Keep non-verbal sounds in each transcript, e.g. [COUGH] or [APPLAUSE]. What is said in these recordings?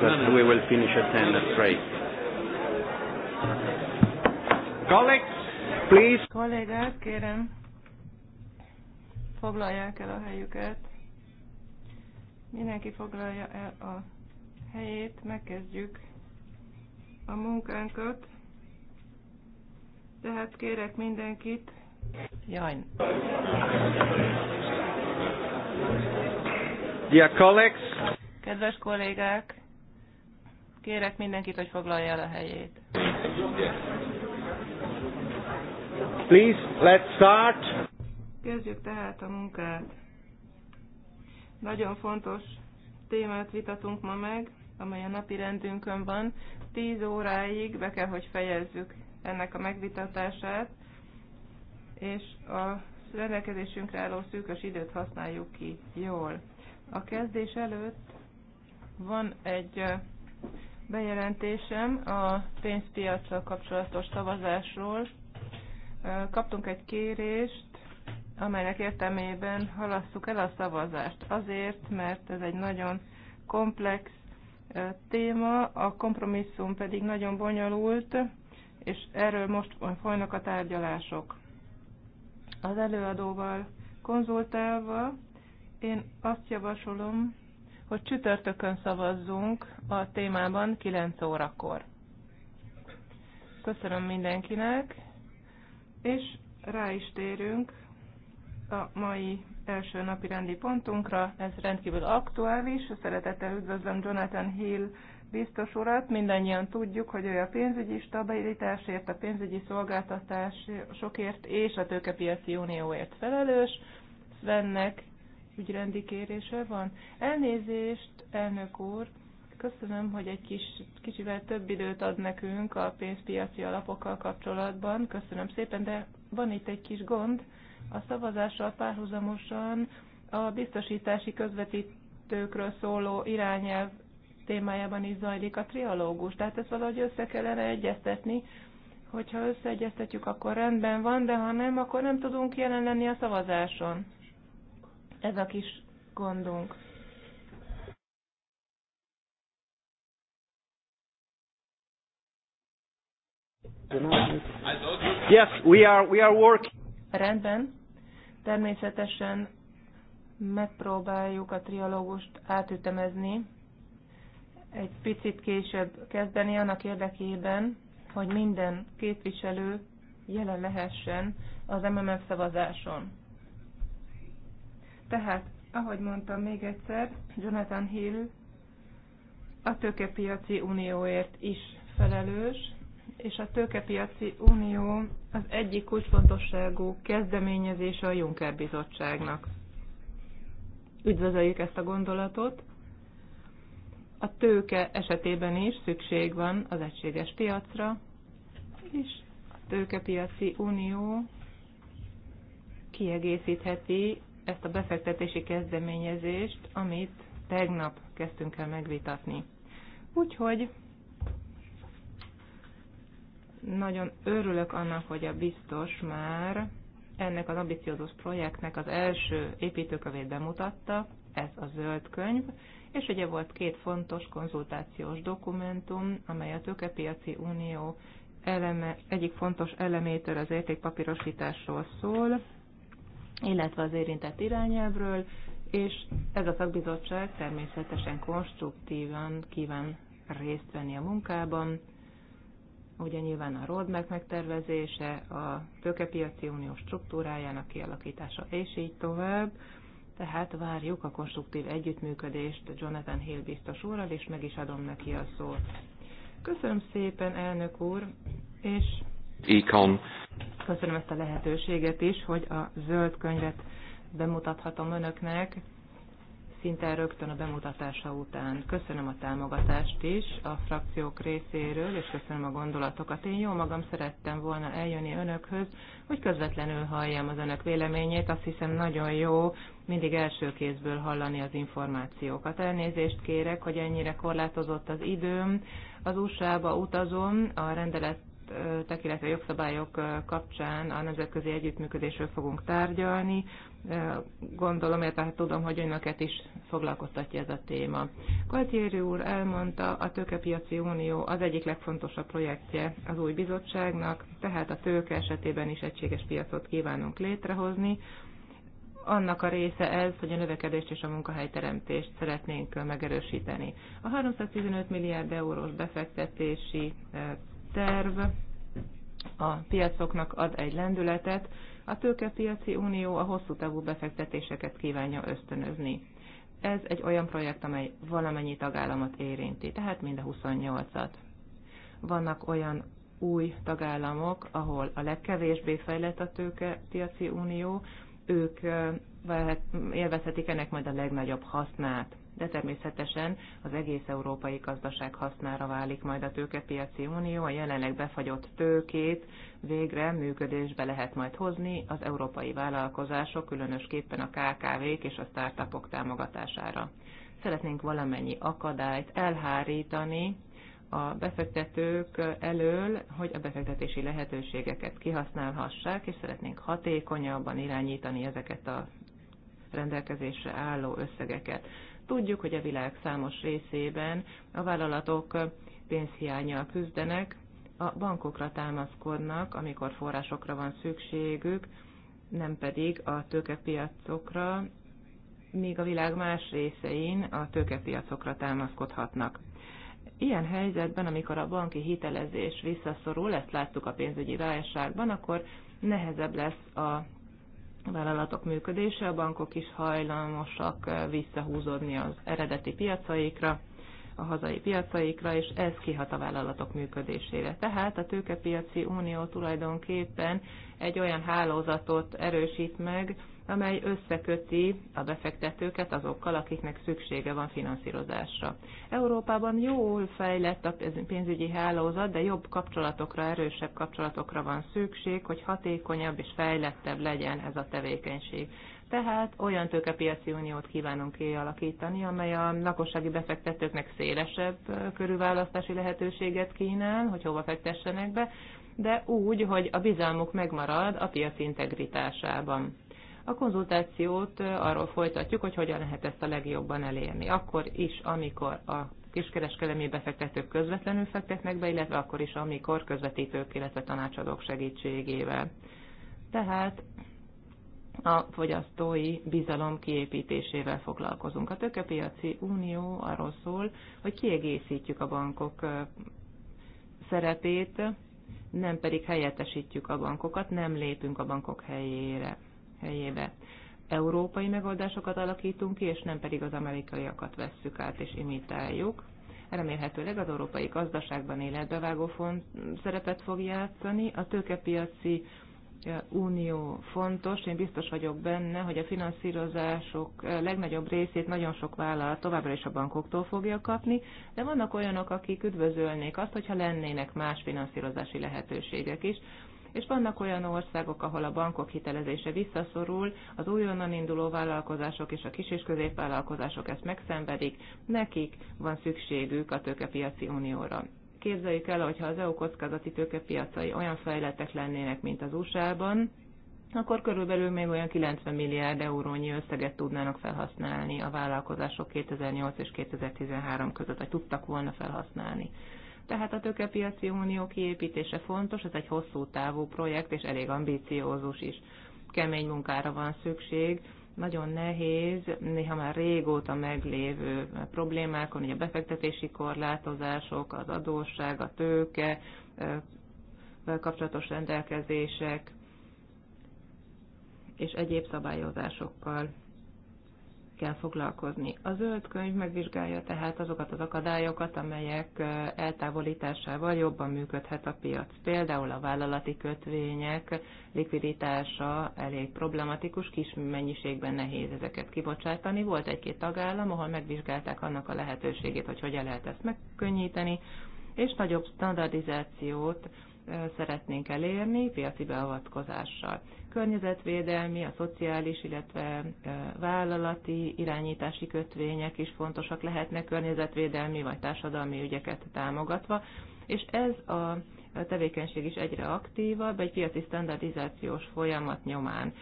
because no, no. we will finish at 10 at 3. Colleagues, please. Kollégák, kérem, foglalják el a helyüket. Mindenki foglalja el a helyét, megkezdjük a munkánkat. Tehát kérek mindenkit. Jaj. Dear colleagues. Kedves kollégák. Kérek mindenkit, hogy foglalja el a helyét. Please, let's start. Kezdjük tehát a munkát. Nagyon fontos témát vitatunk ma meg, amely a napi rendünkön van. Tíz óráig be kell, hogy fejezzük ennek a megvitatását, és a rendelkezésünkre álló szűkös időt használjuk ki jól. A kezdés előtt van egy bejelentésem a pénzpiacsal kapcsolatos szavazásról. Kaptunk egy kérést, amelynek értelmében halasszuk el a szavazást. Azért, mert ez egy nagyon komplex téma, a kompromisszum pedig nagyon bonyolult, és erről most folynak a tárgyalások. Az előadóval konzultálva én azt javasolom, hogy csütörtökön szavazzunk a témában 9 órakor. Köszönöm mindenkinek, és rá is térünk a mai első napi rendi pontunkra. Ez rendkívül aktuális. Szeretettel üdvözlöm Jonathan Hill biztos urat. Mindannyian tudjuk, hogy ő a pénzügyi stabilitásért, a pénzügyi szolgáltatásokért és a tőkepiaci unióért felelős. Svennek ügyrendi kérése van. Elnézést, elnök úr, köszönöm, hogy egy kis, kicsivel több időt ad nekünk a pénzpiaci alapokkal kapcsolatban. Köszönöm szépen, de van itt egy kis gond. A szavazással párhuzamosan a biztosítási közvetítőkről szóló irányelv témájában is zajlik a trialógus. Tehát ezt valahogy össze kellene egyeztetni. Hogyha összeegyeztetjük, akkor rendben van, de ha nem, akkor nem tudunk jelen lenni a szavazáson ez a kis gondunk. Yes, we are, we are working. Rendben. Természetesen megpróbáljuk a trialógust átütemezni, egy picit később kezdeni annak érdekében, hogy minden képviselő jelen lehessen az MMF szavazáson. Tehát, ahogy mondtam még egyszer, Jonathan Hill a tőkepiaci unióért is felelős, és a tőkepiaci unió az egyik kulcsfontosságú kezdeményezése a Juncker bizottságnak. Üdvözöljük ezt a gondolatot. A tőke esetében is szükség van az egységes piacra, és a tőkepiaci unió kiegészítheti ezt a befektetési kezdeményezést, amit tegnap kezdtünk el megvitatni. Úgyhogy nagyon örülök annak, hogy a biztos már ennek az ambiciózus projektnek az első építőkövét bemutatta, ez a zöld könyv, és ugye volt két fontos konzultációs dokumentum, amely a Tőkepiaci Unió eleme, egyik fontos elemétől az értékpapírosításról szól, illetve az érintett irányelvről, és ez a szakbizottság természetesen konstruktívan kíván részt venni a munkában. Ugye nyilván a roadmap megtervezése, a tőkepiaci unió struktúrájának kialakítása, és így tovább. Tehát várjuk a konstruktív együttműködést Jonathan Hill biztos úrral, és meg is adom neki a szót. Köszönöm szépen, elnök úr, és Econ. Köszönöm ezt a lehetőséget is, hogy a zöld könyvet bemutathatom önöknek szinte rögtön a bemutatása után. Köszönöm a támogatást is a frakciók részéről, és köszönöm a gondolatokat. Én jó magam szerettem volna eljönni önökhöz, hogy közvetlenül halljam az önök véleményét. Azt hiszem nagyon jó mindig első kézből hallani az információkat. Elnézést kérek, hogy ennyire korlátozott az időm. Az USA-ba utazom a rendelet javaslatok, illetve jogszabályok kapcsán a nemzetközi együttműködésről fogunk tárgyalni. Gondolom, illetve hát tudom, hogy önöket is foglalkoztatja ez a téma. Kaltieri úr elmondta, a Tőkepiaci Unió az egyik legfontosabb projektje az új bizottságnak, tehát a tőke esetében is egységes piacot kívánunk létrehozni, annak a része ez, hogy a növekedést és a munkahelyteremtést szeretnénk megerősíteni. A 315 milliárd eurós befektetési terv a piacoknak ad egy lendületet, a tőkepiaci unió a hosszú távú befektetéseket kívánja ösztönözni. Ez egy olyan projekt, amely valamennyi tagállamot érinti, tehát mind a 28-at. Vannak olyan új tagállamok, ahol a legkevésbé fejlett a tőkepiaci unió, ők eh, élvezhetik ennek majd a legnagyobb hasznát de természetesen az egész európai gazdaság hasznára válik majd a tőkepiaci unió, a jelenleg befagyott tőkét végre működésbe lehet majd hozni az európai vállalkozások, különösképpen a KKV-k és a startupok támogatására. Szeretnénk valamennyi akadályt elhárítani, a befektetők elől, hogy a befektetési lehetőségeket kihasználhassák, és szeretnénk hatékonyabban irányítani ezeket a rendelkezésre álló összegeket. Tudjuk, hogy a világ számos részében a vállalatok pénzhiányjal küzdenek, a bankokra támaszkodnak, amikor forrásokra van szükségük, nem pedig a tőkepiacokra, míg a világ más részein a tőkepiacokra támaszkodhatnak. Ilyen helyzetben, amikor a banki hitelezés visszaszorul, ezt láttuk a pénzügyi válságban, akkor nehezebb lesz a vállalatok működése, a bankok is hajlamosak eh, visszahúzódni az eredeti piacaikra, a hazai piacaikra, és ez kihat a vállalatok működésére. Tehát a tőkepiaci unió tulajdonképpen egy olyan hálózatot erősít meg, amely összeköti a befektetőket azokkal, akiknek szüksége van finanszírozásra. Európában jól fejlett a pénzügyi hálózat, de jobb kapcsolatokra, erősebb kapcsolatokra van szükség, hogy hatékonyabb és fejlettebb legyen ez a tevékenység. Tehát olyan tőkepiaci uniót kívánunk kialakítani, amely a lakossági befektetőknek szélesebb körülválasztási lehetőséget kínál, hogy hova fektessenek be, de úgy, hogy a bizalmuk megmarad a piac integritásában a konzultációt arról folytatjuk, hogy hogyan lehet ezt a legjobban elérni. Akkor is, amikor a kiskereskedelmi befektetők közvetlenül fektetnek be, illetve akkor is, amikor közvetítők, illetve tanácsadók segítségével. Tehát a fogyasztói bizalom kiépítésével foglalkozunk. A Tökepiaci Unió arról szól, hogy kiegészítjük a bankok szerepét, nem pedig helyettesítjük a bankokat, nem lépünk a bankok helyére helyébe. Európai megoldásokat alakítunk ki, és nem pedig az amerikaiakat vesszük át és imitáljuk. Remélhetőleg az európai gazdaságban életbevágó font szerepet fog játszani. A tőkepiaci unió fontos. Én biztos vagyok benne, hogy a finanszírozások legnagyobb részét nagyon sok vállalat továbbra is a bankoktól fogja kapni, de vannak olyanok, akik üdvözölnék azt, hogyha lennének más finanszírozási lehetőségek is és vannak olyan országok, ahol a bankok hitelezése visszaszorul, az újonnan induló vállalkozások és a kis- és középvállalkozások ezt megszenvedik, nekik van szükségük a tőkepiaci unióra. Képzeljük el, hogyha az EU kockázati tőkepiacai olyan fejlettek lennének, mint az USA-ban, akkor körülbelül még olyan 90 milliárd eurónyi összeget tudnának felhasználni a vállalkozások 2008 és 2013 között, vagy tudtak volna felhasználni. Tehát a tökepiaci unió kiépítése fontos, ez egy hosszú távú projekt, és elég ambíciózus is. Kemény munkára van szükség, nagyon nehéz, néha már régóta meglévő problémákon, ugye a befektetési korlátozások, az adósság, a tőke, kapcsolatos rendelkezések és egyéb szabályozásokkal kell foglalkozni. A zöld könyv megvizsgálja tehát azokat az akadályokat, amelyek eltávolításával jobban működhet a piac. Például a vállalati kötvények likviditása elég problematikus, kis mennyiségben nehéz ezeket kibocsátani. Volt egy-két tagállam, ahol megvizsgálták annak a lehetőségét, hogy hogyan lehet ezt megkönnyíteni, és nagyobb standardizációt szeretnénk elérni piaci beavatkozással környezetvédelmi, a szociális, illetve vállalati irányítási kötvények is fontosak lehetnek környezetvédelmi vagy társadalmi ügyeket támogatva, és ez a tevékenység is egyre aktívabb, egy piaci standardizációs folyamat nyomán.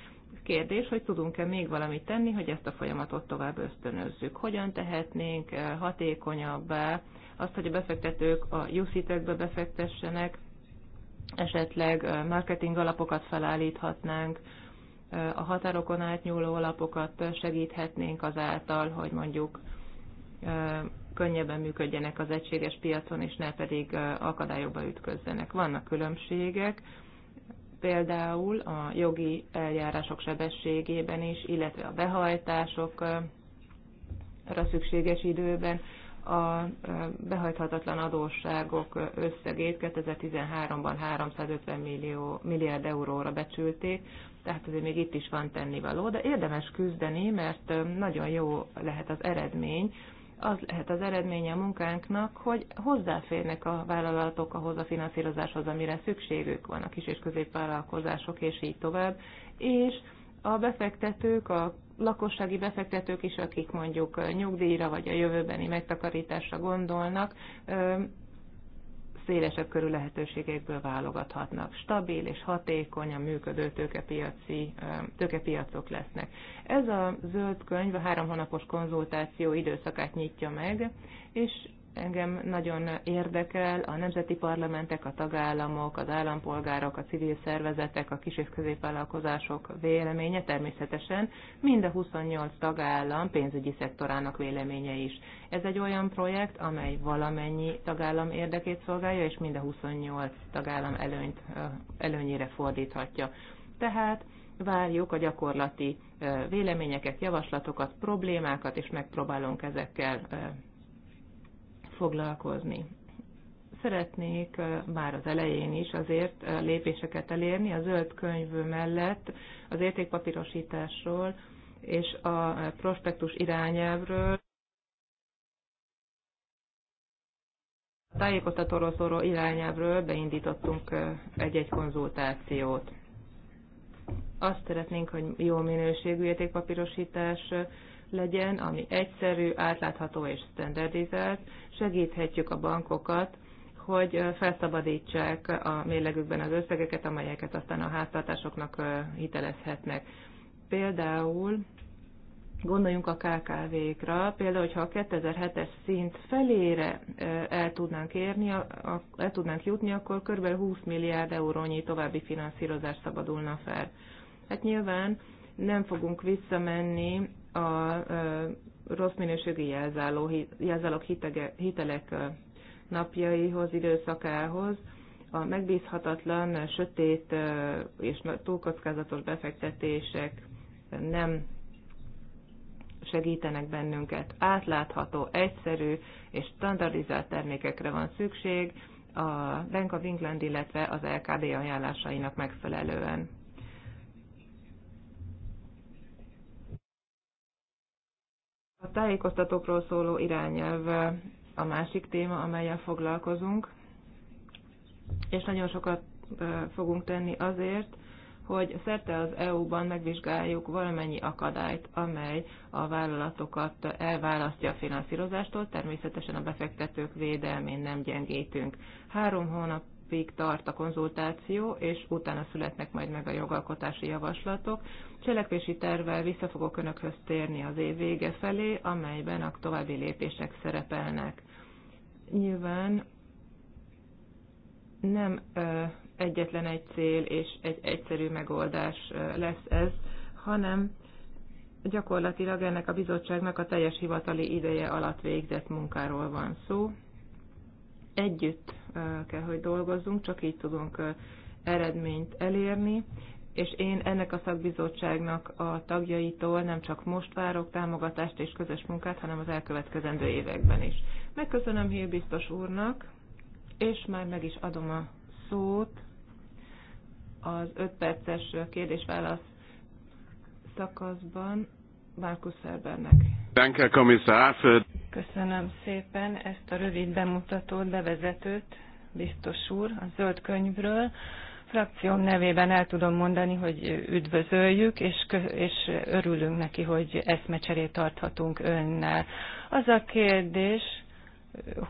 Kérdés, hogy tudunk-e még valamit tenni, hogy ezt a folyamatot tovább ösztönözzük. Hogyan tehetnénk hatékonyabbá azt, hogy a befektetők a jusszitekbe befektessenek, esetleg marketing alapokat felállíthatnánk, a határokon átnyúló alapokat segíthetnénk azáltal, hogy mondjuk könnyebben működjenek az egységes piacon, és ne pedig akadályokba ütközzenek. Vannak különbségek, például a jogi eljárások sebességében is, illetve a behajtásokra szükséges időben, a behajthatatlan adósságok összegét 2013-ban 350 millió, milliárd euróra becsülték, tehát azért még itt is van tennivaló, de érdemes küzdeni, mert nagyon jó lehet az eredmény, az lehet az eredménye a munkánknak, hogy hozzáférnek a vállalatok ahhoz a finanszírozáshoz, amire szükségük van, a kis és középvállalkozások, és így tovább, és a befektetők, a lakossági befektetők is, akik mondjuk nyugdíjra vagy a jövőbeni megtakarításra gondolnak, szélesebb körű lehetőségekből válogathatnak. Stabil és hatékonyan működő tőkepiaci, tőkepiacok lesznek. Ez a zöld könyv a három hónapos konzultáció időszakát nyitja meg, és engem nagyon érdekel a nemzeti parlamentek, a tagállamok, az állampolgárok, a civil szervezetek, a kis- és középvállalkozások véleménye, természetesen mind a 28 tagállam pénzügyi szektorának véleménye is. Ez egy olyan projekt, amely valamennyi tagállam érdekét szolgálja, és mind a 28 tagállam előnyt, előnyére fordíthatja. Tehát várjuk a gyakorlati véleményeket, javaslatokat, problémákat, és megpróbálunk ezekkel foglalkozni. Szeretnék már az elején is azért lépéseket elérni a zöld könyv mellett az értékpapírosításról és a prospektus irányelvről. A tájékoztatóról irányábról irányelvről beindítottunk egy-egy konzultációt. Azt szeretnénk, hogy jó minőségű értékpapírosítás legyen, ami egyszerű, átlátható és standardizált. Segíthetjük a bankokat, hogy felszabadítsák a mélegükben az összegeket, amelyeket aztán a háztartásoknak hitelezhetnek. Például gondoljunk a KKV-kra, például, hogyha a 2007-es szint felére el tudnánk, érni, el tudnánk jutni, akkor kb. 20 milliárd eurónyi további finanszírozás szabadulna fel. Hát nyilván nem fogunk visszamenni a rossz minőségű jelzáló, jelzálók hitege, hitelek napjaihoz, időszakához, a megbízhatatlan, sötét és túlkockázatos befektetések nem segítenek bennünket. Átlátható, egyszerű és standardizált termékekre van szükség a Bank of England, illetve az LKB ajánlásainak megfelelően. A tájékoztatókról szóló irányelv a másik téma, amelyen foglalkozunk, és nagyon sokat fogunk tenni azért, hogy szerte az EU-ban megvizsgáljuk valamennyi akadályt, amely a vállalatokat elválasztja a finanszírozástól, természetesen a befektetők védelmén nem gyengítünk. Három hónap hónapig tart a konzultáció, és utána születnek majd meg a jogalkotási javaslatok. Cselekvési tervvel vissza fogok Önökhöz térni az év vége felé, amelyben a további lépések szerepelnek. Nyilván nem egyetlen egy cél és egy egyszerű megoldás lesz ez, hanem gyakorlatilag ennek a bizottságnak a teljes hivatali ideje alatt végzett munkáról van szó. Együtt kell, hogy dolgozzunk, csak így tudunk eredményt elérni, és én ennek a szakbizottságnak a tagjaitól nem csak most várok támogatást és közös munkát, hanem az elkövetkezendő években is. Megköszönöm Hill biztos úrnak, és már meg is adom a szót az 5 perces kérdés-válasz szakaszban Márkusz Szerbernek. Köszönöm szépen ezt a rövid bemutatót, bevezetőt, biztos úr, a zöld könyvről. Frakcióm nevében el tudom mondani, hogy üdvözöljük, és, és örülünk neki, hogy eszmecserét tarthatunk önnel. Az a kérdés,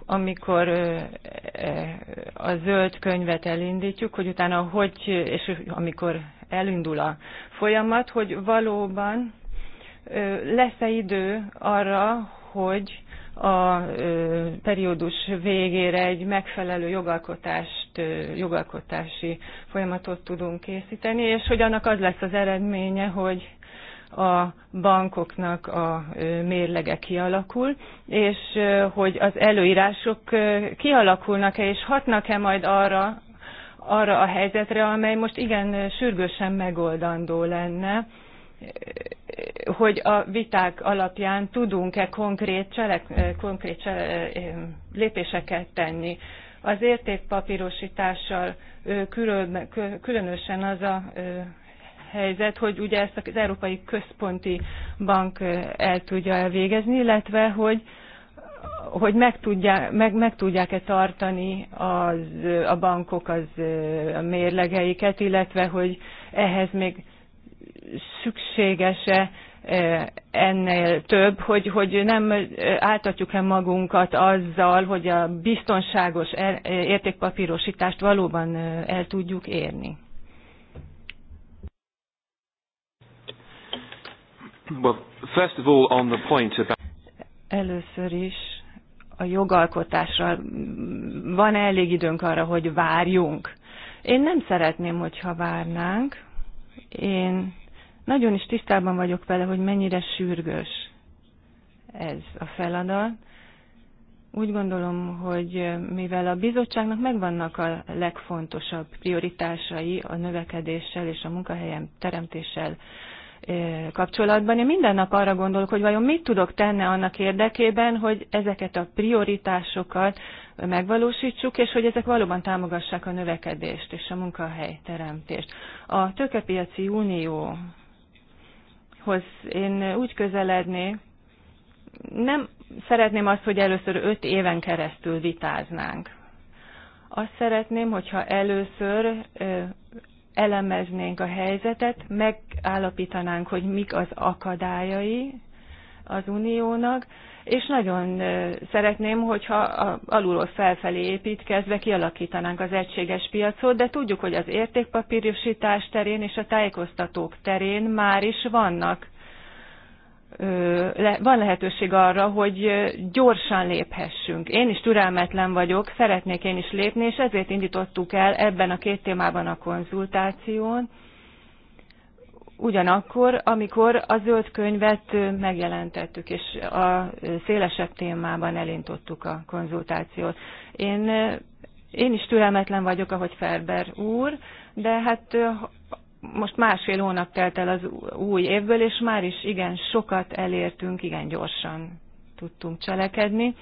amikor a zöld könyvet elindítjuk, hogy utána hogy, és amikor elindul a folyamat, hogy valóban lesz-e idő arra, hogy a periódus végére egy megfelelő jogalkotást, jogalkotási folyamatot tudunk készíteni, és hogy annak az lesz az eredménye, hogy a bankoknak a mérlege kialakul, és hogy az előírások kialakulnak-e és hatnak-e majd arra, arra a helyzetre, amely most igen sürgősen megoldandó lenne hogy a viták alapján tudunk-e konkrét, cselek, konkrét cselek, lépéseket tenni. Az értékpapírosítással külön, különösen az a helyzet, hogy ugye ezt az Európai Központi Bank el tudja elvégezni, illetve hogy hogy meg, tudják, meg, meg tudják-e tartani az, a bankok az a mérlegeiket, illetve hogy ehhez még szükséges-e e, ennél több, hogy, hogy nem e, áltatjuk-e magunkat azzal, hogy a biztonságos e, értékpapírosítást valóban el tudjuk érni. Well, first of all, on the point about... Először is a jogalkotásra van -e elég időnk arra, hogy várjunk. Én nem szeretném, hogyha várnánk, én nagyon is tisztában vagyok vele, hogy mennyire sürgős ez a feladat. Úgy gondolom, hogy mivel a bizottságnak megvannak a legfontosabb prioritásai a növekedéssel és a munkahelyen teremtéssel kapcsolatban. Én minden nap arra gondolok, hogy vajon mit tudok tenni annak érdekében, hogy ezeket a prioritásokat megvalósítsuk, és hogy ezek valóban támogassák a növekedést és a munkahelyteremtést. A tőkepiaci unióhoz én úgy közelednék, nem szeretném azt, hogy először öt éven keresztül vitáznánk. Azt szeretném, hogyha először elemeznénk a helyzetet, megállapítanánk, hogy mik az akadályai az uniónak, és nagyon szeretném, hogyha alulról felfelé építkezve kialakítanánk az egységes piacot, de tudjuk, hogy az értékpapírosítás terén és a tájékoztatók terén már is vannak van lehetőség arra, hogy gyorsan léphessünk. Én is türelmetlen vagyok, szeretnék én is lépni, és ezért indítottuk el ebben a két témában a konzultáción. Ugyanakkor, amikor a zöld könyvet megjelentettük, és a szélesebb témában elintottuk a konzultációt. Én, én is türelmetlen vagyok, ahogy Ferber úr, de hát most másfél hónap telt el az új évből, és már is igen sokat elértünk, igen gyorsan tudtunk cselekedni.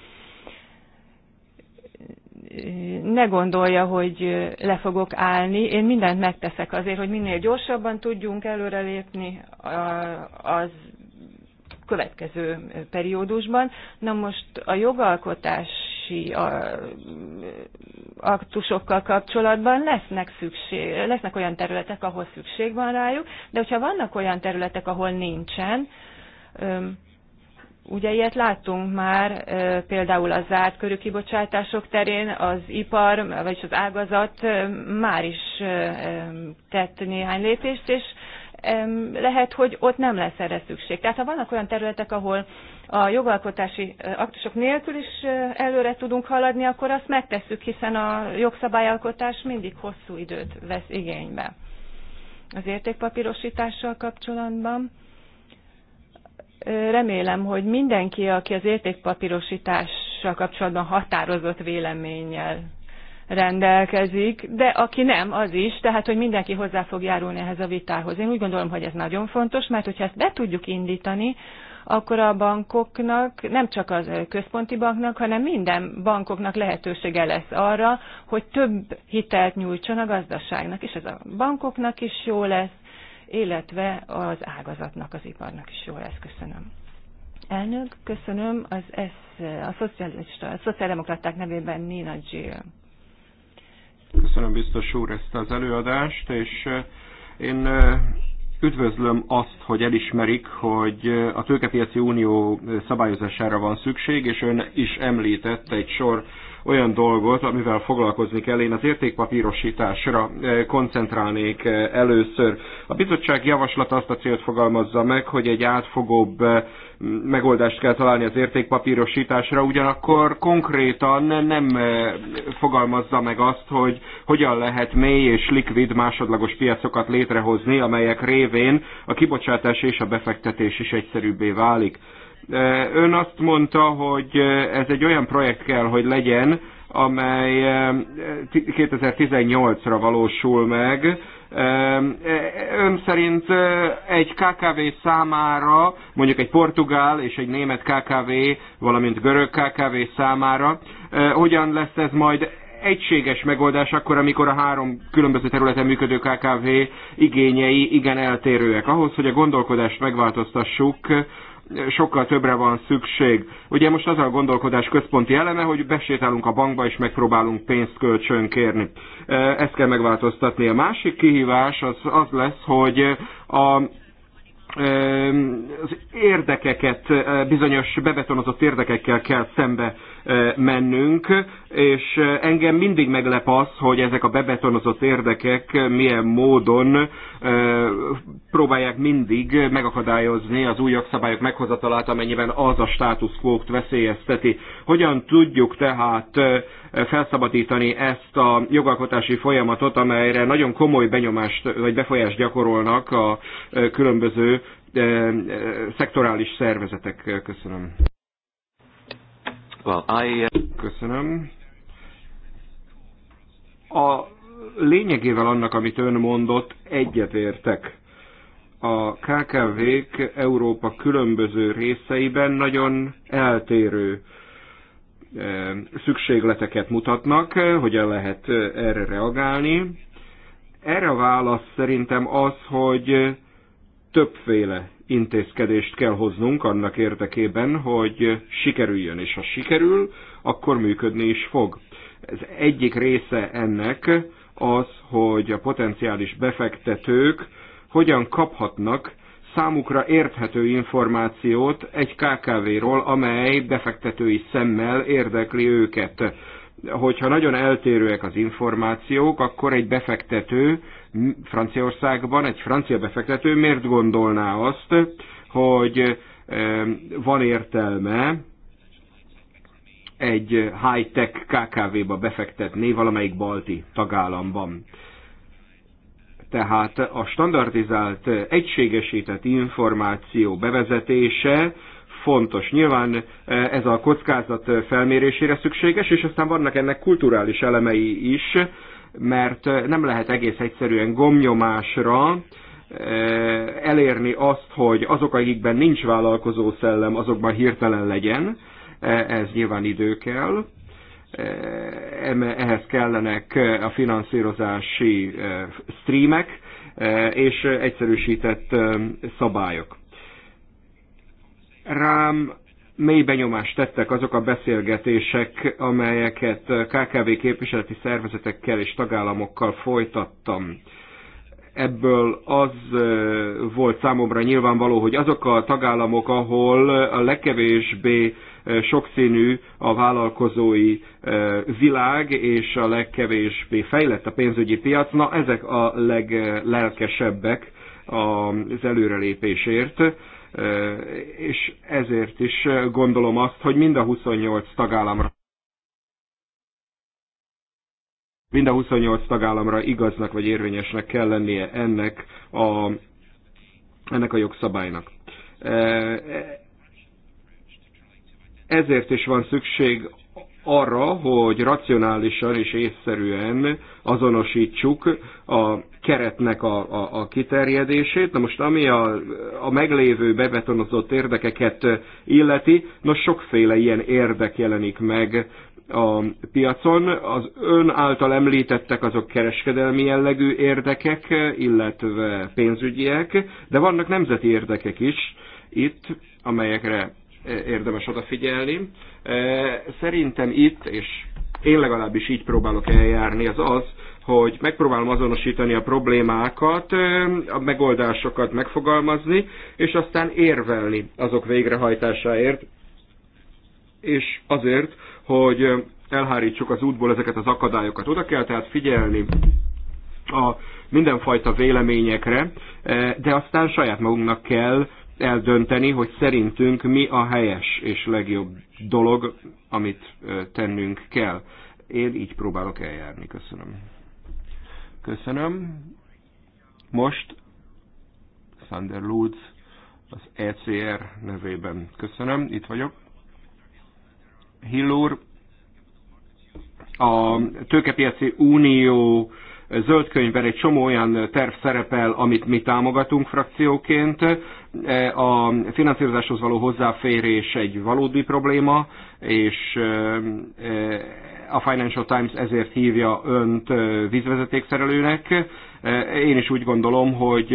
Ne gondolja, hogy le fogok állni. Én mindent megteszek azért, hogy minél gyorsabban tudjunk előrelépni az következő periódusban. Na most a jogalkotás delegálási aktusokkal kapcsolatban lesznek, szükség, lesznek olyan területek, ahol szükség van rájuk, de hogyha vannak olyan területek, ahol nincsen, Ugye ilyet láttunk már például a zárt körű kibocsátások terén, az ipar, vagyis az ágazat már is tett néhány lépést, és lehet, hogy ott nem lesz erre szükség. Tehát ha vannak olyan területek, ahol a jogalkotási aktusok nélkül is előre tudunk haladni, akkor azt megtesszük, hiszen a jogszabályalkotás mindig hosszú időt vesz igénybe. Az értékpapírosítással kapcsolatban remélem, hogy mindenki, aki az értékpapírosítással kapcsolatban határozott véleménnyel rendelkezik, de aki nem, az is, tehát hogy mindenki hozzá fog járulni ehhez a vitához. Én úgy gondolom, hogy ez nagyon fontos, mert hogyha ezt be tudjuk indítani, akkor a bankoknak, nem csak az központi banknak, hanem minden bankoknak lehetősége lesz arra, hogy több hitelt nyújtson a gazdaságnak, és ez a bankoknak is jó lesz, illetve az ágazatnak, az iparnak is jó lesz. Köszönöm. Elnök, köszönöm az S, a, szocialista, a szociáldemokraták nevében Nina Gill. Köszönöm biztos úr ezt az előadást, és én Üdvözlöm azt, hogy elismerik, hogy a tőkepiaci unió szabályozására van szükség, és ön is említett egy sor olyan dolgot, amivel foglalkozni kell. Én az értékpapírosításra eh, koncentrálnék eh, először. A bizottság javaslata azt a célt fogalmazza meg, hogy egy átfogóbb eh, megoldást kell találni az értékpapírosításra, ugyanakkor konkrétan nem fogalmazza meg azt, hogy hogyan lehet mély és likvid másodlagos piacokat létrehozni, amelyek révén a kibocsátás és a befektetés is egyszerűbbé válik. Ön azt mondta, hogy ez egy olyan projekt kell, hogy legyen, amely 2018-ra valósul meg. Ön szerint egy KKV számára, mondjuk egy portugál és egy német KKV, valamint görög KKV számára, hogyan lesz ez majd egységes megoldás akkor, amikor a három különböző területen működő KKV igényei igen eltérőek. Ahhoz, hogy a gondolkodást megváltoztassuk, sokkal többre van szükség. Ugye most az a gondolkodás központi eleme, hogy besétálunk a bankba és megpróbálunk pénzt kölcsön kérni. Ezt kell megváltoztatni. A másik kihívás az, az lesz, hogy a az érdekeket, bizonyos bebetonozott érdekekkel kell szembe mennünk, és engem mindig meglep az, hogy ezek a bebetonozott érdekek milyen módon próbálják mindig megakadályozni az új jogszabályok meghozatalát, amennyiben az a status quo veszélyezteti. Hogyan tudjuk tehát felszabadítani ezt a jogalkotási folyamatot, amelyre nagyon komoly benyomást vagy befolyást gyakorolnak a különböző szektorális szervezetek. Köszönöm. Well, I... Uh, Köszönöm. A lényegével annak, amit ön mondott, egyetértek. A KKV-k Európa különböző részeiben nagyon eltérő eh, szükségleteket mutatnak, eh, hogyan lehet eh, erre reagálni. Erre a válasz szerintem az, hogy többféle intézkedést kell hoznunk annak érdekében, hogy sikerüljön, és ha sikerül, akkor működni is fog. Ez egyik része ennek az, hogy a potenciális befektetők hogyan kaphatnak számukra érthető információt egy KKV-ról, amely befektetői szemmel érdekli őket. Hogyha nagyon eltérőek az információk, akkor egy befektető Franciaországban egy francia befektető miért gondolná azt, hogy e, van értelme egy high-tech KKV-ba befektetni valamelyik balti tagállamban. Tehát a standardizált, egységesített információ bevezetése fontos. Nyilván e, ez a kockázat felmérésére szükséges, és aztán vannak ennek kulturális elemei is, mert nem lehet egész egyszerűen gomnyomásra elérni azt, hogy azok, akikben nincs vállalkozó szellem, azokban hirtelen legyen. E, ez nyilván idő kell. E, ehhez kellenek a finanszírozási streamek e, és egyszerűsített szabályok. Rám mély benyomást tettek azok a beszélgetések, amelyeket KKV képviseleti szervezetekkel és tagállamokkal folytattam. Ebből az volt számomra nyilvánvaló, hogy azok a tagállamok, ahol a legkevésbé sokszínű a vállalkozói világ, és a legkevésbé fejlett a pénzügyi piac, na ezek a leglelkesebbek az előrelépésért és ezért is gondolom azt, hogy mind a 28 tagállamra mind a 28 tagállamra igaznak vagy érvényesnek kell lennie ennek a, ennek a jogszabálynak. Ezért is van szükség arra, hogy racionálisan és észszerűen azonosítsuk a keretnek a, a, a kiterjedését. Na most ami a, a meglévő bebetonozott érdekeket illeti, nos sokféle ilyen érdek jelenik meg a piacon. Az ön által említettek azok kereskedelmi jellegű érdekek, illetve pénzügyiek, de vannak nemzeti érdekek is itt, amelyekre érdemes odafigyelni. Szerintem itt, és én legalábbis így próbálok eljárni, az az, hogy megpróbálom azonosítani a problémákat, a megoldásokat megfogalmazni, és aztán érvelni azok végrehajtásáért, és azért, hogy elhárítsuk az útból ezeket az akadályokat. Oda kell tehát figyelni a mindenfajta véleményekre, de aztán saját magunknak kell eldönteni, hogy szerintünk mi a helyes és legjobb dolog, amit tennünk kell. Én így próbálok eljárni. Köszönöm. Köszönöm. Most Sander Lutz az ECR nevében. Köszönöm, itt vagyok. Hillur, a Tőkepiaci Unió zöldkönyvben egy csomó olyan terv szerepel, amit mi támogatunk frakcióként. A finanszírozáshoz való hozzáférés egy valódi probléma, és a Financial Times ezért hívja önt vízvezetékszerelőnek. Én is úgy gondolom, hogy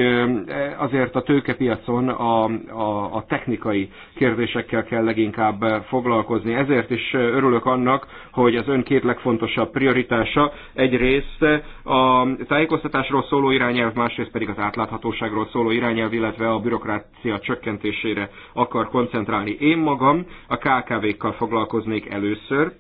azért a tőkepiacon a, a, a technikai kérdésekkel kell leginkább foglalkozni. Ezért is örülök annak, hogy az ön két legfontosabb prioritása egyrészt a tájékoztatásról szóló irányelv, másrészt pedig az átláthatóságról szóló irányelv, illetve a bürokrácia csökkentésére akar koncentrálni. Én magam a KKV-kkal foglalkoznék először.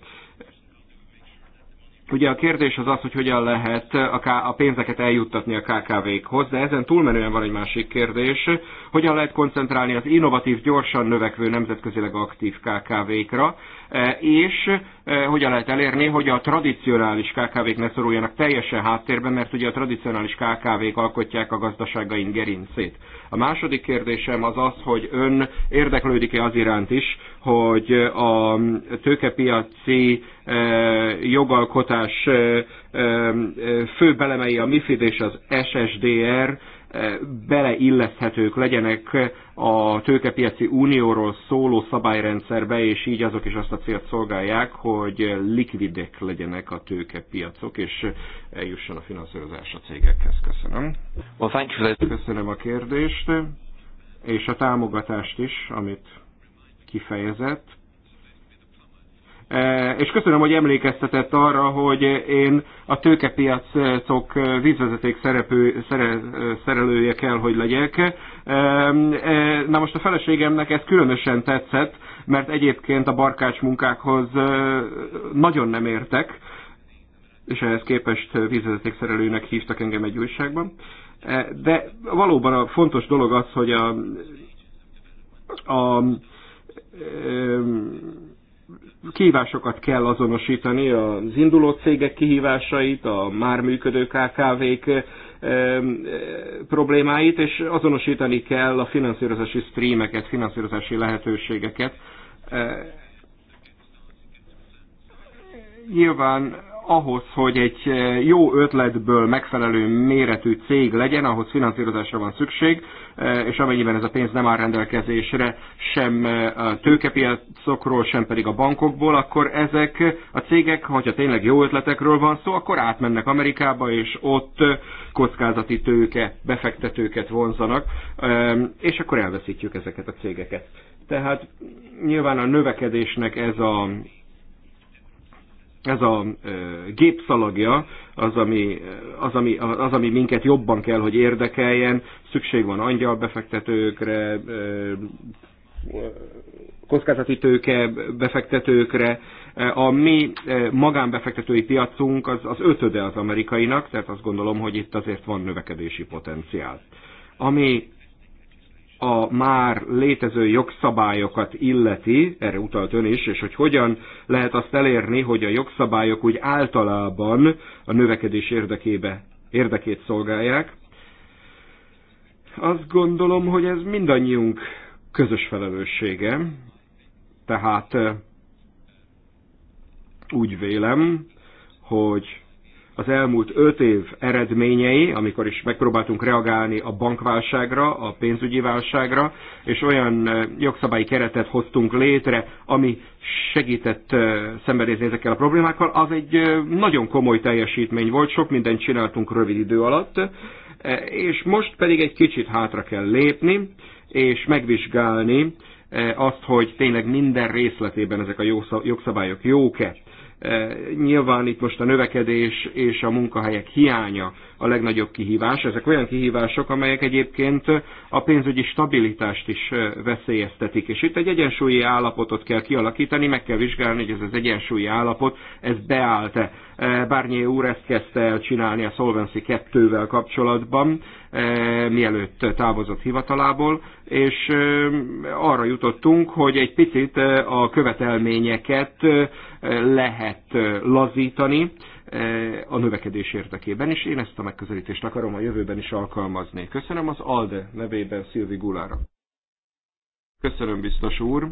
Ugye a kérdés az az, hogy hogyan lehet a pénzeket eljuttatni a KKV-khoz, de ezen túlmenően van egy másik kérdés, hogyan lehet koncentrálni az innovatív, gyorsan növekvő nemzetközileg aktív KKV-kra, e, és e, hogyan lehet elérni, hogy a tradicionális KKV-k ne szoruljanak teljesen háttérben, mert ugye a tradicionális KKV-k alkotják a gazdaságaink gerincét. A második kérdésem az az, hogy ön érdeklődik-e az iránt is, hogy a tőkepiaci eh, jogalkotás eh, eh, fő belemei a MIFID és az SSDR beleilleszthetők legyenek a tőkepiaci unióról szóló szabályrendszerbe, és így azok is azt a célt szolgálják, hogy likvidek legyenek a tőkepiacok, és eljusson a finanszírozás a cégekhez. Köszönöm. Well, thank you. Köszönöm a kérdést, és a támogatást is, amit kifejezett. E, és köszönöm, hogy emlékeztetett arra, hogy én a tőkepiacok vízvezeték szerepő, szere, szerelője kell, hogy legyek. E, e, na most a feleségemnek ez különösen tetszett, mert egyébként a barkács munkákhoz nagyon nem értek, és ehhez képest szerelőnek hívtak engem egy újságban. De valóban a fontos dolog az, hogy a, a, a kihívásokat kell azonosítani, az induló cégek kihívásait, a már működő KKV-k problémáit, és azonosítani kell a finanszírozási streameket, finanszírozási lehetőségeket. Nyilván ahhoz, hogy egy eh, jó ötletből megfelelő méretű cég legyen, ahhoz finanszírozásra van szükség, eh, és amennyiben ez a pénz nem áll rendelkezésre sem eh, a tőkepiacokról, sem pedig a bankokból, akkor ezek a cégek, hogyha tényleg jó ötletekről van szó, akkor átmennek Amerikába, és ott kockázati tőke, befektetőket vonzanak, és akkor elveszítjük ezeket a cégeket. Tehát nyilván a növekedésnek ez a ez a gépszalagja az ami, az, ami, az, ami minket jobban kell, hogy érdekeljen. Szükség van angyalbefektetőkre, kockázati tőke befektetőkre. A mi magánbefektetői piacunk az, az ötöde az amerikainak, tehát azt gondolom, hogy itt azért van növekedési potenciál. Ami a már létező jogszabályokat illeti, erre utalt ön is, és hogy hogyan lehet azt elérni, hogy a jogszabályok úgy általában a növekedés érdekébe, érdekét szolgálják. Azt gondolom, hogy ez mindannyiunk közös felelőssége, tehát eh, úgy vélem, hogy az elmúlt öt év eredményei, amikor is megpróbáltunk reagálni a bankválságra, a pénzügyi válságra, és olyan jogszabályi keretet hoztunk létre, ami segített szembenézni ezekkel a problémákkal, az egy nagyon komoly teljesítmény volt, sok mindent csináltunk rövid idő alatt, és most pedig egy kicsit hátra kell lépni, és megvizsgálni azt, hogy tényleg minden részletében ezek a jogszabályok jók-e E, nyilván itt most a növekedés és a munkahelyek hiánya a legnagyobb kihívás. Ezek olyan kihívások, amelyek egyébként a pénzügyi stabilitást is e, veszélyeztetik. És itt egy egyensúlyi állapotot kell kialakítani, meg kell vizsgálni, hogy ez az egyensúlyi állapot, ez beállt-e. E, Bárnyé úr ezt kezdte el csinálni a Solvency 2-vel kapcsolatban, mielőtt távozott hivatalából, és arra jutottunk, hogy egy picit a követelményeket lehet lazítani a növekedés érdekében, és én ezt a megközelítést akarom a jövőben is alkalmazni. Köszönöm az ALDE nevében Szilvi Gulára. Köszönöm, biztos úr,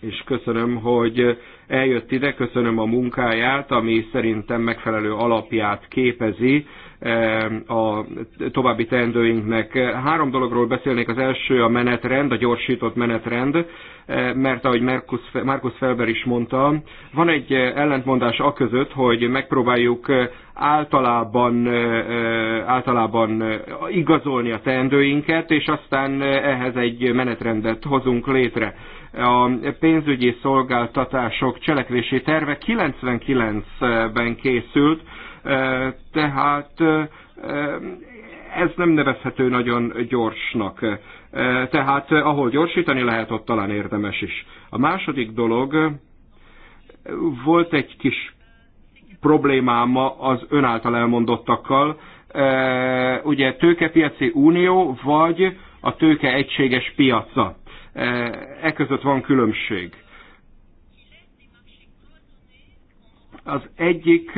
és köszönöm, hogy eljött ide, köszönöm a munkáját, ami szerintem megfelelő alapját képezi Eh, a további teendőinknek. Három dologról beszélnék. Az első a menetrend, a gyorsított menetrend, eh, mert ahogy Markus, Markus Felber is mondta, van egy eh, ellentmondás a között, hogy megpróbáljuk általában, általában igazolni a teendőinket, és aztán ehhez egy menetrendet hozunk létre a pénzügyi szolgáltatások cselekvési terve 99-ben készült, tehát ez nem nevezhető nagyon gyorsnak. Tehát ahol gyorsítani lehet, ott talán érdemes is. A második dolog, volt egy kis problémám az ön által elmondottakkal, ugye tőkepiaci unió, vagy a tőke egységes piaca. E között van különbség. Az egyik,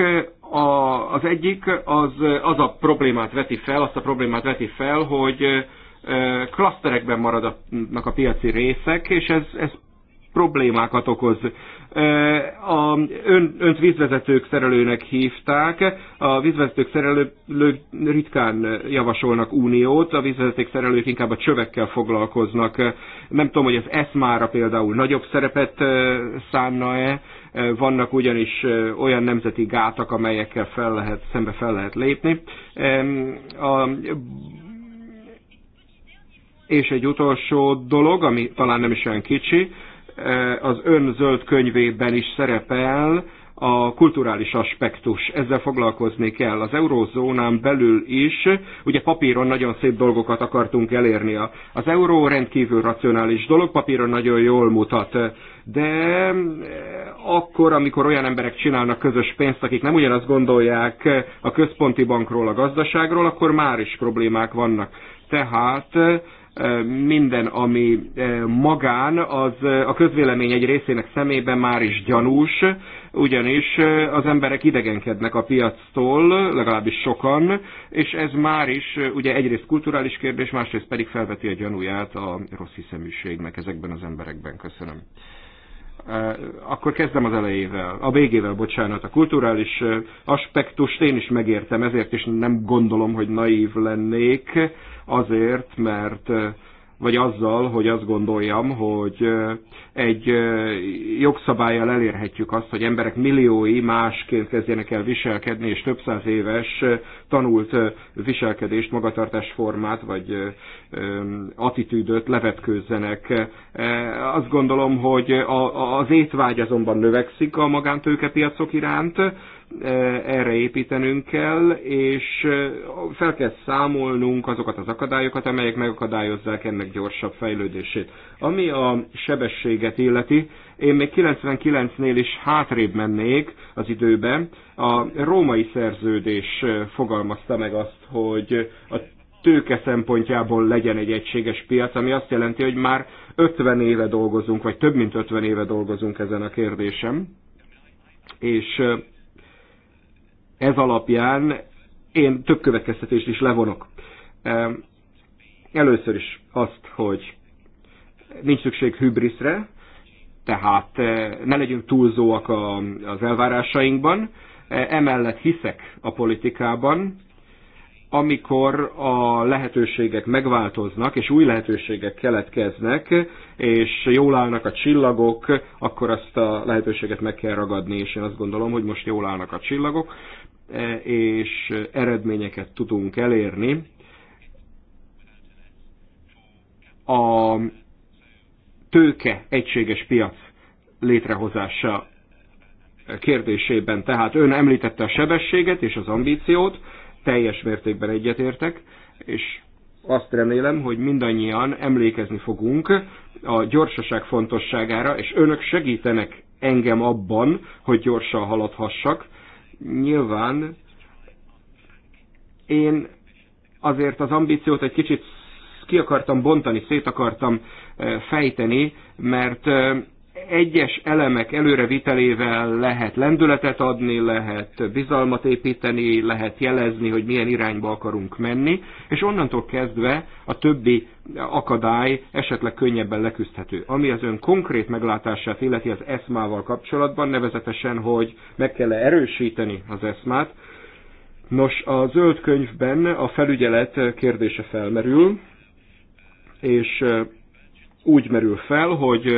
a, az, egyik az, az a problémát veti fel, azt a problémát veti fel, hogy klaszterekben maradnak a piaci részek, és ez, ez problémákat okoz. A ön, önt vízvezetők szerelőnek hívták, a vízvezetők szerelők ritkán javasolnak uniót, a vízvezeték szerelők inkább a csövekkel foglalkoznak. Nem tudom, hogy az ESMÁ-ra például nagyobb szerepet szánna-e, E, vannak ugyanis e, olyan nemzeti gátak, amelyekkel fel lehet, szembe fel lehet lépni. E, a, és egy utolsó dolog, ami talán nem is olyan kicsi, az ön zöld könyvében is szerepel, a kulturális aspektus, ezzel foglalkozni kell. Az eurózónán belül is, ugye papíron nagyon szép dolgokat akartunk elérni. Az euró rendkívül racionális dolog, papíron nagyon jól mutat, de eh, akkor, amikor olyan emberek csinálnak közös pénzt, akik nem ugyanazt gondolják a központi bankról, a gazdaságról, akkor már is problémák vannak. Tehát eh, minden, ami magán, az a közvélemény egy részének szemében már is gyanús, ugyanis az emberek idegenkednek a piactól, legalábbis sokan, és ez már is ugye egyrészt kulturális kérdés, másrészt pedig felveti a gyanúját a rossz hiszeműségnek ezekben az emberekben. Köszönöm. Eh, akkor kezdem az elejével, a végével, bocsánat. A kulturális eh, aspektust én is megértem, ezért is nem gondolom, hogy naív lennék, azért, mert eh, vagy azzal, hogy azt gondoljam, hogy egy jogszabályjal elérhetjük azt, hogy emberek milliói másként kezdjenek el viselkedni, és több száz éves tanult viselkedést, magatartásformát, vagy attitűdöt levetkőzzenek. Azt gondolom, hogy az étvágy azonban növekszik a magántőkepiacok iránt, erre építenünk kell, és fel kell számolnunk azokat az akadályokat, amelyek megakadályozzák ennek gyorsabb fejlődését. Ami a sebességet illeti, én még 99-nél is hátrébb mennék az időben. A római szerződés fogalmazta meg azt, hogy a tőke szempontjából legyen egy egységes piac, ami azt jelenti, hogy már 50 éve dolgozunk, vagy több mint 50 éve dolgozunk ezen a kérdésem. És ez alapján én több következtetést is levonok. Először is azt, hogy nincs szükség hübriszre, tehát eh, ne legyünk túlzóak az elvárásainkban. Eh, emellett hiszek a politikában, amikor a lehetőségek megváltoznak, és új lehetőségek keletkeznek, és jól állnak a csillagok, akkor azt a lehetőséget meg kell ragadni, és én azt gondolom, hogy most jól állnak a csillagok. E, és eredményeket tudunk elérni. A tőke egységes piac létrehozása kérdésében. Tehát ön említette a sebességet és az ambíciót, teljes mértékben egyetértek, és azt remélem, hogy mindannyian emlékezni fogunk a gyorsaság fontosságára, és önök segítenek engem abban, hogy gyorsan haladhassak, Nyilván én azért az ambíciót egy kicsit ki akartam bontani, szét akartam eh, fejteni, mert eh, egyes elemek előrevitelével lehet lendületet adni, lehet bizalmat építeni, lehet jelezni, hogy milyen irányba akarunk menni, és onnantól kezdve a többi akadály esetleg könnyebben leküzdhető. Ami az ön konkrét meglátását illeti az eszmával kapcsolatban, nevezetesen, hogy meg kell -e erősíteni az eszmát. Nos, a zöld könyvben a felügyelet kérdése felmerül, és úgy merül fel, hogy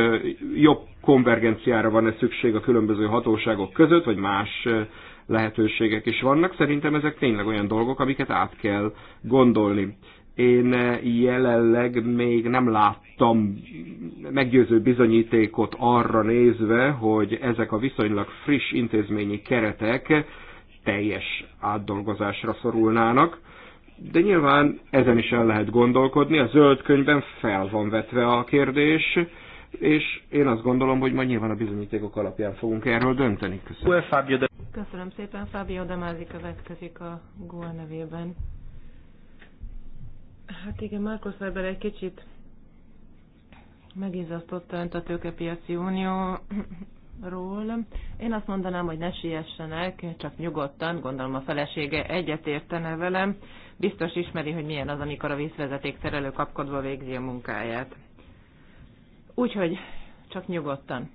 jobb konvergenciára van-e szükség a különböző hatóságok között, vagy más lehetőségek is vannak. Szerintem ezek tényleg olyan dolgok, amiket át kell gondolni. Én jelenleg még nem láttam meggyőző bizonyítékot arra nézve, hogy ezek a viszonylag friss intézményi keretek teljes átdolgozásra szorulnának de nyilván ezen is el lehet gondolkodni, a zöld könyvben fel van vetve a kérdés, és én azt gondolom, hogy majd nyilván a bizonyítékok alapján fogunk erről dönteni. Köszönöm. Köszönöm szépen, Fábio Demázi következik a GOL nevében. Hát igen, Markus Weber egy kicsit megizasztotta önt a tőkepiaci unió, ról. Én azt mondanám, hogy ne siessenek, csak nyugodtan, gondolom a felesége egyetértene velem. Biztos ismeri, hogy milyen az, amikor a vízvezeték szerelő kapkodva végzi a munkáját. Úgyhogy csak nyugodtan.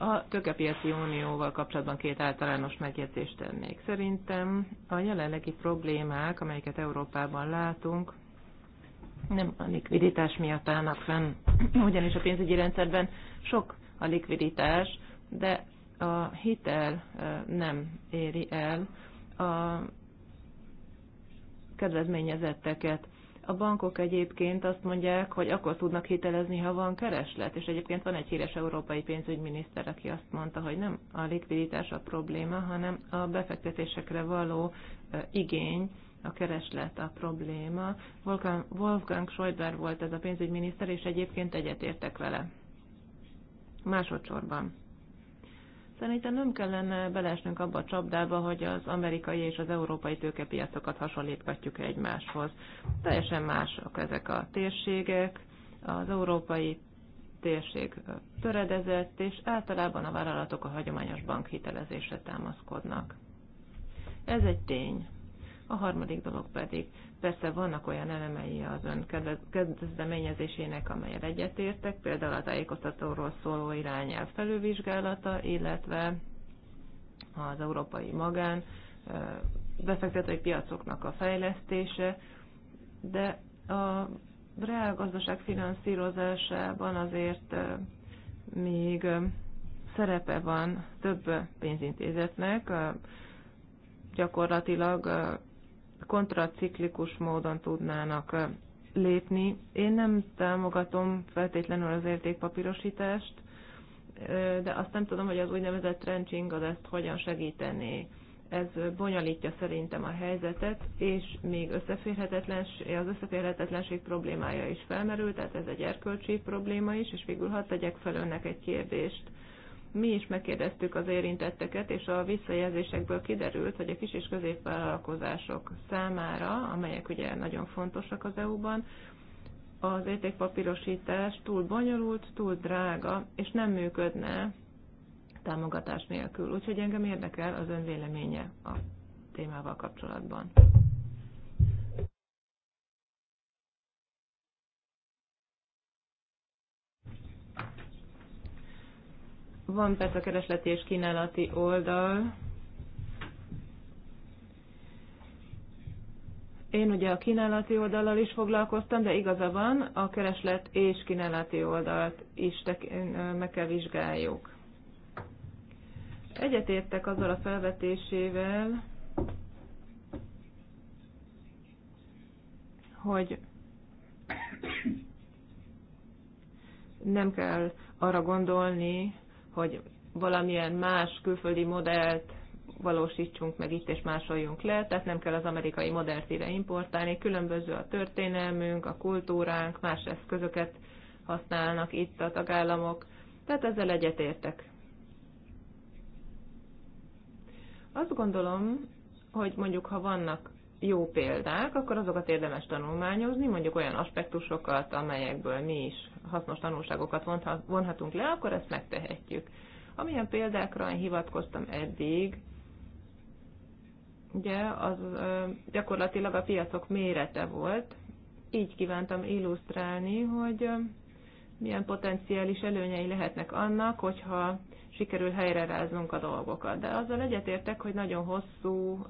A tőkepiaci unióval kapcsolatban két általános megjegyzést tennék. Szerintem a jelenlegi problémák, amelyeket Európában látunk, nem a likviditás miatt állnak fenn, [CLEARS THROAT] ugyanis a pénzügyi rendszerben sok a likviditás, de a hitel nem éri el a kedvezményezetteket. A bankok egyébként azt mondják, hogy akkor tudnak hitelezni, ha van kereslet, és egyébként van egy híres európai pénzügyminiszter, aki azt mondta, hogy nem a likviditás a probléma, hanem a befektetésekre való igény, a kereslet a probléma. Wolfgang, Wolfgang Schäuble volt ez a pénzügyminiszter, és egyébként egyetértek vele. Másodszorban Szerintem nem kellene belesnünk abba a csapdába, hogy az amerikai és az európai tőkepiacokat hasonlítgatjuk egymáshoz. Teljesen mások ezek a térségek, az európai térség töredezett, és általában a vállalatok a hagyományos bankhitelezésre támaszkodnak. Ez egy tény. A harmadik dolog pedig, persze vannak olyan elemei az ön kezdeményezésének, amelyet egyetértek, például a tájékoztatóról szóló irányelv felülvizsgálata, illetve az európai magán befektetői piacoknak a fejlesztése, de a gazdaság finanszírozásában azért még szerepe van több pénzintézetnek, gyakorlatilag kontraciklikus módon tudnának lépni. Én nem támogatom feltétlenül az értékpapírosítást, de azt nem tudom, hogy az úgynevezett trenching az ezt hogyan segítené. Ez bonyolítja szerintem a helyzetet, és még összeférhetetlenség, az összeférhetetlenség problémája is felmerült. tehát ez egy erkölcsi probléma is, és végül hadd tegyek fel önnek egy kérdést mi is megkérdeztük az érintetteket, és a visszajelzésekből kiderült, hogy a kis és középvállalkozások számára, amelyek ugye nagyon fontosak az EU-ban, az értékpapírosítás túl bonyolult, túl drága, és nem működne támogatás nélkül. Úgyhogy engem érdekel az ön véleménye a témával kapcsolatban. Van persze a keresleti és kínálati oldal. Én ugye a kínálati oldallal is foglalkoztam, de igaza van, a kereslet és kínálati oldalt is meg kell vizsgáljuk. Egyetértek azzal a felvetésével, hogy nem kell arra gondolni, hogy valamilyen más külföldi modellt valósítsunk meg itt és másoljunk le, tehát nem kell az amerikai modellt ide importálni, különböző a történelmünk, a kultúránk, más eszközöket használnak itt a tagállamok, tehát ezzel egyetértek. Azt gondolom, hogy mondjuk ha vannak jó példák, akkor azokat érdemes tanulmányozni, mondjuk olyan aspektusokat, amelyekből mi is hasznos tanulságokat vonhatunk le, akkor ezt megtehetjük. Amilyen példákra én hivatkoztam eddig, ugye az gyakorlatilag a piacok mérete volt, így kívántam illusztrálni, hogy milyen potenciális előnyei lehetnek annak, hogyha sikerül ráznunk a dolgokat. De azzal egyetértek, hogy nagyon hosszú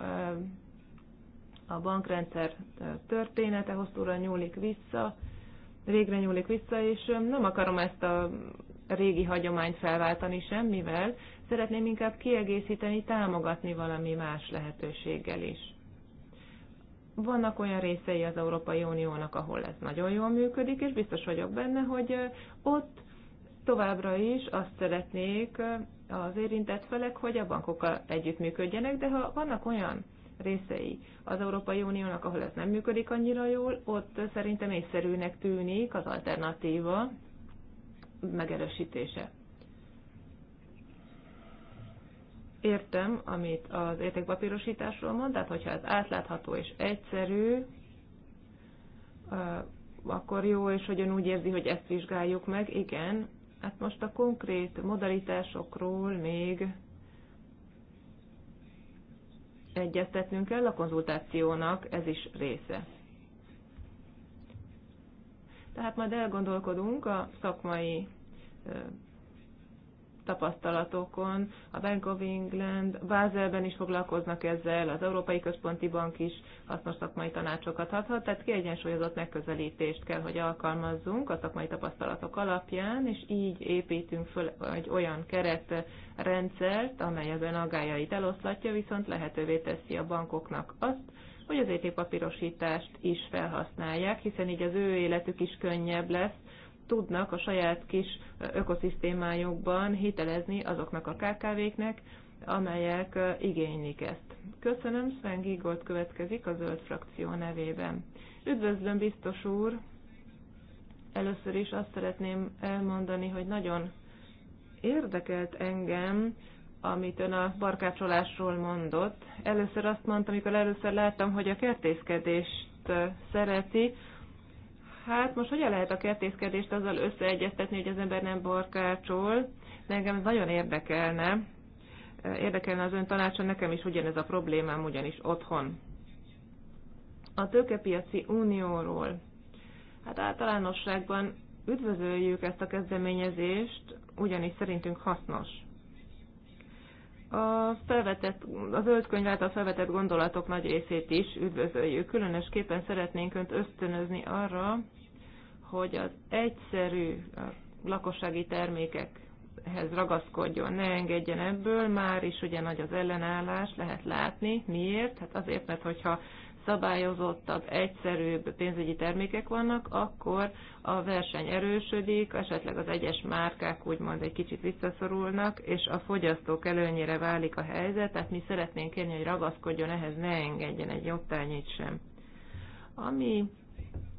a bankrendszer története hosszúra nyúlik vissza, régre nyúlik vissza, és nem akarom ezt a régi hagyományt felváltani semmivel, szeretném inkább kiegészíteni, támogatni valami más lehetőséggel is. Vannak olyan részei az Európai Uniónak, ahol ez nagyon jól működik, és biztos vagyok benne, hogy ott továbbra is azt szeretnék az érintett felek, hogy a bankokkal együttműködjenek, de ha vannak olyan részei az Európai Uniónak, ahol ez nem működik annyira jól, ott szerintem észszerűnek tűnik az alternatíva megerősítése. Értem, amit az értékpapírosításról mond, tehát hogyha ez átlátható és egyszerű, akkor jó, és hogy ön úgy érzi, hogy ezt vizsgáljuk meg. Igen, hát most a konkrét modalitásokról még egyeztetnünk kell, a konzultációnak ez is része. Tehát majd elgondolkodunk a szakmai tapasztalatokon. A Bank of England, Baselben is foglalkoznak ezzel, az Európai Központi Bank is hasznos szakmai tanácsokat adhat, tehát kiegyensúlyozott megközelítést kell, hogy alkalmazzunk a szakmai tapasztalatok alapján, és így építünk föl egy olyan keretrendszert, amely az agályait eloszlatja, viszont lehetővé teszi a bankoknak azt, hogy az értékpapírosítást is felhasználják, hiszen így az ő életük is könnyebb lesz, tudnak a saját kis ökoszisztémájukban hitelezni azoknak a KKV-knek, amelyek igénylik ezt. Köszönöm, Sven Gigolt következik a Zöld Frakció nevében. Üdvözlöm, biztos úr! Először is azt szeretném elmondani, hogy nagyon érdekelt engem, amit ön a barkácsolásról mondott. Először azt mondtam, amikor először láttam, hogy a kertészkedést szereti, hát most hogyan lehet a kertészkedést azzal összeegyeztetni, hogy az ember nem borkácsol, de engem ez nagyon érdekelne. Érdekelne az ön tanácsa, nekem is ugyanez a problémám, ugyanis otthon. A tőkepiaci unióról. Hát általánosságban üdvözöljük ezt a kezdeményezést, ugyanis szerintünk hasznos. A, felvetett, a zöld könyv által felvetett gondolatok nagy részét is üdvözöljük. Különösképpen szeretnénk Önt ösztönözni arra, hogy az egyszerű lakossági termékekhez ragaszkodjon, ne engedjen ebből, már is ugye nagy az ellenállás, lehet látni. Miért? Hát azért, mert hogyha szabályozottabb, egyszerűbb pénzügyi termékek vannak, akkor a verseny erősödik, esetleg az egyes márkák úgymond egy kicsit visszaszorulnak, és a fogyasztók előnyére válik a helyzet, tehát mi szeretnénk kérni, hogy ragaszkodjon ehhez, ne engedjen egy jobb tányit sem. Ami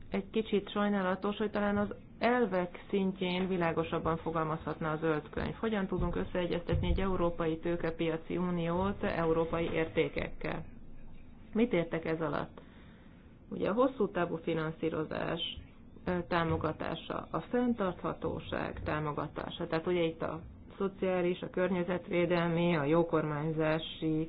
egy kicsit sajnálatos, hogy talán az elvek szintjén világosabban fogalmazhatna a zöld könyv. Hogyan tudunk összeegyeztetni egy európai tőkepiaci uniót európai értékekkel? Mit értek ez alatt? Ugye a hosszú távú finanszírozás támogatása, a fenntarthatóság támogatása, tehát ugye itt a szociális, a környezetvédelmi, a jókormányzási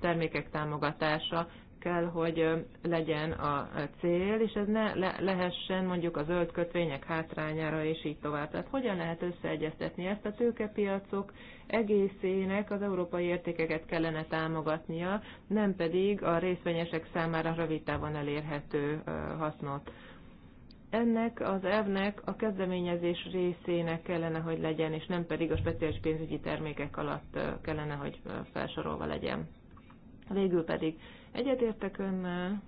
termékek támogatása, kell, hogy legyen a cél, és ez ne lehessen mondjuk a zöld kötvények hátrányára, és így tovább. Tehát hogyan lehet összeegyeztetni ezt a tőkepiacok egészének az európai értékeket kellene támogatnia, nem pedig a részvényesek számára rövid távon elérhető hasznot. Ennek az elvnek a kezdeményezés részének kellene, hogy legyen, és nem pedig a speciális pénzügyi termékek alatt kellene, hogy felsorolva legyen. Végül pedig Egyetértek önnel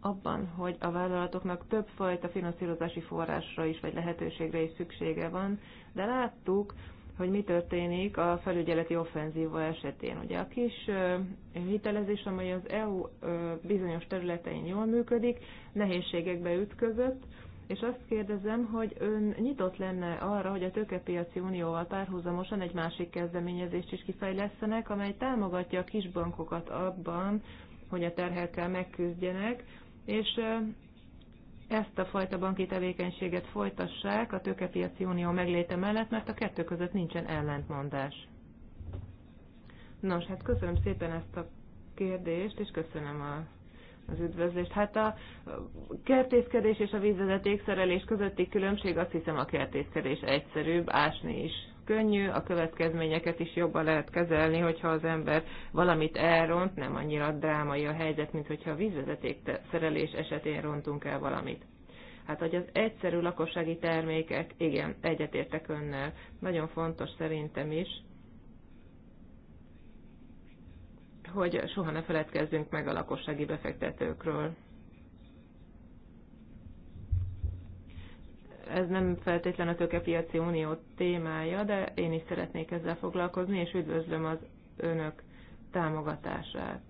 abban, hogy a vállalatoknak többfajta finanszírozási forrásra is, vagy lehetőségre is szüksége van, de láttuk, hogy mi történik a felügyeleti offenzíva esetén. Ugye a kis hitelezés, amely az EU bizonyos területein jól működik, nehézségekbe ütközött, és azt kérdezem, hogy ön nyitott lenne arra, hogy a tőkepiaci unióval párhuzamosan egy másik kezdeményezést is kifejlesztenek, amely támogatja a kisbankokat abban, hogy a terhekkel megküzdjenek, és ezt a fajta banki tevékenységet folytassák a tőkepiaci unió megléte mellett, mert a kettő között nincsen ellentmondás. Nos, hát köszönöm szépen ezt a kérdést, és köszönöm a, az üdvözlést. Hát a kertészkedés és a vízvezeték szerelés közötti különbség azt hiszem a kertészkedés egyszerűbb, ásni is könnyű, a következményeket is jobban lehet kezelni, hogyha az ember valamit elront, nem annyira drámai a helyzet, mint hogyha a vízvezeték szerelés esetén rontunk el valamit. Hát, hogy az egyszerű lakossági termékek, igen, egyetértek önnel, nagyon fontos szerintem is, hogy soha ne feledkezzünk meg a lakossági befektetőkről. ez nem feltétlen a tőkepiaci unió témája, de én is szeretnék ezzel foglalkozni, és üdvözlöm az önök támogatását.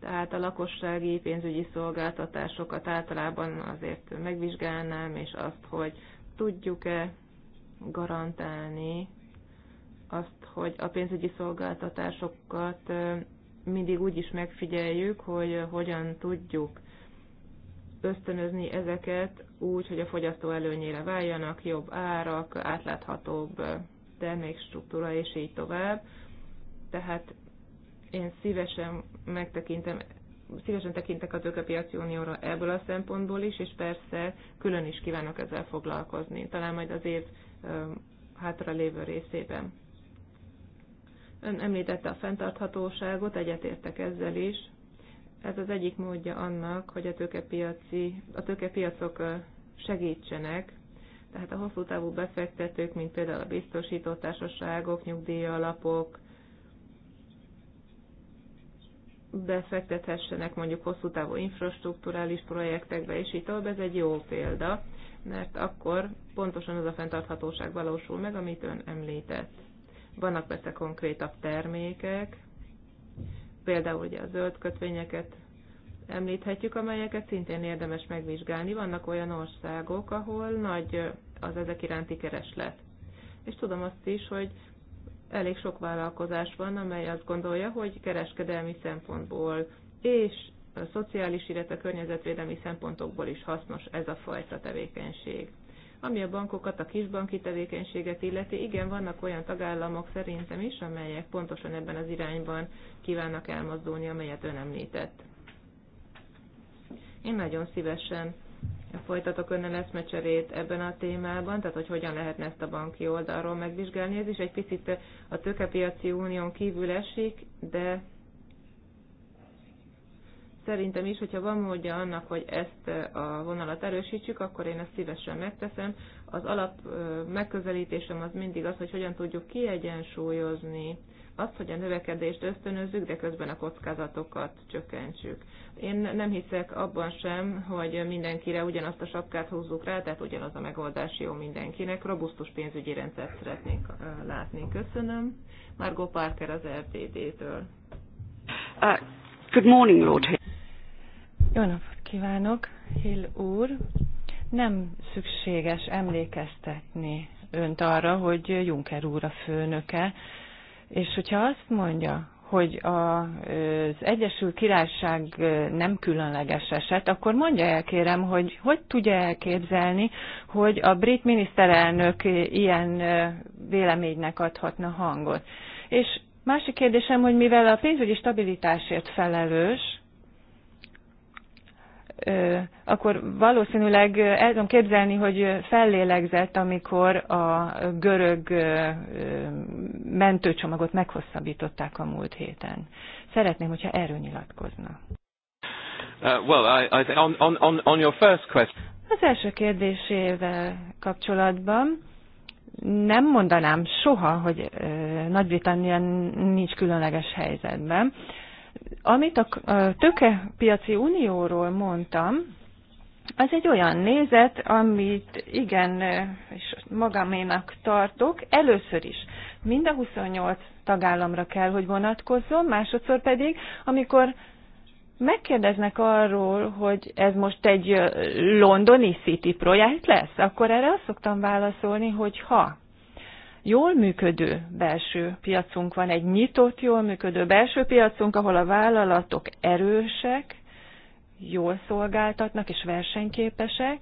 Tehát a lakossági pénzügyi szolgáltatásokat általában azért megvizsgálnám, és azt, hogy tudjuk-e garantálni azt, hogy a pénzügyi szolgáltatásokat mindig úgy is megfigyeljük, hogy hogyan tudjuk ösztönözni ezeket úgy, hogy a fogyasztó előnyére váljanak, jobb árak, átláthatóbb termékstruktúra, és így tovább. Tehát én szívesen megtekintem, szívesen tekintek a tőkepiaci unióra ebből a szempontból is, és persze külön is kívánok ezzel foglalkozni, talán majd az év hátra lévő részében. Ön említette a fenntarthatóságot, egyetértek ezzel is ez az egyik módja annak, hogy a, tőkepiaci, a tőkepiacok segítsenek, tehát a hosszú távú befektetők, mint például a biztosító társaságok, nyugdíjalapok, befektethessenek mondjuk hosszú távú infrastruktúrális projektekbe, és így tovább, ez egy jó példa, mert akkor pontosan az a fenntarthatóság valósul meg, amit ön említett. Vannak persze konkrétabb termékek, Például ugye a zöld kötvényeket említhetjük, amelyeket szintén érdemes megvizsgálni. Vannak olyan országok, ahol nagy az ezek iránti kereslet. És tudom azt is, hogy elég sok vállalkozás van, amely azt gondolja, hogy kereskedelmi szempontból és a szociális, illetve környezetvédelmi szempontokból is hasznos ez a fajta tevékenység. Ami a bankokat, a kisbanki tevékenységet illeti, igen, vannak olyan tagállamok szerintem is, amelyek pontosan ebben az irányban kívánnak elmozdulni, amelyet ön említett. Én nagyon szívesen folytatok önnel eszmecserét ebben a témában, tehát hogy hogyan lehetne ezt a banki oldalról megvizsgálni. Ez is egy picit a tőkepiaci unión kívül esik, de szerintem is, hogyha van módja annak, hogy ezt eh, a vonalat erősítsük, akkor én ezt szívesen megteszem. Az alap eh, megközelítésem az mindig az, hogy hogyan tudjuk kiegyensúlyozni azt, hogy a növekedést ösztönözzük, de közben a kockázatokat csökkentsük. Én nem hiszek abban sem, hogy mindenkire ugyanazt a sapkát húzzuk rá, tehát ugyanaz a megoldás jó mindenkinek. Robusztus pénzügyi rendszert szeretnék eh, látni. Köszönöm. Margot Parker az RTD-től. Uh, good morning, Lord jó napot kívánok, Hill úr! Nem szükséges emlékeztetni önt arra, hogy Juncker úr a főnöke, és hogyha azt mondja, hogy az Egyesült Királyság nem különleges eset, akkor mondja el kérem, hogy hogy tudja elképzelni, hogy a brit miniszterelnök ilyen véleménynek adhatna hangot. És másik kérdésem, hogy mivel a pénzügyi stabilitásért felelős, akkor valószínűleg el tudom képzelni, hogy fellélegzett, amikor a görög mentőcsomagot meghosszabbították a múlt héten. Szeretném, hogyha erről nyilatkozna. Uh, well, I, I, on, on, on your first question. Az első kérdésével kapcsolatban nem mondanám soha, hogy Nagy-Britannia nincs különleges helyzetben. Amit a tőkepiaci unióról mondtam, az egy olyan nézet, amit igen, és magaménak tartok. Először is mind a 28 tagállamra kell, hogy vonatkozzon, másodszor pedig, amikor megkérdeznek arról, hogy ez most egy londoni city projekt lesz, akkor erre azt szoktam válaszolni, hogy ha jól működő belső piacunk van, egy nyitott, jól működő belső piacunk, ahol a vállalatok erősek, jól szolgáltatnak és versenyképesek,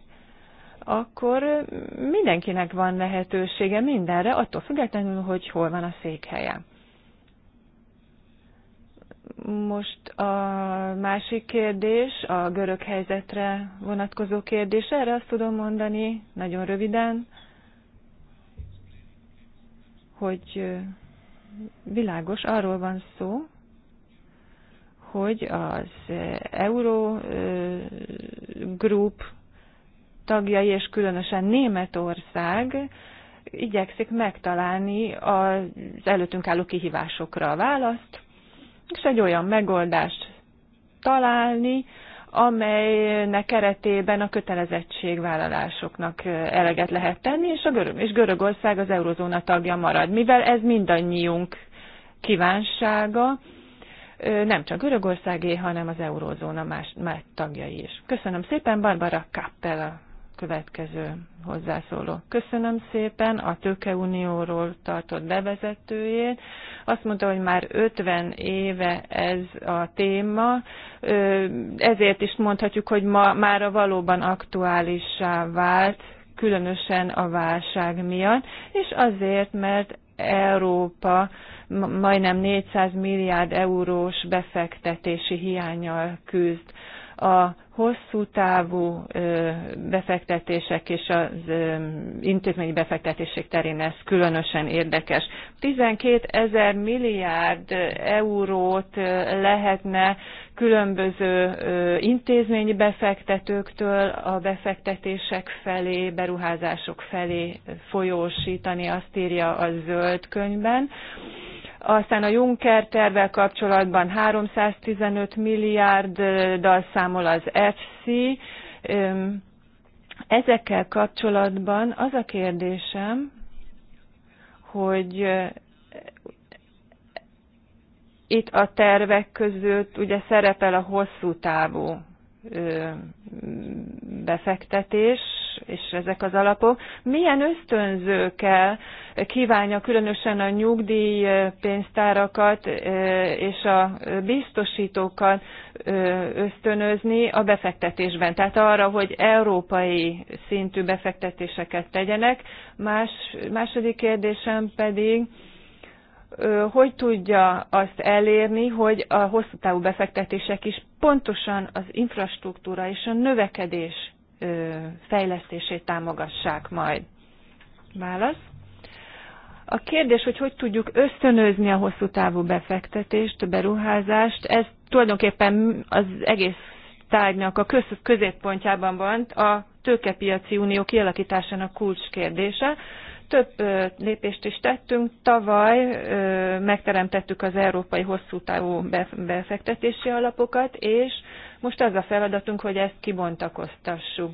akkor mindenkinek van lehetősége mindenre, attól függetlenül, hogy hol van a székhelye. Most a másik kérdés, a görög helyzetre vonatkozó kérdés, erre azt tudom mondani nagyon röviden, hogy világos, arról van szó, hogy az Eurogroup tagjai, és különösen Németország igyekszik megtalálni az előttünk álló kihívásokra a választ, és egy olyan megoldást találni, amelynek keretében a kötelezettségvállalásoknak eleget lehet tenni, és, a görög, és Görögország az eurozóna tagja marad. Mivel ez mindannyiunk kívánsága, nem csak Görögországé, hanem az eurozóna más, más tagjai is. Köszönöm szépen, Barbara Kappel a következő hozzászóló. Köszönöm szépen a Tőkeunióról tartott bevezetőjét. Azt mondta, hogy már 50 éve ez a téma, ezért is mondhatjuk, hogy ma már a valóban aktuálissá vált, különösen a válság miatt, és azért, mert Európa majdnem 400 milliárd eurós befektetési hiányal küzd a hosszú távú befektetések és az intézményi befektetések terén ez különösen érdekes. 12 ezer milliárd eurót lehetne különböző intézményi befektetőktől a befektetések felé, beruházások felé folyósítani, azt írja a zöld könyvben aztán a Juncker tervvel kapcsolatban 315 milliárddal számol az FC. Ezekkel kapcsolatban az a kérdésem, hogy itt a tervek között ugye szerepel a hosszú távú befektetés, és ezek az alapok. Milyen ösztönzőkkel kívánja különösen a nyugdíjpénztárakat és a biztosítókat ösztönözni a befektetésben? Tehát arra, hogy európai szintű befektetéseket tegyenek. Más, második kérdésem pedig, hogy tudja azt elérni, hogy a hosszú távú befektetések is pontosan az infrastruktúra és a növekedés fejlesztését támogassák majd? Válasz. A kérdés, hogy hogy tudjuk ösztönözni a hosszú távú befektetést, beruházást, ez tulajdonképpen az egész tárgynak a középpontjában van a tőkepiaci unió kialakításának kulcskérdése több lépést is tettünk. Tavaly megteremtettük az európai hosszú távú befektetési alapokat, és most az a feladatunk, hogy ezt kibontakoztassuk.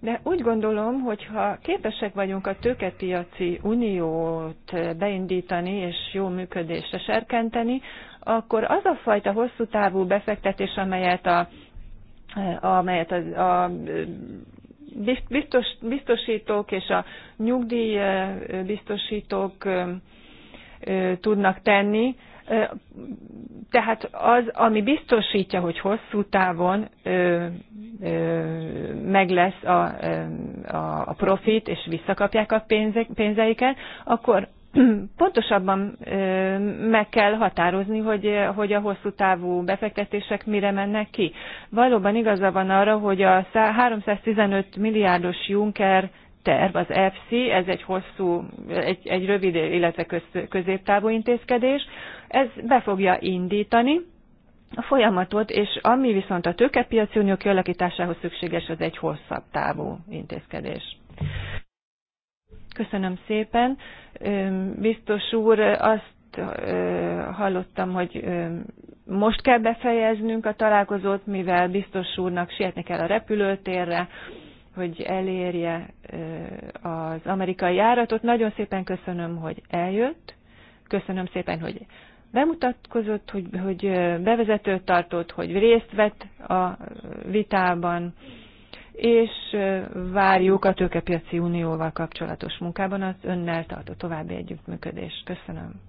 De úgy gondolom, hogy ha képesek vagyunk a tőkepiaci uniót beindítani és jó működésre serkenteni, akkor az a fajta hosszú távú befektetés, amelyet a amelyet a, a biztos, biztosítók és a nyugdíj biztosítók tudnak tenni. Tehát az, ami biztosítja, hogy hosszú távon ö, ö, meg lesz a, a, a profit, és visszakapják a pénze, pénzeiket, akkor [CLEARS THROAT] pontosabban meg kell határozni, hogy, hogy a hosszú távú befektetések mire mennek ki. Valóban igaza van arra, hogy a 315 milliárdos Juncker terv, az FC, ez egy hosszú, egy, egy rövid, illetve köz, középtávú intézkedés, ez be fogja indítani a folyamatot, és ami viszont a tőkepiaci unió kialakításához szükséges, az egy hosszabb távú intézkedés. Köszönöm szépen. Biztos úr, azt hallottam, hogy most kell befejeznünk a találkozót, mivel biztos úrnak sietni kell a repülőtérre, hogy elérje az amerikai járatot. Nagyon szépen köszönöm, hogy eljött. Köszönöm szépen, hogy bemutatkozott, hogy, hogy bevezetőt tartott, hogy részt vett a vitában és várjuk a tőkepiaci unióval kapcsolatos munkában az önnel tartó további együttműködést. Köszönöm.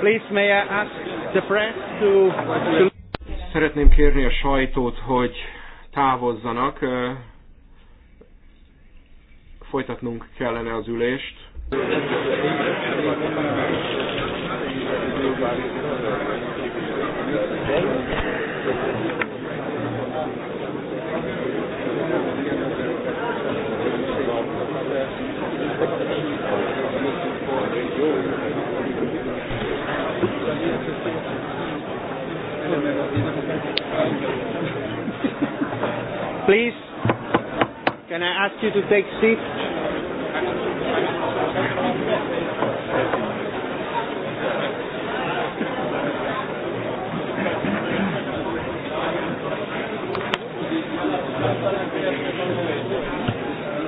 Please may I ask the press to... Szeretném kérni a sajtót, hogy távozzanak. Folytatnunk kellene az ülést. Thank you. Please, can I ask you to take seat?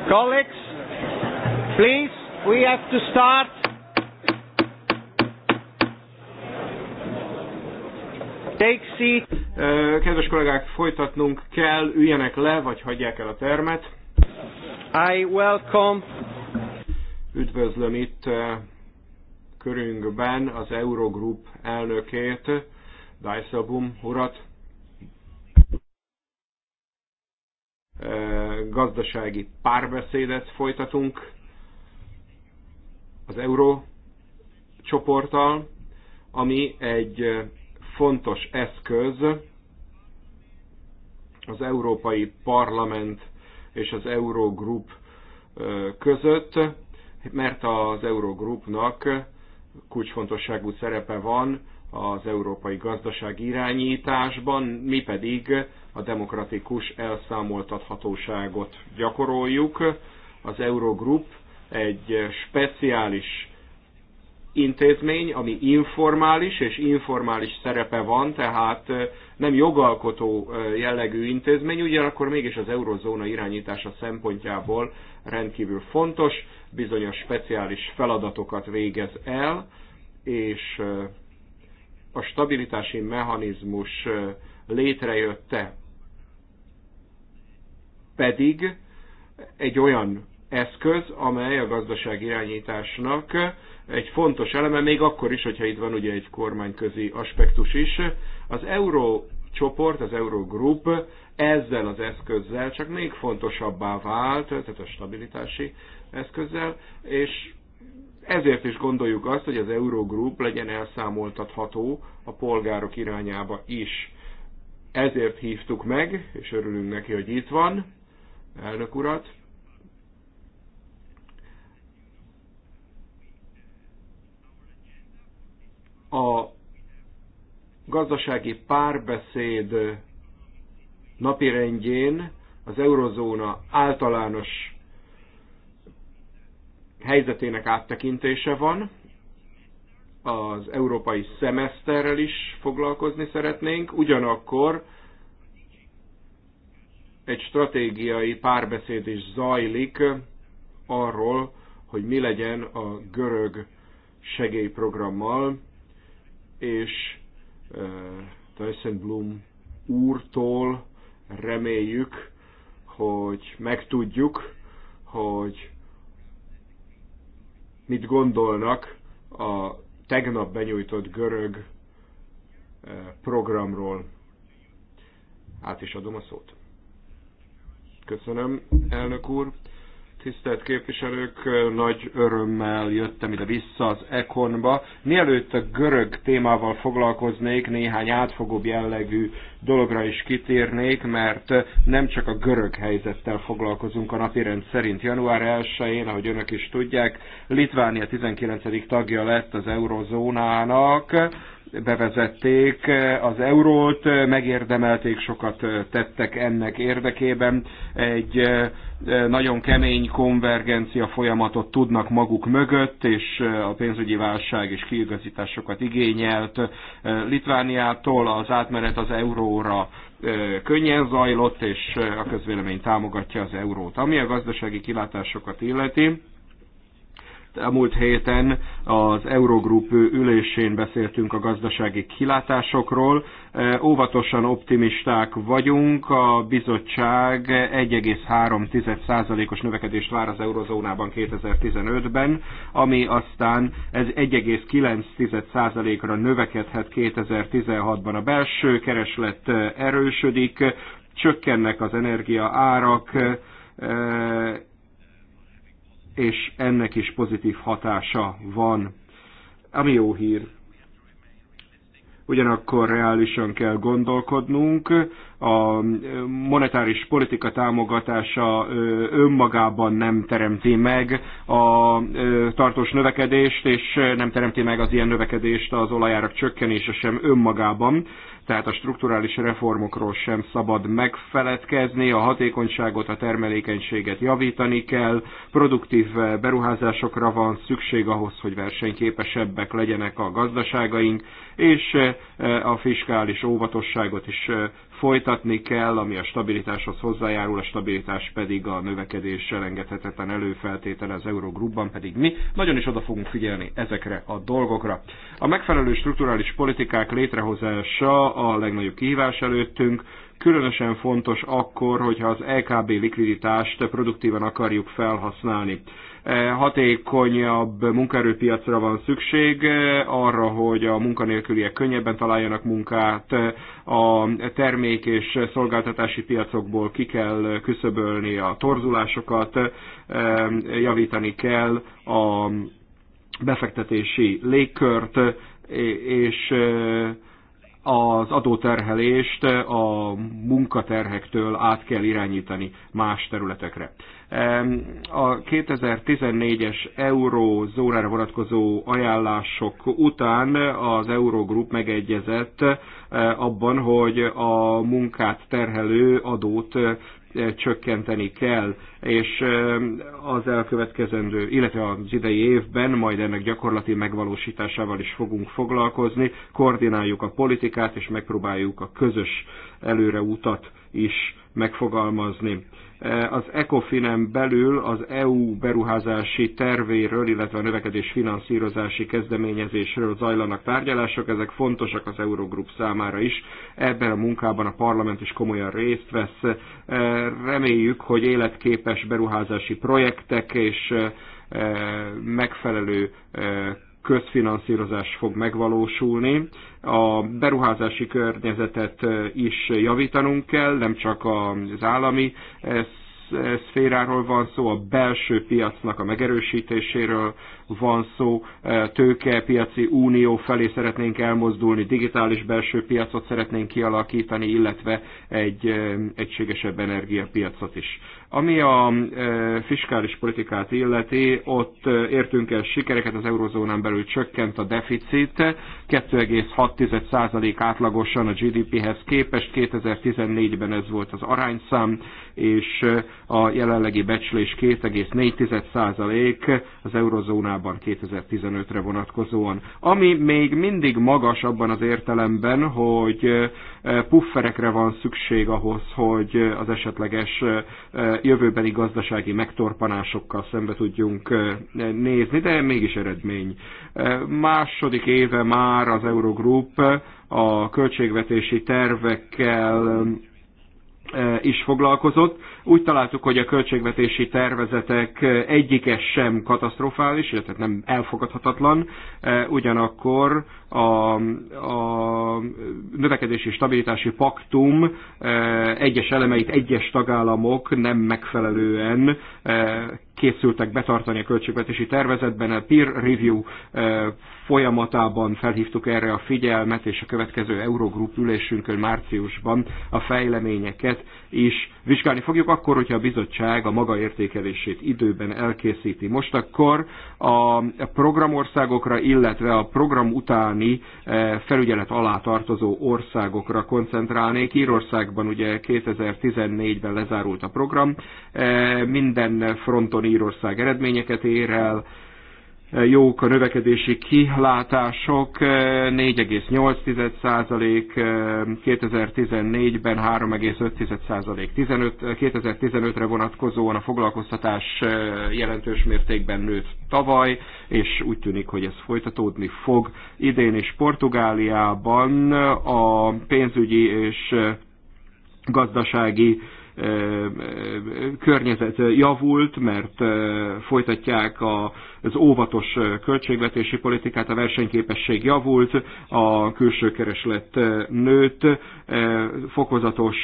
Colleagues, please, we have to start. Take seat. Kedves kollégák, folytatnunk kell, üljenek le, vagy hagyják el a termet. I welcome. Üdvözlöm itt körünkben az Eurogroup elnökét, Dijsselbum urat. Gazdasági párbeszédet folytatunk az Euró csoporttal, ami egy fontos eszköz az Európai Parlament és az Eurogroup között, mert az Eurogroupnak kulcsfontosságú szerepe van az európai gazdaság irányításban, mi pedig a demokratikus elszámoltathatóságot gyakoroljuk. Az Eurogroup egy speciális intézmény, ami informális, és informális szerepe van, tehát nem jogalkotó jellegű intézmény, ugyanakkor mégis az eurozóna irányítása szempontjából rendkívül fontos, bizonyos speciális feladatokat végez el, és a stabilitási mechanizmus létrejötte pedig egy olyan eszköz, amely a gazdaság irányításnak egy fontos eleme, még akkor is, hogyha itt van ugye egy kormányközi aspektus is. Az euró csoport, az Eurogroup ezzel az eszközzel csak még fontosabbá vált, tehát a stabilitási eszközzel, és ezért is gondoljuk azt, hogy az Eurogroup legyen elszámoltatható a polgárok irányába is. Ezért hívtuk meg, és örülünk neki, hogy itt van, elnök urat, a gazdasági párbeszéd napirendjén az eurozóna általános helyzetének áttekintése van, az európai szemeszterrel is foglalkozni szeretnénk, ugyanakkor egy stratégiai párbeszéd is zajlik arról, hogy mi legyen a görög segélyprogrammal, és Tyson Bloom úrtól reméljük, hogy megtudjuk, hogy mit gondolnak a tegnap benyújtott görög programról. Át is adom a szót. Köszönöm, elnök úr. Tisztelt képviselők, nagy örömmel jöttem ide vissza az ekonba. Mielőtt a görög témával foglalkoznék, néhány átfogóbb jellegű dologra is kitérnék, mert nem csak a görög helyzettel foglalkozunk a napirend szerint. Január 1-én, ahogy önök is tudják, Litvánia 19. tagja lett az eurozónának bevezették az eurót, megérdemelték, sokat tettek ennek érdekében. Egy nagyon kemény konvergencia folyamatot tudnak maguk mögött, és a pénzügyi válság és kiigazításokat igényelt. Litvániától az átmenet az euróra könnyen zajlott, és a közvélemény támogatja az eurót. Ami a gazdasági kilátásokat illeti, a múlt héten az Eurogroup ülésén beszéltünk a gazdasági kilátásokról. E, óvatosan optimisták vagyunk. A bizottság 1,3%-os növekedést vár az eurozónában 2015-ben, ami aztán ez 1,9%-ra növekedhet 2016-ban. A belső kereslet erősödik, csökkennek az energia árak, e, és ennek is pozitív hatása van, ami jó hír. Ugyanakkor reálisan kell gondolkodnunk, a monetáris politika támogatása önmagában nem teremti meg a tartós növekedést, és nem teremti meg az ilyen növekedést az olajárak csökkenése sem önmagában tehát a strukturális reformokról sem szabad megfeledkezni, a hatékonyságot, a termelékenységet javítani kell, produktív eh, beruházásokra van szükség ahhoz, hogy versenyképesebbek legyenek a gazdaságaink, és eh, a fiskális óvatosságot is eh, folytatni kell, ami a stabilitáshoz hozzájárul, a stabilitás pedig a növekedés elengedhetetlen előfeltétele az Eurogrupban, pedig mi nagyon is oda fogunk figyelni ezekre a dolgokra. A megfelelő strukturális politikák létrehozása a legnagyobb kihívás előttünk, különösen fontos akkor, hogyha az LKB likviditást produktívan akarjuk felhasználni. E, hatékonyabb munkaerőpiacra van szükség, e, arra, hogy a munkanélküliek könnyebben találjanak munkát, e, a termék és szolgáltatási piacokból ki kell küszöbölni a torzulásokat, javítani kell a befektetési légkört, és az adóterhelést a munkaterhektől át kell irányítani más területekre. A 2014-es eurózórára vonatkozó ajánlások után az Eurogroup megegyezett eh, abban, hogy a munkát terhelő adót eh, Eh, csökkenteni kell, és eh, az elkövetkezendő, illetve az idei évben majd ennek gyakorlati megvalósításával is fogunk foglalkozni, koordináljuk a politikát, és megpróbáljuk a közös előreutat is megfogalmazni. E, az ECOFIN-en belül az EU beruházási tervéről, illetve a növekedés finanszírozási kezdeményezésről zajlanak tárgyalások, ezek fontosak az Eurogroup számára is. Ebben a munkában a parlament is komolyan részt vesz. E, reméljük, hogy életképes beruházási projektek és e, megfelelő közfinanszírozás fog megvalósulni a beruházási környezetet is javítanunk kell, nem csak az állami szféráról van szó, a belső piacnak a megerősítéséről, van szó, e, tőkepiaci unió felé szeretnénk elmozdulni, digitális belső piacot szeretnénk kialakítani, illetve egy e, egységesebb energiapiacot is. Ami a e, fiskális politikát illeti, ott értünk el sikereket, az eurozónán belül csökkent a deficit, 2,6% átlagosan a GDP-hez képest, 2014-ben ez volt az arányszám, és a jelenlegi becslés 2,4% az eurozónában korábban 2015-re vonatkozóan, ami még mindig magas abban az értelemben, hogy pufferekre van szükség ahhoz, hogy az esetleges jövőbeni gazdasági megtorpanásokkal szembe tudjunk nézni, de mégis eredmény. Második éve már az Eurogroup a költségvetési tervekkel is foglalkozott, úgy találtuk, hogy a költségvetési tervezetek egyike sem katasztrofális, illetve nem elfogadhatatlan, ugyanakkor a, a növekedési és stabilitási paktum e, egyes elemeit egyes tagállamok nem megfelelően e, készültek betartani a költségvetési tervezetben. A peer review e, folyamatában felhívtuk erre a figyelmet, és a következő Eurogroup ülésünkön márciusban a fejleményeket is vizsgálni fogjuk, akkor, hogyha a bizottság a maga értékelését időben elkészíti. Most akkor a programországokra, illetve a program után állami eh, felügyelet alá tartozó országokra koncentrálnék. Írországban ugye 2014-ben lezárult a program, eh, minden fronton Írország eredményeket ér el, jók a növekedési kihlátások, 4,8% 2014-ben, 3,5% 2015-re vonatkozóan a foglalkoztatás eh, jelentős mértékben nőtt tavaly, és úgy tűnik, hogy ez folytatódni fog. Idén is Portugáliában a pénzügyi és eh, gazdasági eh, környezet javult, mert folytatják a az óvatos költségvetési politikát, a versenyképesség javult, a külső kereslet nőtt, fokozatos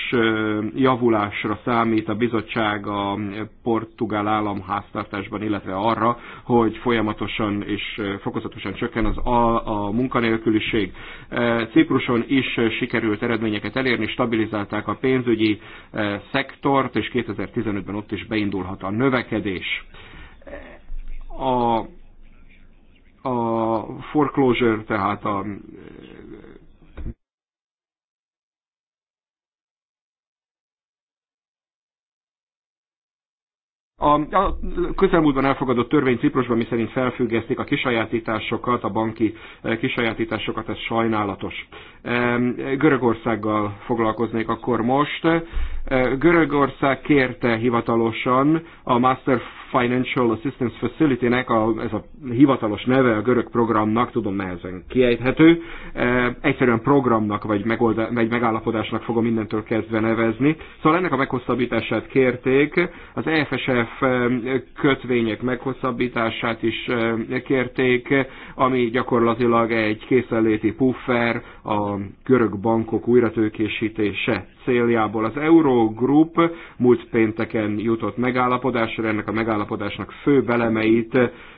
javulásra számít a bizottság a portugál államháztartásban, illetve arra, hogy folyamatosan és fokozatosan csökken az a, a munkanélküliség. Cipruson is sikerült eredményeket elérni, stabilizálták a pénzügyi szektort, és 2015-ben ott is beindulhat a növekedés a, a foreclosure, tehát a A, a közelmúltban elfogadott törvény Ciprusban, miszerint felfüggesztik a kisajátításokat, a banki eh, kisajátításokat, ez sajnálatos. Görögországgal foglalkoznék akkor most. Eh, Görögország kérte hivatalosan a Master Financial Assistance Facility-nek, a, ez a hivatalos neve a görög programnak, tudom nehezen kiejthető, e, egyszerűen programnak vagy, megolda, vagy megállapodásnak fogom mindentől kezdve nevezni. Szóval ennek a meghosszabbítását kérték, az EFSF e, kötvények meghosszabbítását is e, kérték, ami gyakorlatilag egy készenléti puffer a görög bankok újratőkésítése céljából. Az Eurogroup múlt pénteken jutott megállapodásra, ennek a megállapodásnak fő belemeit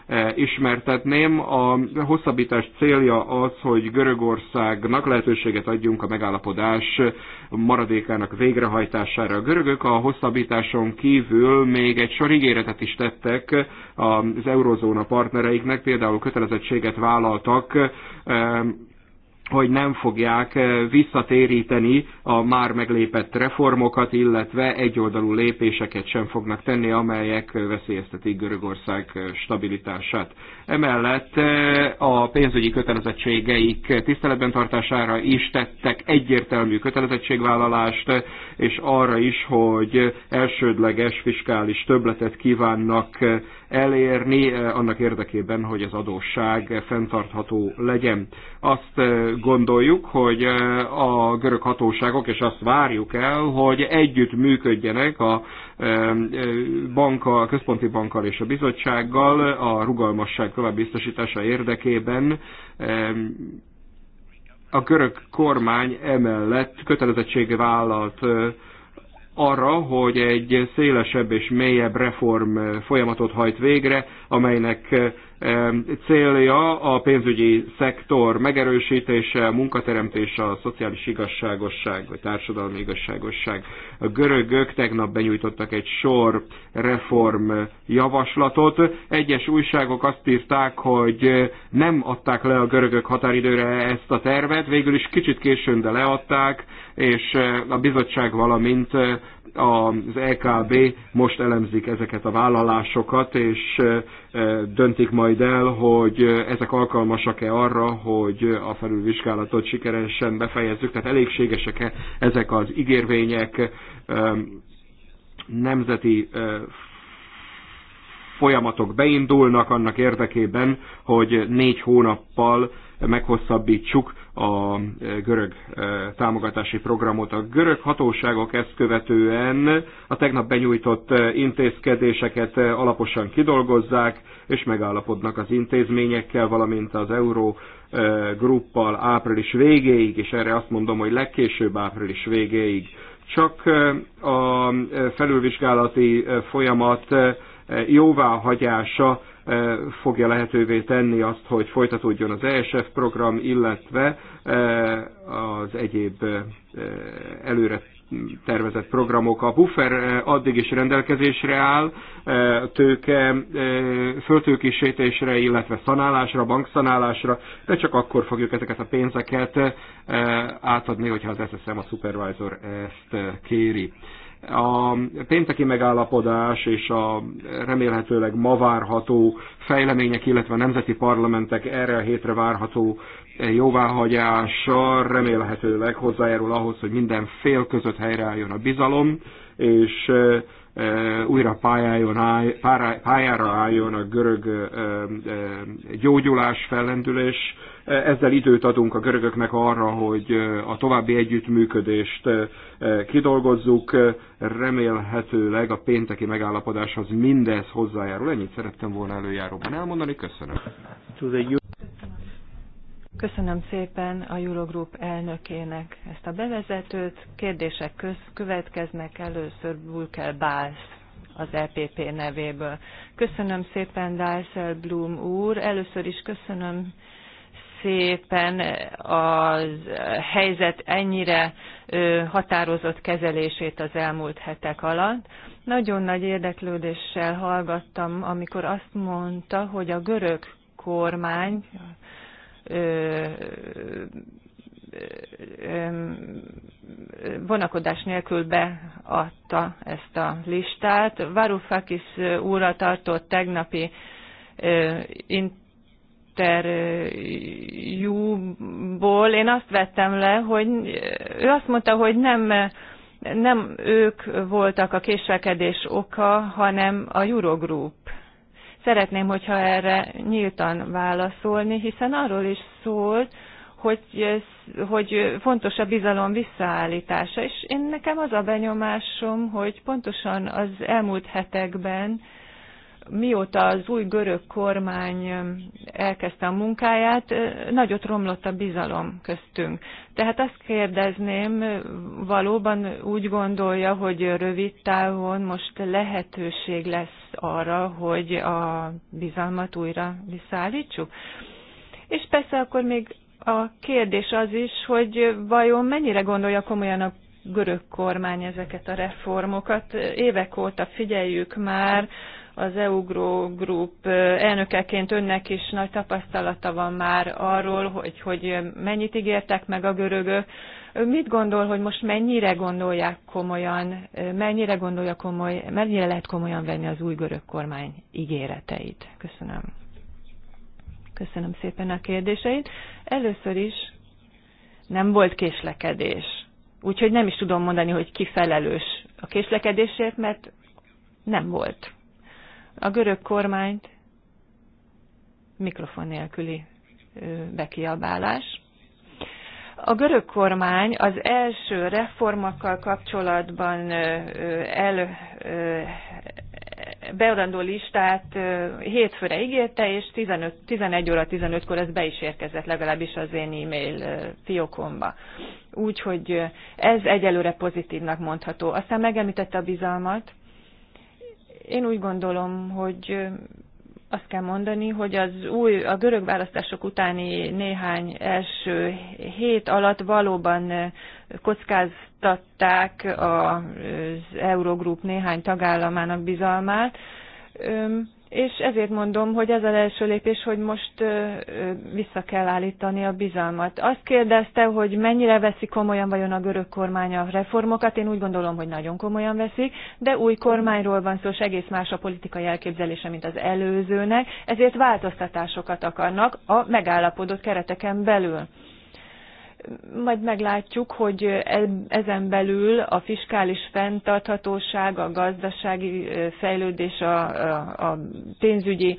eh, ismertetném. A hosszabbítás célja az, hogy Görögországnak lehetőséget adjunk a megállapodás maradékának végrehajtására. A görögök a hosszabbításon kívül még egy sor ígéretet is tettek az eurozóna partnereiknek, például kötelezettséget vállaltak eh, hogy nem fogják eh, visszatéríteni a már meglépett reformokat, illetve egyoldalú lépéseket sem fognak tenni, amelyek eh, veszélyeztetik Görögország eh, stabilitását. Emellett eh, a pénzügyi kötelezettségeik tiszteletben tartására is tettek egyértelmű kötelezettségvállalást, és arra is, hogy elsődleges fiskális töbletet kívánnak eh, elérni eh, annak érdekében, hogy az adósság fenntartható legyen. Azt gondoljuk, hogy a görög hatóságok, és azt várjuk el, hogy együtt működjenek a banka, központi bankkal és a bizottsággal a rugalmasság tovább biztosítása érdekében a görög kormány emellett kötelezettsége vállalt arra, hogy egy szélesebb és mélyebb reform eh, folyamatot hajt végre, amelynek eh, célja a pénzügyi szektor megerősítése, a munkateremtése, a szociális igazságosság, vagy társadalmi igazságosság. A görögök tegnap benyújtottak egy sor reform javaslatot. Egyes újságok azt írták, hogy nem adták le a görögök határidőre ezt a tervet, végül is kicsit későn, de leadták és eh, a bizottság, valamint eh, az EKB most elemzik ezeket a vállalásokat, és eh, döntik majd el, hogy ezek alkalmasak-e arra, hogy a felülvizsgálatot sikeresen befejezzük, tehát elégségesek-e ezek az ígérvények nemzeti folyamatok beindulnak annak érdekében, hogy négy hónappal meghosszabbítsuk a e, görög e, támogatási programot. A görög hatóságok ezt követően a tegnap benyújtott e, intézkedéseket alaposan kidolgozzák, és megállapodnak az intézményekkel, valamint az euró gruppal április végéig, és erre azt mondom, hogy legkésőbb április végéig. Csak a felülvizsgálati folyamat jóváhagyása E, fogja lehetővé tenni azt, hogy folytatódjon az ESF program, illetve e, az egyéb e, előre tervezett programok. A buffer addig is rendelkezésre áll, tőke föltőkisítésre, illetve szanálásra, bankszanálásra, de csak akkor fogjuk ezeket a pénzeket átadni, hogyha az SSM a supervisor ezt kéri. A pénteki megállapodás és a remélhetőleg ma várható fejlemények, illetve a nemzeti parlamentek erre a hétre várható jóváhagyása remélhetőleg hozzájárul ahhoz, hogy minden fél között helyreálljon a bizalom, és újra pályájon áll, pályára álljon a görög gyógyulás, fellendülés. Ezzel időt adunk a görögöknek arra, hogy a további együttműködést kidolgozzuk. Remélhetőleg a pénteki megállapodáshoz mindez hozzájárul. Ennyit szerettem volna előjáróban elmondani. Köszönöm. Köszönöm szépen a Eurogroup elnökének ezt a bevezetőt. Kérdések köz, következnek először Bulkel Bász az EPP nevéből. Köszönöm szépen Dysel Blum úr. Először is köszönöm szépen a helyzet ennyire határozott kezelését az elmúlt hetek alatt. Nagyon nagy érdeklődéssel hallgattam, amikor azt mondta, hogy a görög kormány vonakodás nélkül beadta ezt a listát. Varoufakis úrra tartott tegnapi interjúból én azt vettem le, hogy ő azt mondta, hogy nem, nem ők voltak a késlekedés oka, hanem a Eurogroup Szeretném, hogyha erre nyíltan válaszolni, hiszen arról is szólt, hogy, hogy fontos a bizalom visszaállítása, és én nekem az a benyomásom, hogy pontosan az elmúlt hetekben mióta az új görög kormány elkezdte a munkáját, nagyot romlott a bizalom köztünk. Tehát azt kérdezném, valóban úgy gondolja, hogy rövid távon most lehetőség lesz arra, hogy a bizalmat újra visszaállítsuk? És persze akkor még a kérdés az is, hogy vajon mennyire gondolja komolyan a görög kormány ezeket a reformokat. Évek óta figyeljük már, az EUGRO Group elnökeként önnek is nagy tapasztalata van már arról, hogy, hogy mennyit ígértek meg a görögök. Mit gondol, hogy most mennyire gondolják komolyan, mennyire, gondolja komoly, mennyire lehet komolyan venni az új görög kormány ígéreteit? Köszönöm. Köszönöm szépen a kérdéseit. Először is nem volt késlekedés. Úgyhogy nem is tudom mondani, hogy ki felelős a késlekedésért, mert nem volt a görög kormányt mikrofon nélküli bekiabálás. A görög kormány az első reformakkal kapcsolatban el, beadandó listát hétfőre ígérte, és 15, 11 óra 15-kor ez be is érkezett, legalábbis az én e-mail fiókomba. Úgyhogy ez egyelőre pozitívnak mondható. Aztán megemlítette a bizalmat, én úgy gondolom, hogy azt kell mondani, hogy az új, a görög választások utáni néhány első hét alatt valóban kockáztatták az Eurogroup néhány tagállamának bizalmát. És ezért mondom, hogy ez az első lépés, hogy most vissza kell állítani a bizalmat. Azt kérdezte, hogy mennyire veszi komolyan vajon a görög kormány a reformokat. Én úgy gondolom, hogy nagyon komolyan veszik, de új kormányról van szó, és egész más a politikai elképzelése, mint az előzőnek, ezért változtatásokat akarnak a megállapodott kereteken belül majd meglátjuk, hogy e- ezen belül a fiskális fenntarthatóság, a gazdasági fejlődés, a, a, a pénzügyi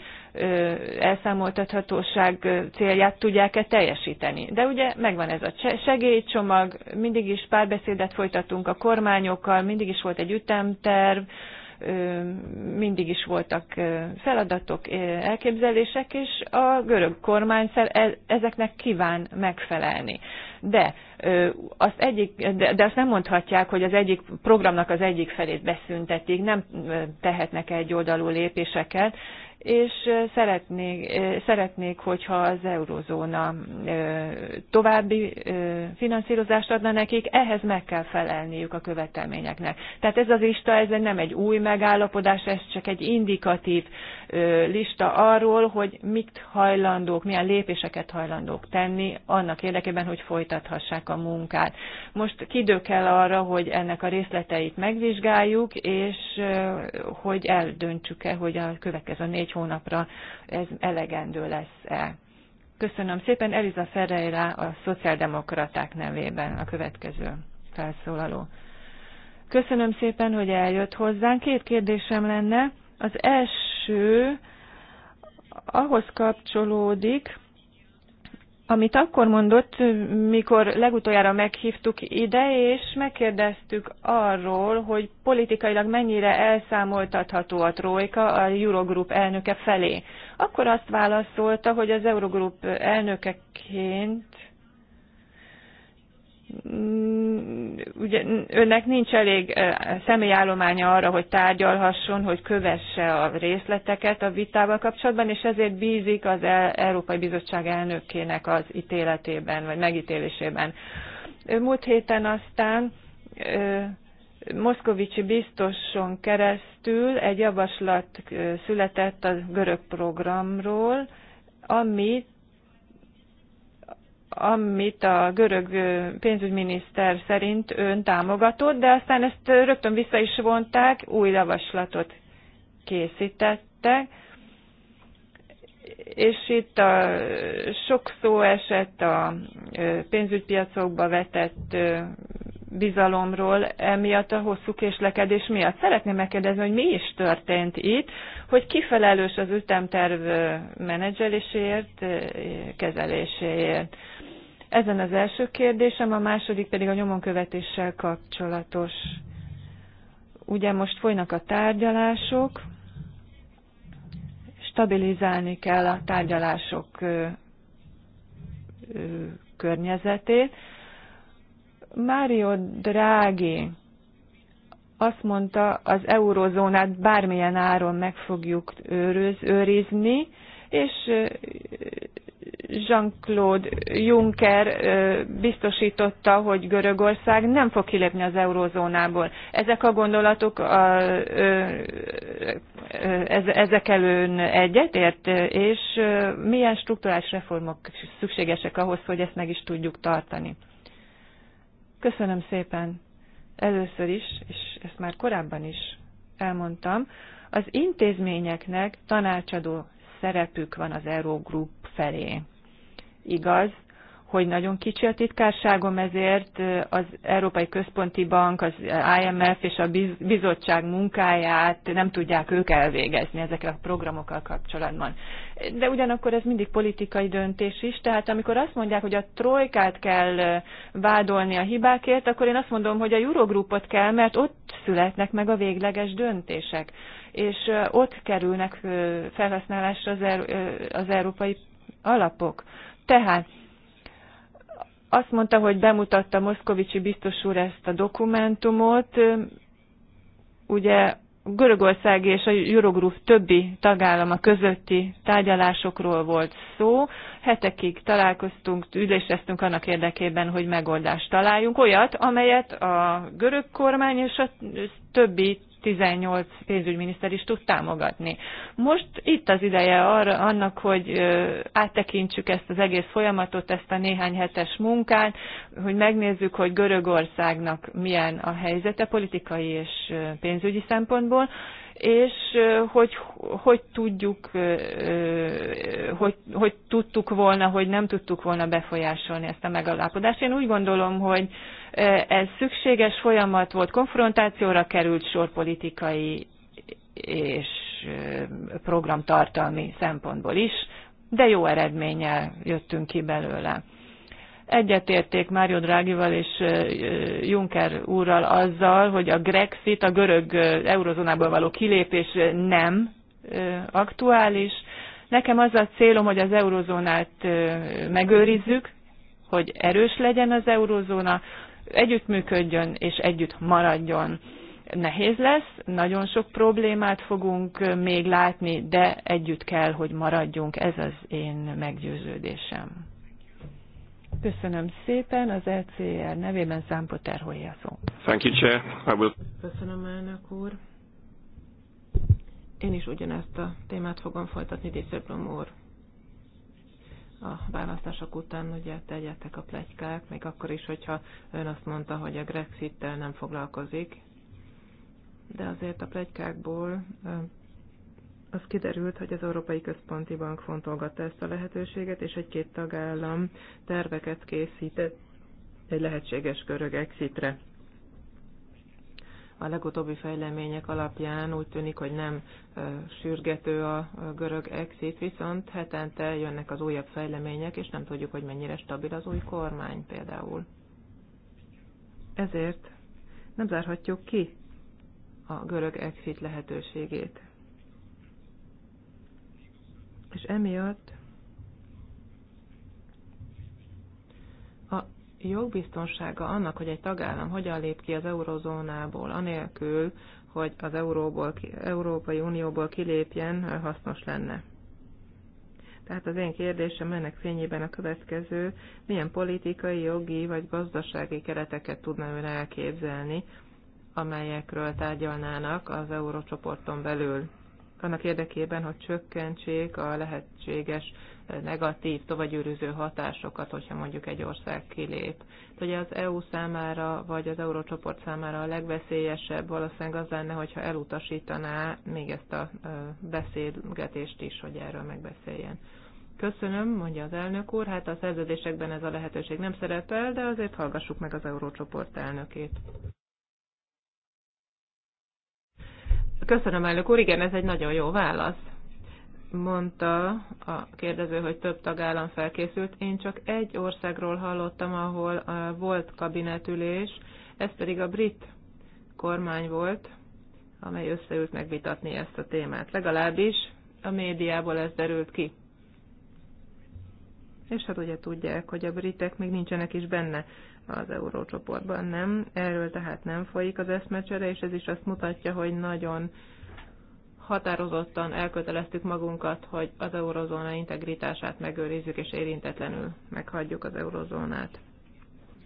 elszámoltathatóság célját tudják-e teljesíteni. De ugye megvan ez a segélycsomag, mindig is párbeszédet folytatunk a kormányokkal, mindig is volt egy ütemterv, mindig is voltak feladatok, elképzelések, és a görög kormány e, ezeknek kíván megfelelni. De azt, egyik, de, de azt nem mondhatják, hogy az egyik programnak az egyik felét beszüntetik, nem tehetnek egyoldalú lépéseket, és szeretnék, szeretnék, hogyha az eurozóna további finanszírozást adna nekik, ehhez meg kell felelniük a követelményeknek. Tehát ez az lista, ez nem egy új megállapodás, ez csak egy indikatív lista arról, hogy mit hajlandók, milyen lépéseket hajlandók tenni annak érdekében, hogy folytathassák a munkát. Most kidő kell arra, hogy ennek a részleteit megvizsgáljuk, és hogy eldöntsük-e, hogy a következő négy egy hónapra ez elegendő lesz-e. Köszönöm szépen. Eliza Ferreira a szociáldemokraták nevében a következő felszólaló. Köszönöm szépen, hogy eljött hozzánk. Két kérdésem lenne. Az első ahhoz kapcsolódik, amit akkor mondott, mikor legutoljára meghívtuk ide, és megkérdeztük arról, hogy politikailag mennyire elszámoltatható a Trojka a Eurogroup elnöke felé. Akkor azt válaszolta, hogy az Eurogroup elnökeként Mm, ugye önnek nincs elég eh, személyállománya arra, hogy tárgyalhasson, hogy kövesse a részleteket a vitával kapcsolatban, és ezért bízik az e- Európai Bizottság elnökének az ítéletében, vagy megítélésében. Múlt héten aztán Moszkovicsi biztoson keresztül egy javaslat született a görög programról, amit amit a görög pénzügyminiszter szerint ön támogatott, de aztán ezt rögtön vissza is vonták, új javaslatot készítettek. És itt a sok szó esett a pénzügypiacokba vetett bizalomról emiatt a hosszú késlekedés miatt. Szeretném megkérdezni, hogy mi is történt itt, hogy kifelelős az ütemterv menedzseléséért, kezeléséért. Ezen az első kérdésem, a második pedig a nyomonkövetéssel kapcsolatos. Ugye most folynak a tárgyalások, stabilizálni kell a tárgyalások környezetét, Mário Draghi azt mondta, az eurozónát bármilyen áron meg fogjuk őrizni, és Jean-Claude Juncker biztosította, hogy Görögország nem fog kilépni az eurozónából. Ezek a gondolatok, a, ezek előn egyetért, és milyen struktúrális reformok szükségesek ahhoz, hogy ezt meg is tudjuk tartani? Köszönöm szépen először is, és ezt már korábban is elmondtam, az intézményeknek tanácsadó szerepük van az Eurogroup felé. Igaz, hogy nagyon kicsi a titkárságom, ezért az Európai Központi Bank, az IMF és a bizottság munkáját nem tudják ők elvégezni ezekkel a programokkal kapcsolatban. De ugyanakkor ez mindig politikai döntés is, tehát amikor azt mondják, hogy a trojkát kell vádolni a hibákért, akkor én azt mondom, hogy a Eurogrupot kell, mert ott születnek meg a végleges döntések, és ott kerülnek felhasználásra az, er-, az európai alapok. Tehát azt mondta, hogy bemutatta Moszkovicsi biztos úr ezt a dokumentumot. Ugye Görögország és a Eurogroup többi tagállama közötti tárgyalásokról volt szó. Hetekig találkoztunk, üléseztünk annak érdekében, hogy megoldást találjunk. Olyat, amelyet a görög kormány és a többi 18 pénzügyminiszter is tud támogatni. Most itt az ideje arra, annak, hogy áttekintsük ezt az egész folyamatot, ezt a néhány hetes munkát, hogy megnézzük, hogy Görögországnak milyen a helyzete politikai és pénzügyi szempontból, és hogy, hogy tudjuk, hogy, hogy tudtuk volna, hogy nem tudtuk volna befolyásolni ezt a megalapodást. Én úgy gondolom, hogy ez szükséges folyamat volt, konfrontációra került sor politikai és programtartalmi szempontból is, de jó eredménnyel jöttünk ki belőle. Egyetérték Mário Drágival és Juncker úrral azzal, hogy a Grexit, a görög eurozónából való kilépés nem aktuális. Nekem az a célom, hogy az eurozónát megőrizzük, hogy erős legyen az eurozóna, együttműködjön és együtt maradjon. Nehéz lesz, nagyon sok problémát fogunk még látni, de együtt kell, hogy maradjunk, ez az én meggyőződésem. Köszönöm szépen, az ECR nevében Zámpotár Holyászó. Thank you, Chair. I will... Köszönöm, elnök úr. Én is ugyanezt a témát fogom folytatni, Díszöblom úr. A választások után ugye tegyetek a plegykák, még akkor is, hogyha ön azt mondta, hogy a Grexit-tel nem foglalkozik, de azért a plegykákból az kiderült, hogy az Európai Központi Bank fontolgatta ezt a lehetőséget, és egy-két tagállam terveket készített egy lehetséges görög exitre. A legutóbbi fejlemények alapján úgy tűnik, hogy nem sürgető a görög exit, viszont hetente jönnek az újabb fejlemények, és nem tudjuk, hogy mennyire stabil az új kormány például. Ezért nem zárhatjuk ki a görög exit lehetőségét és emiatt a jogbiztonsága annak, hogy egy tagállam hogyan lép ki az eurozónából, anélkül, hogy az Euróból, Európai Unióból kilépjen, hasznos lenne. Tehát az én kérdésem ennek fényében a következő, milyen politikai, jogi vagy gazdasági kereteket tudna ön elképzelni, amelyekről tárgyalnának az eurócsoporton belül annak érdekében, hogy csökkentsék a lehetséges negatív, tovagyűrűző hatásokat, hogyha mondjuk egy ország kilép. Ugye az EU számára, vagy az eurócsoport számára a legveszélyesebb valószínűleg az lenne, hogyha elutasítaná még ezt a beszélgetést is, hogy erről megbeszéljen. Köszönöm, mondja az elnök úr. Hát a szerződésekben ez a lehetőség nem szerepel, de azért hallgassuk meg az eurócsoport elnökét. Köszönöm, elnök úr, igen, ez egy nagyon jó válasz. Mondta a kérdező, hogy több tagállam felkészült. Én csak egy országról hallottam, ahol volt kabinetülés, ez pedig a brit kormány volt, amely összeült megvitatni ezt a témát. Legalábbis a médiából ez derült ki. És hát ugye tudják, hogy a britek még nincsenek is benne az eurócsoportban nem. Erről tehát nem folyik az eszmecsere, és ez is azt mutatja, hogy nagyon határozottan elköteleztük magunkat, hogy az eurozóna integritását megőrizzük és érintetlenül meghagyjuk az eurozónát.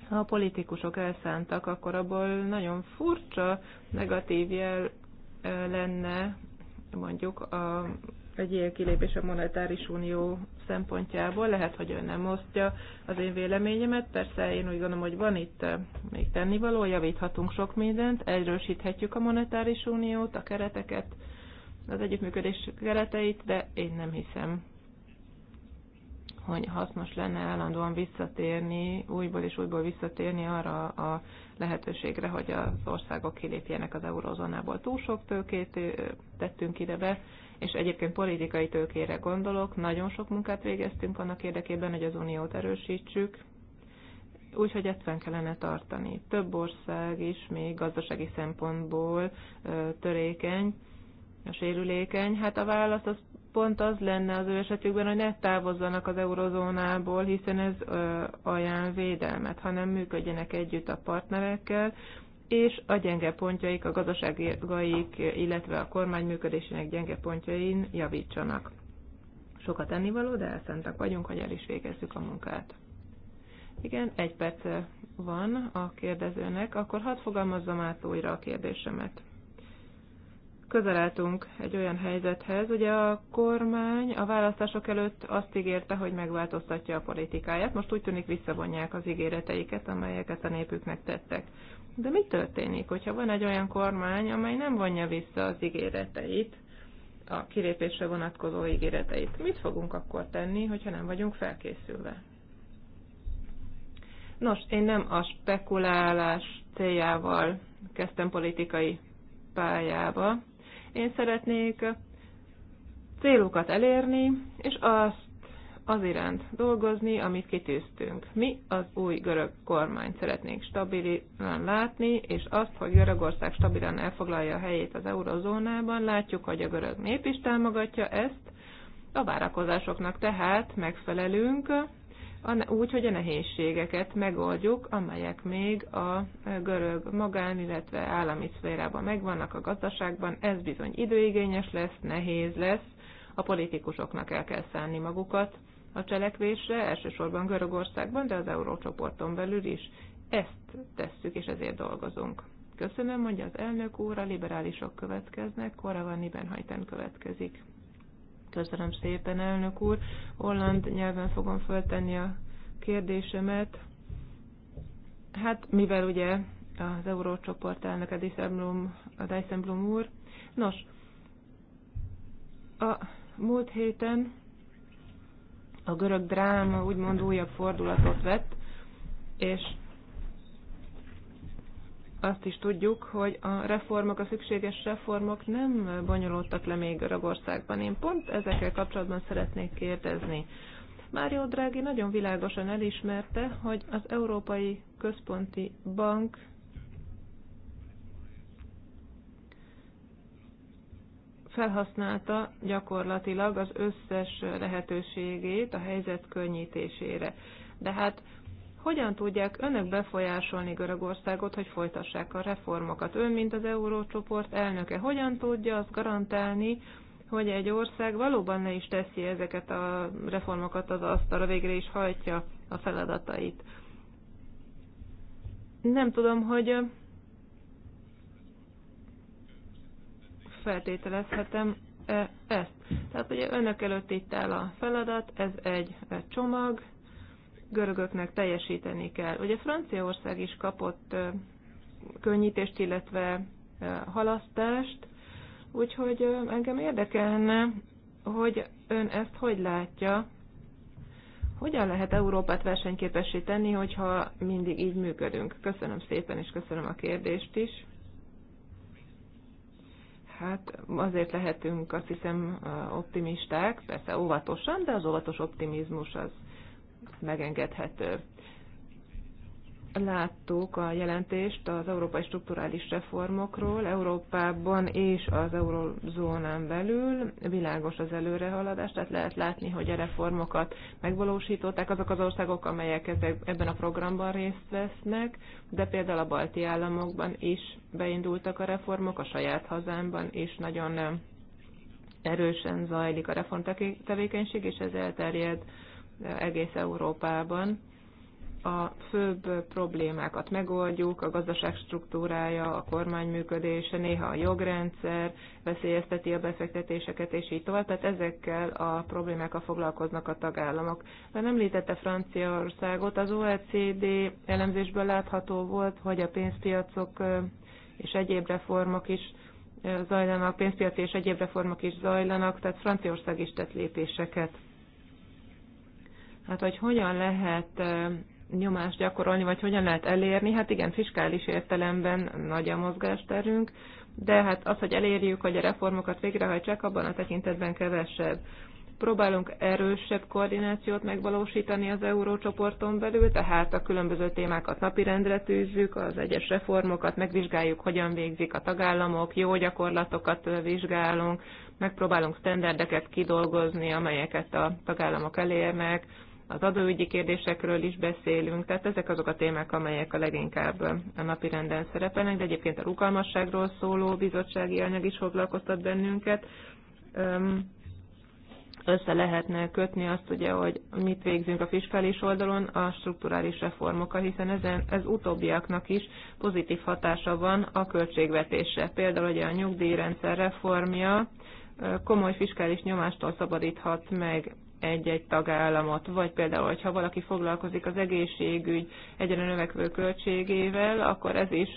Ha a politikusok elszántak, akkor abból nagyon furcsa negatív jel lenne mondjuk a egy ilyen kilépés a monetáris unió szempontjából. Lehet, hogy ő nem osztja az én véleményemet. Persze én úgy gondolom, hogy van itt eh, még tennivaló, javíthatunk sok mindent, erősíthetjük a monetáris uniót, a kereteket, az együttműködés kereteit, de én nem hiszem, hogy hasznos lenne állandóan visszatérni, újból és újból visszatérni arra a lehetőségre, hogy az országok kilépjenek az eurozónából. Túl sok tőkét eh, tettünk ide be, és egyébként politikai tőkére gondolok, nagyon sok munkát végeztünk annak érdekében, hogy az uniót erősítsük, úgyhogy ezt fenn kellene tartani. Több ország is még gazdasági szempontból törékeny, a sérülékeny. Hát a válasz az pont az lenne az ő esetükben, hogy ne távozzanak az eurozónából, hiszen ez ajánl védelmet, hanem működjenek együtt a partnerekkel, és a gyenge pontjaik, a gazdaságaik, illetve a kormány működésének gyenge pontjain javítsanak. Sokat ennivaló, de elszentek vagyunk, hogy el is végezzük a munkát. Igen, egy perc van a kérdezőnek, akkor hadd fogalmazzam át újra a kérdésemet. Közeleltünk egy olyan helyzethez, ugye a kormány a választások előtt azt ígérte, hogy megváltoztatja a politikáját, most úgy tűnik visszavonják az ígéreteiket, amelyeket a népüknek tettek. De mi történik, hogyha van egy olyan kormány, amely nem vonja vissza az ígéreteit, a kilépésre vonatkozó ígéreteit? Mit fogunk akkor tenni, hogyha nem vagyunk felkészülve? Nos, én nem a spekulálás céljával kezdtem politikai pályába. Én szeretnék célukat elérni, és azt az iránt dolgozni, amit kitűztünk. Mi az új görög kormány szeretnénk stabilan látni, és azt, hogy Görögország stabilan elfoglalja a helyét az eurozónában, látjuk, hogy a görög nép is támogatja ezt, a várakozásoknak tehát megfelelünk, úgy, hogy a nehézségeket megoldjuk, amelyek még a görög magán, illetve állami szférában megvannak a gazdaságban. Ez bizony időigényes lesz, nehéz lesz, a politikusoknak el kell szánni magukat a cselekvésre, elsősorban Görögországban, de az eurócsoporton belül is. Ezt tesszük, és ezért dolgozunk. Köszönöm, mondja az elnök úr, a liberálisok következnek, van Nibenhajten következik. Köszönöm szépen, elnök úr. Holland nyelven fogom föltenni a kérdésemet. Hát, mivel ugye az eurócsoport elnöke Dijsselblum, a Dijsselblum úr. Nos, a múlt héten a görög dráma úgymond újabb fordulatot vett, és azt is tudjuk, hogy a reformok, a szükséges reformok nem bonyolultak le még Görögországban. Én pont ezekkel kapcsolatban szeretnék kérdezni. Mário Draghi nagyon világosan elismerte, hogy az Európai Központi Bank felhasználta gyakorlatilag az összes lehetőségét a helyzet könnyítésére. De hát hogyan tudják önök befolyásolni Görögországot, hogy folytassák a reformokat? Ön, mint az eurócsoport elnöke, hogyan tudja azt garantálni, hogy egy ország valóban ne is teszi ezeket a reformokat az asztalra, végre is hajtja a feladatait? Nem tudom, hogy feltételezhetem -e ezt. Tehát ugye önök előtt itt áll a feladat, ez egy e, csomag, görögöknek teljesíteni kell. Ugye Franciaország is kapott e, könnyítést, illetve e, halasztást, úgyhogy engem érdekelne, hogy ön ezt hogy látja, hogyan lehet Európát versenyképessé tenni, hogyha mindig így működünk? Köszönöm szépen, és köszönöm a kérdést is. Hát azért lehetünk azt hiszem optimisták, persze óvatosan, de az óvatos optimizmus az megengedhető láttuk a jelentést az európai strukturális reformokról Európában és az eurozónán belül. Világos az előrehaladás, tehát lehet látni, hogy a reformokat megvalósították azok az országok, amelyek ebben a programban részt vesznek, de például a balti államokban is beindultak a reformok, a saját hazámban is nagyon erősen zajlik a reformtevékenység, és ez elterjed egész Európában a főbb problémákat megoldjuk, a gazdaság struktúrája, a kormány működése, néha a jogrendszer veszélyezteti a befektetéseket, és így tovább. Tehát ezekkel a problémákkal foglalkoznak a tagállamok. Mert említette Franciaországot, az OECD elemzésből látható volt, hogy a pénzpiacok és egyéb reformok is zajlanak, pénzpiaci és egyéb reformok is zajlanak, tehát Franciaország is tett lépéseket. Hát, hogy hogyan lehet nyomást gyakorolni, vagy hogyan lehet elérni. Hát igen, fiskális értelemben nagy a mozgásterünk, de hát az, hogy elérjük, hogy a reformokat végrehajtsák, abban a tekintetben kevesebb. Próbálunk erősebb koordinációt megvalósítani az eurócsoporton belül, tehát a különböző témákat napirendre tűzzük, az egyes reformokat megvizsgáljuk, hogyan végzik a tagállamok, jó gyakorlatokat vizsgálunk, megpróbálunk standardeket kidolgozni, amelyeket a tagállamok elérnek, az adóügyi kérdésekről is beszélünk, tehát ezek azok a témák, amelyek a leginkább a napi renden szerepelnek, de egyébként a rugalmasságról szóló bizottsági anyag is foglalkoztat bennünket. Össze lehetne kötni azt, ugye, hogy mit végzünk a fiskális oldalon a strukturális reformokkal, hiszen ezen, ez utóbbiaknak is pozitív hatása van a költségvetésre. Például ugye a nyugdíjrendszer reformja komoly fiskális nyomástól szabadíthat meg egy-egy tagállamot, vagy például, hogyha valaki foglalkozik az egészségügy egyre növekvő költségével, akkor ez is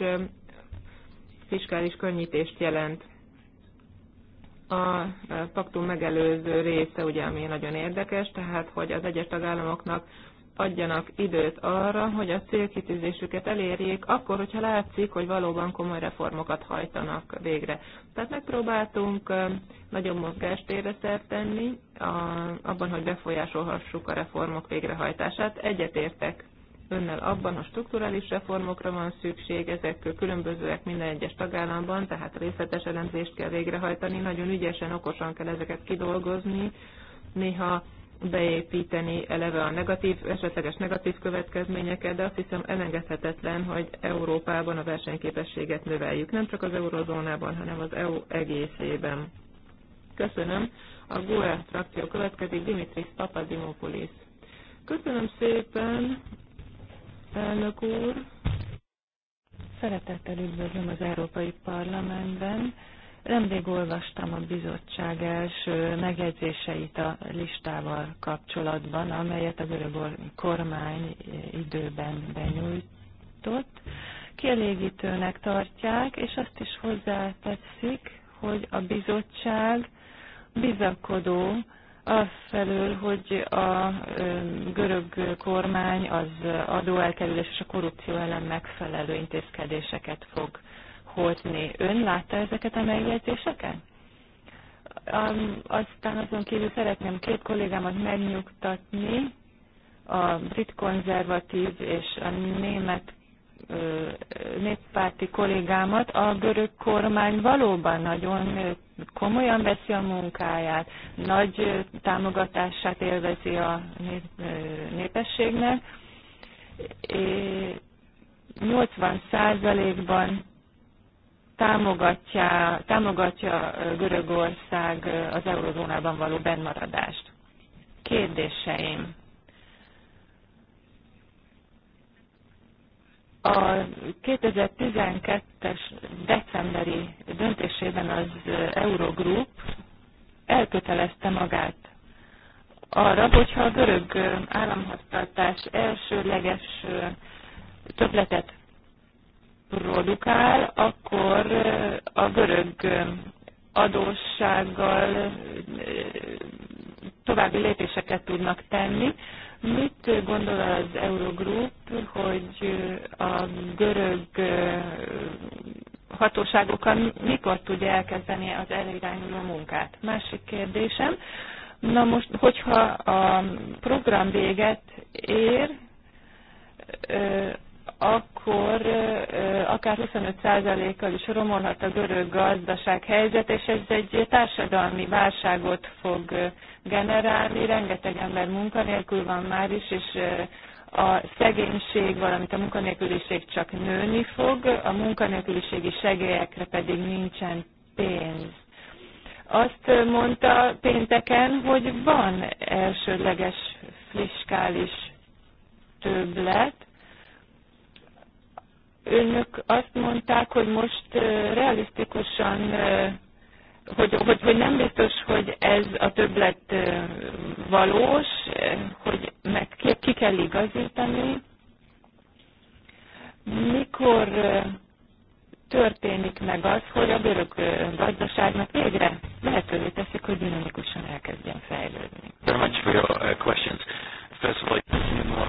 fiskális könnyítést jelent. A paktum megelőző része, ugye, ami nagyon érdekes, tehát, hogy az egyes tagállamoknak adjanak időt arra, hogy a célkitűzésüket elérjék, akkor, hogyha látszik, hogy valóban komoly reformokat hajtanak végre. Tehát megpróbáltunk nagyobb mozgástérre szert tenni, abban, hogy befolyásolhassuk a reformok végrehajtását. Egyetértek önnel abban, hogy strukturális reformokra van szükség, ezek különbözőek minden egyes tagállamban, tehát részletes elemzést kell végrehajtani, nagyon ügyesen, okosan kell ezeket kidolgozni, néha beépíteni eleve a negatív, esetleges negatív következményeket, de azt hiszem elengedhetetlen, hogy Európában a versenyképességet növeljük, nem csak az eurozónában, hanem az EU egészében. Köszönöm. A GUE frakció következik Dimitris Papadimopoulos. Köszönöm szépen, elnök úr. Szeretettel üdvözlöm az Európai Parlamentben Nemrég olvastam a bizottság első megjegyzéseit a listával kapcsolatban, amelyet a görög kormány időben benyújtott. Kielégítőnek tartják, és azt is hozzátetszik, hogy a bizottság bizakodó felől, hogy a görög kormány az adóelkerülés és a korrupció ellen megfelelő intézkedéseket fog hozni. Ön látta ezeket a megjegyzéseket? Aztán azon kívül szeretném két kollégámat megnyugtatni, a brit konzervatív és a német néppárti kollégámat, a görög kormány valóban nagyon komolyan veszi a munkáját, nagy támogatását élvezi a népességnek. 80%-ban támogatja, támogatja Görögország az eurozónában való bennmaradást. Kérdéseim. A 2012-es decemberi döntésében az Eurogroup elkötelezte magát arra, hogyha a görög államhoztartás elsőleges többletet produkál, akkor a görög adóssággal további lépéseket tudnak tenni. Mit gondol az Eurogroup, hogy a görög hatóságokkal mikor tudja elkezdeni az előirányuló munkát? Másik kérdésem. Na most, hogyha a program véget ér, akkor akár 25%-kal is romolhat a görög gazdaság helyzet, és ez egy társadalmi válságot fog generálni. Rengeteg ember munkanélkül van már is, és a szegénység, valamint a munkanélküliség csak nőni fog, a munkanélküliségi segélyekre pedig nincsen pénz azt mondta pénteken, hogy van elsődleges fiskális többlet, önök azt mondták, hogy most realisztikusan, hogy, hogy, hogy nem biztos, hogy ez a többlet valós, hogy meg ki kell igazítani. Mikor történik meg az, hogy a görög gazdaságnak végre lehetővé teszik, hogy dinamikusan elkezdjen fejlődni? Very much for your uh, questions. First of all,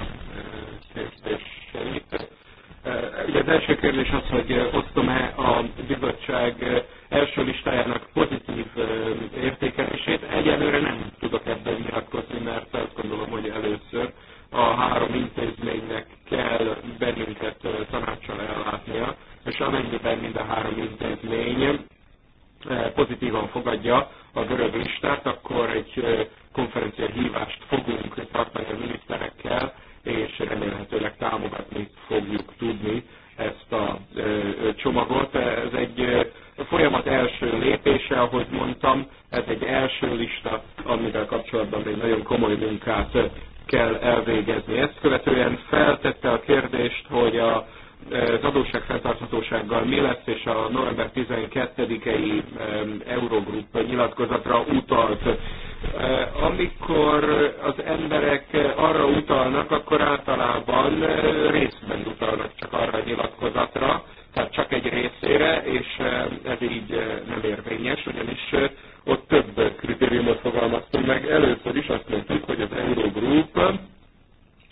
Ugye az első kérdés az, hogy eh, osztom-e a bizottság eh, első listájának pozitív eh, értékelését. Egyelőre nem tudok ebben nyilatkozni, mert azt gondolom, hogy először a három intézménynek kell bennünket tanácsal ellátnia, és amennyiben mind a három intézmény pozitívan fogadja a görög listát, akkor egy konferencia hívást fogunk tartani a miniszterekkel, és remélhetőleg támogatni fogjuk tudni ezt a csomagot. Ez egy folyamat első lépése, ahogy mondtam, ez egy első lista, amivel kapcsolatban még nagyon komoly munkát kell elvégezni. Ezt követően feltette a kérdést, hogy a az adósság mi lesz, és a november 12-i Eurogroup nyilatkozatra utalt. Amikor az emberek arra utalnak, akkor általában részben utalnak csak arra a nyilatkozatra, tehát csak egy részére, és ez így nem érvényes, ugyanis ott több kritériumot fogalmaztunk meg. Először is azt mondtuk, hogy az Eurogroup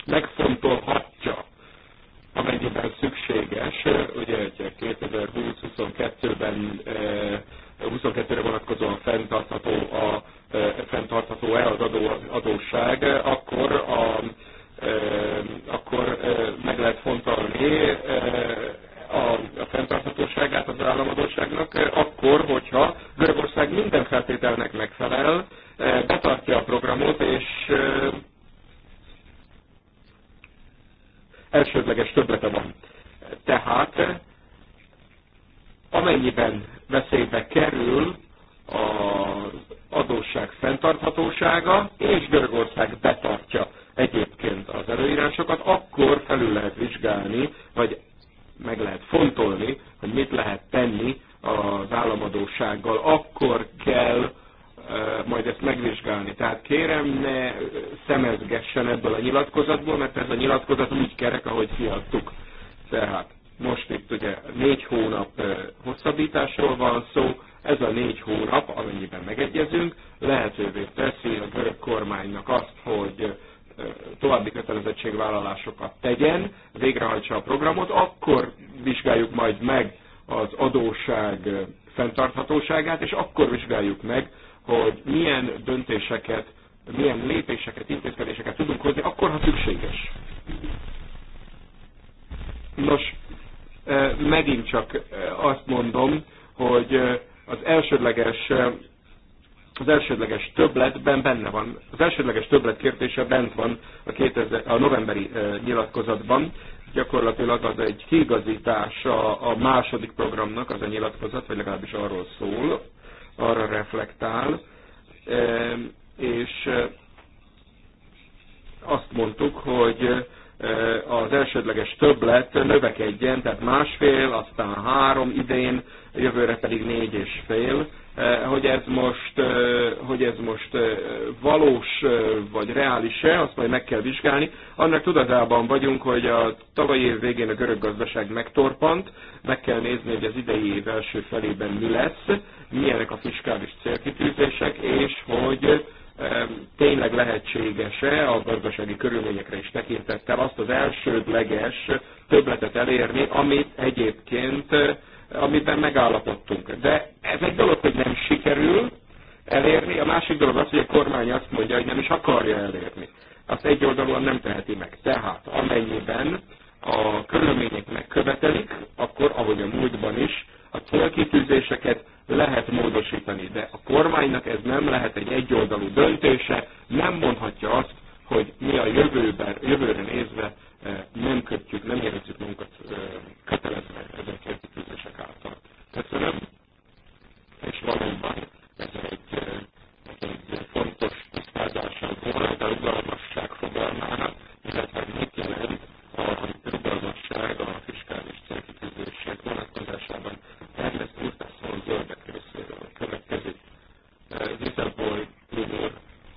megfontolhatja amennyiben szükséges, ugye 2020-22-ben 22-re vonatkozóan fenntartható, a, fenntartható el az adó, adósság, akkor, a, akkor meg lehet fontolni a, a fenntarthatóságát az államadóságnak, akkor, hogyha Görögország minden feltételnek megfelel, betartja a programot, és elsődleges töblete van. Tehát amennyiben veszélybe kerül az adósság fenntarthatósága, és Görögország betartja egyébként az előírásokat, akkor felül lehet vizsgálni, vagy meg lehet fontolni, hogy mit lehet tenni az államadósággal. Akkor kell majd ezt megvizsgálni. Tehát kérem, ne szemezgessen ebből a nyilatkozatból, mert ez a nyilatkozat úgy kerek, ahogy kiadtuk. Tehát most itt ugye négy hónap hosszabbításról van szó, ez a négy hónap, amennyiben megegyezünk, lehetővé teszi a görög kormánynak azt, hogy további kötelezettségvállalásokat tegyen, végrehajtsa a programot, akkor vizsgáljuk majd meg az adóság fenntarthatóságát, és akkor vizsgáljuk meg hogy milyen döntéseket, milyen lépéseket, intézkedéseket tudunk hozni, akkor, ha szükséges. Nos, e, megint csak e, azt mondom, hogy e, az elsődleges az elsődleges többletben benne van. Az elsődleges többlet kérdése bent van a, 2000, a novemberi nyilatkozatban. Gyakorlatilag az egy kiigazítása a második programnak, az a nyilatkozat, vagy legalábbis arról szól arra reflektál, és eh, azt mondtuk, hogy eh, az elsődleges többlet növekedjen, tehát másfél, aztán három idén, jövőre pedig négy és fél Eh, hogy ez most, eh, hogy ez most eh, valós vagy reális-e, azt majd meg kell vizsgálni. Annak tudatában vagyunk, hogy a tavalyi év végén a görög gazdaság megtorpant, meg kell nézni, hogy az idei év első felében mi lesz, milyenek a fiskális célkitűzések, és hogy tényleg lehetséges-e a gazdasági körülményekre is tekintettel azt az elsődleges többletet elérni, amit egyébként amiben megállapodtunk. De ez egy dolog, hogy nem sikerül elérni, a másik dolog az, hogy a kormány azt mondja, hogy nem is akarja elérni. Azt egyoldalúan nem teheti meg. Tehát amennyiben a körülmények megkövetelik, akkor, ahogy a múltban is, a célkitűzéseket lehet módosítani, de a kormánynak ez nem lehet egy egyoldalú döntése, nem mondhatja azt, hogy mi a jövőben, jövőre nézve nem kötjük, nem érezzük magunkat kötelezve ezen célkitűzések által. Köszönöm, és valóban ez egy, egy fontos tisztázása volt a rugalmasság fogalmának, illetve mit jelent a rugalmasság a fiskális célkitűzések vonatkozásában. Ernest Gustafsson zöldek részéről következik. Vizelboy úr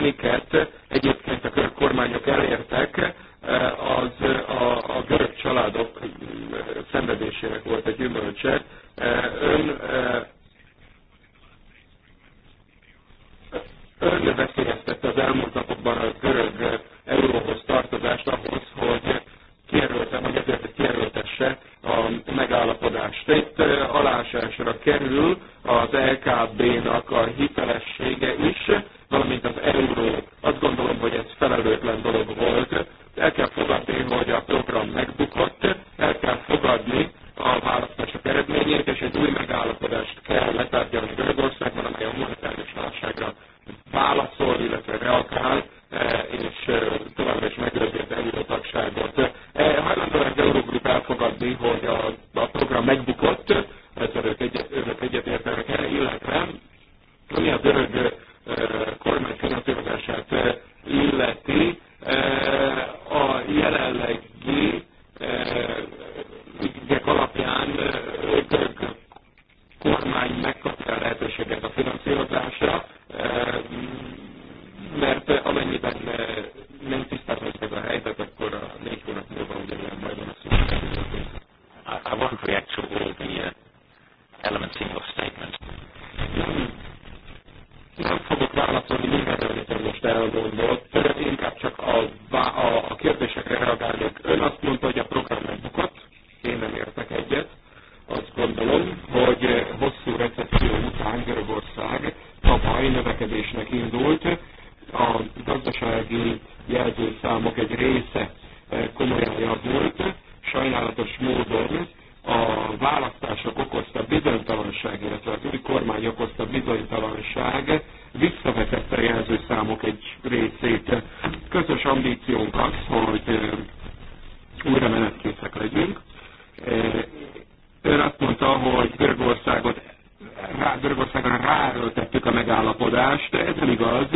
amiket megállapodás, de ez nem igaz,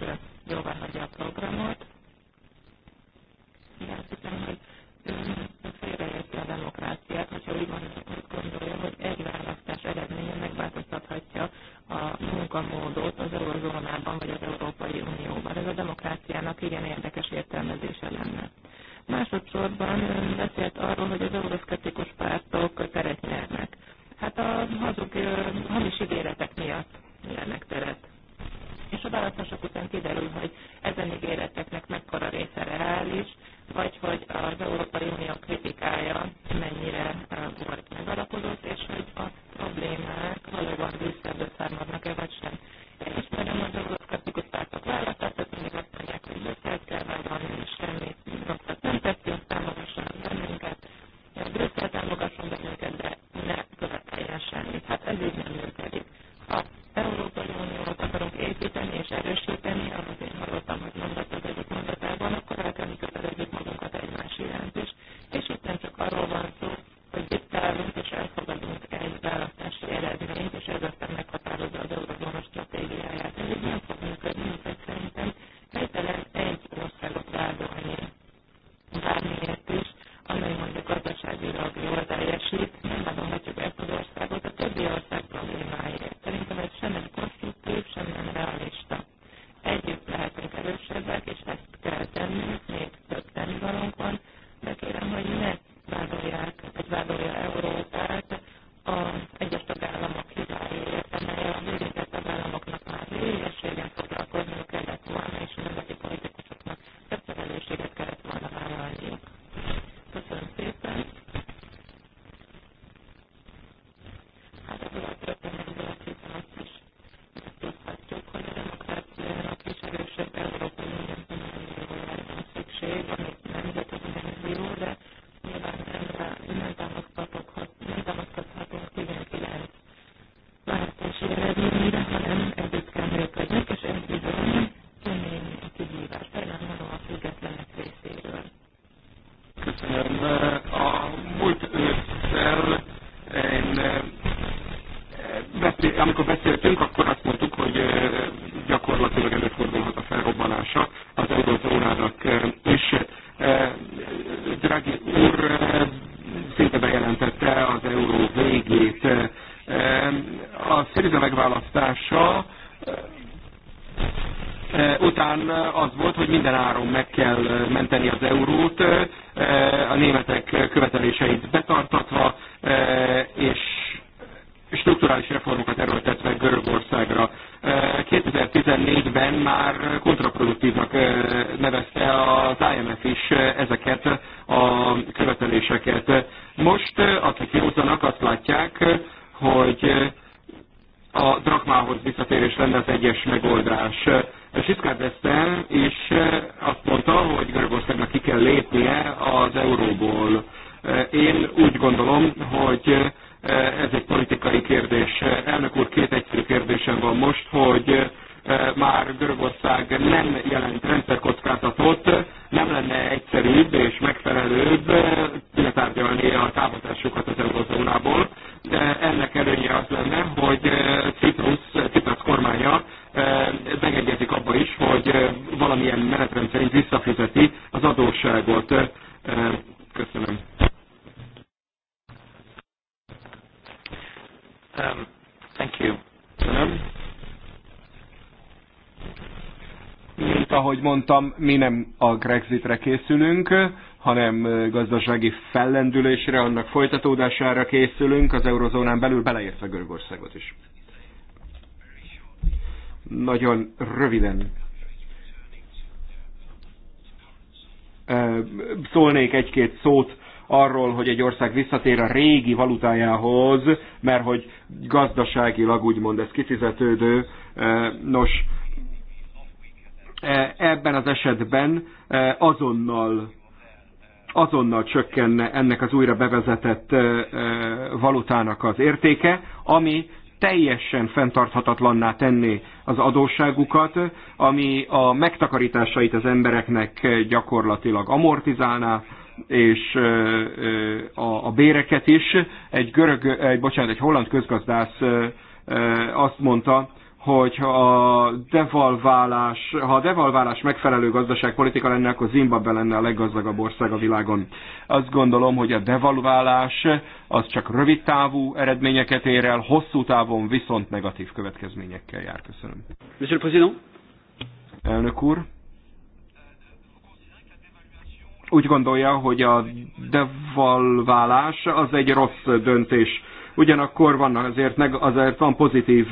is hagyja a programot, a megválasztása eh, eh, után az volt, hogy minden áron meg kell menteni az eurót, eh, mi nem a Grexitre készülünk, hanem gazdasági fellendülésre, annak folytatódására készülünk az eurozónán belül, beleértve Görögországot is. Nagyon röviden szólnék egy-két szót arról, hogy egy ország visszatér a régi valutájához, mert hogy gazdaságilag úgymond ez kifizetődő. Nos, esetben eh, azonnal azonnal csökkenne ennek az újra bevezetett eh, eh, valutának az értéke, ami teljesen fenntarthatatlanná tenni az adósságukat, ami a megtakarításait az embereknek gyakorlatilag amortizálná, és a, béreket is. Egy görög, egy, bocsánat, egy holland közgazdász azt mondta, hogy ha a devalválás, ha a devalválás megfelelő gazdaságpolitika lenne, akkor Zimbabwe lenne a leggazdagabb ország a világon. Azt gondolom, hogy a devalválás az csak rövid távú eredményeket ér el, hosszú távon viszont negatív következményekkel jár. Köszönöm. Monsieur le Président. Elnök úr. Úgy gondolja, hogy a devalválás az egy rossz döntés ugyanakkor van azért, meg azért van pozitív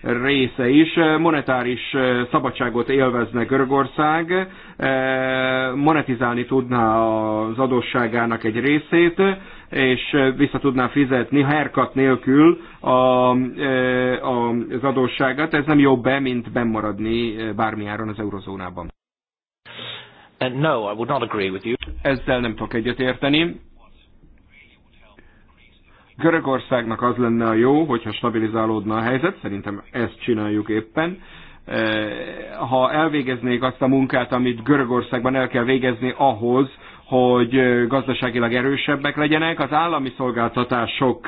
része is. Monetáris szabadságot élvezne Görögország, monetizálni tudná az adósságának egy részét, és vissza tudná fizetni herkat nélkül a, a, az adósságát. Ez nem jobb be, mint bennmaradni bármiáron az eurozónában. Uh, no, I would not agree with you. Ezzel nem tudok egyetérteni Görögországnak az lenne a jó, hogyha stabilizálódna a helyzet, szerintem ezt csináljuk éppen. E, ha elvégeznék azt a munkát, amit Görögországban el kell végezni ahhoz, hogy gazdaságilag erősebbek legyenek, az állami szolgáltatások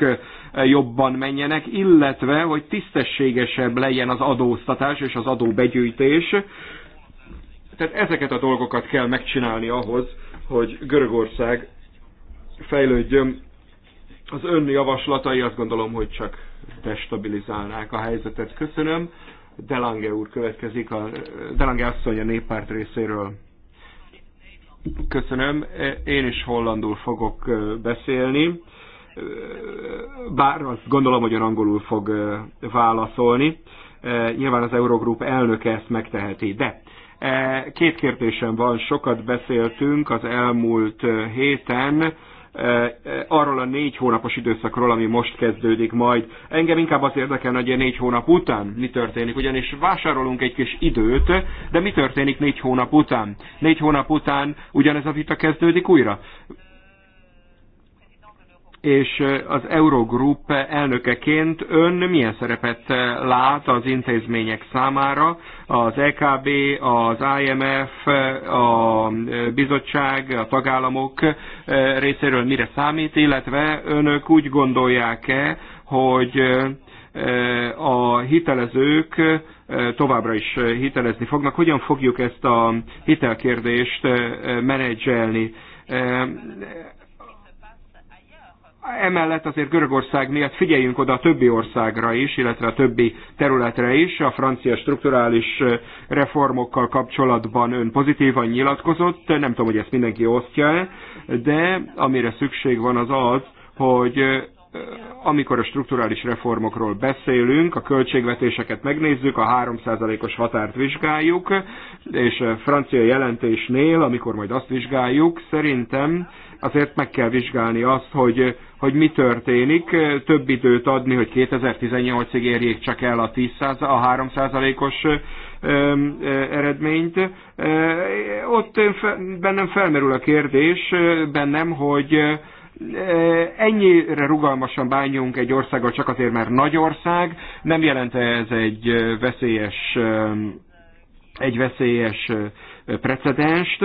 jobban menjenek, illetve, hogy tisztességesebb legyen az adóztatás és az adóbegyűjtés. Tehát ezeket a dolgokat kell megcsinálni ahhoz, hogy Görögország fejlődjön az ön javaslatai azt gondolom, hogy csak destabilizálnák a helyzetet. Köszönöm. Delange úr következik, a Delange asszony a néppárt részéről. Köszönöm. Én is hollandul fogok beszélni, bár azt gondolom, hogy angolul fog válaszolni. Nyilván az Eurogroup elnöke ezt megteheti, de két kérdésem van. Sokat beszéltünk az elmúlt héten Eh, eh, arról a négy hónapos időszakról, ami most kezdődik majd. Engem inkább az érdekel, hogy a négy hónap után mi történik, ugyanis vásárolunk egy kis időt, de mi történik négy hónap után? Négy hónap után ugyanez a vita kezdődik újra? és az Eurogroup elnökeként ön milyen szerepet lát az intézmények számára, az EKB, az IMF, a bizottság, a tagállamok részéről mire számít, illetve önök úgy gondolják-e, hogy a hitelezők továbbra is hitelezni fognak. Hogyan fogjuk ezt a hitelkérdést menedzselni? Emellett azért Görögország miatt figyeljünk oda a többi országra is, illetve a többi területre is. A francia strukturális reformokkal kapcsolatban ön pozitívan nyilatkozott, nem tudom, hogy ezt mindenki osztja-e, de amire szükség van az az, hogy amikor a strukturális reformokról beszélünk, a költségvetéseket megnézzük, a 3%-os határt vizsgáljuk, és a francia jelentésnél, amikor majd azt vizsgáljuk, szerintem azért meg kell vizsgálni azt, hogy, hogy mi történik, több időt adni, hogy 2018-ig érjék csak el a, 10 a 3%-os eredményt. Ott bennem felmerül a kérdés, bennem, hogy ennyire rugalmasan bánjunk egy országgal csak azért, mert nagy ország, nem jelent -e ez egy veszélyes, egy veszélyes precedenst,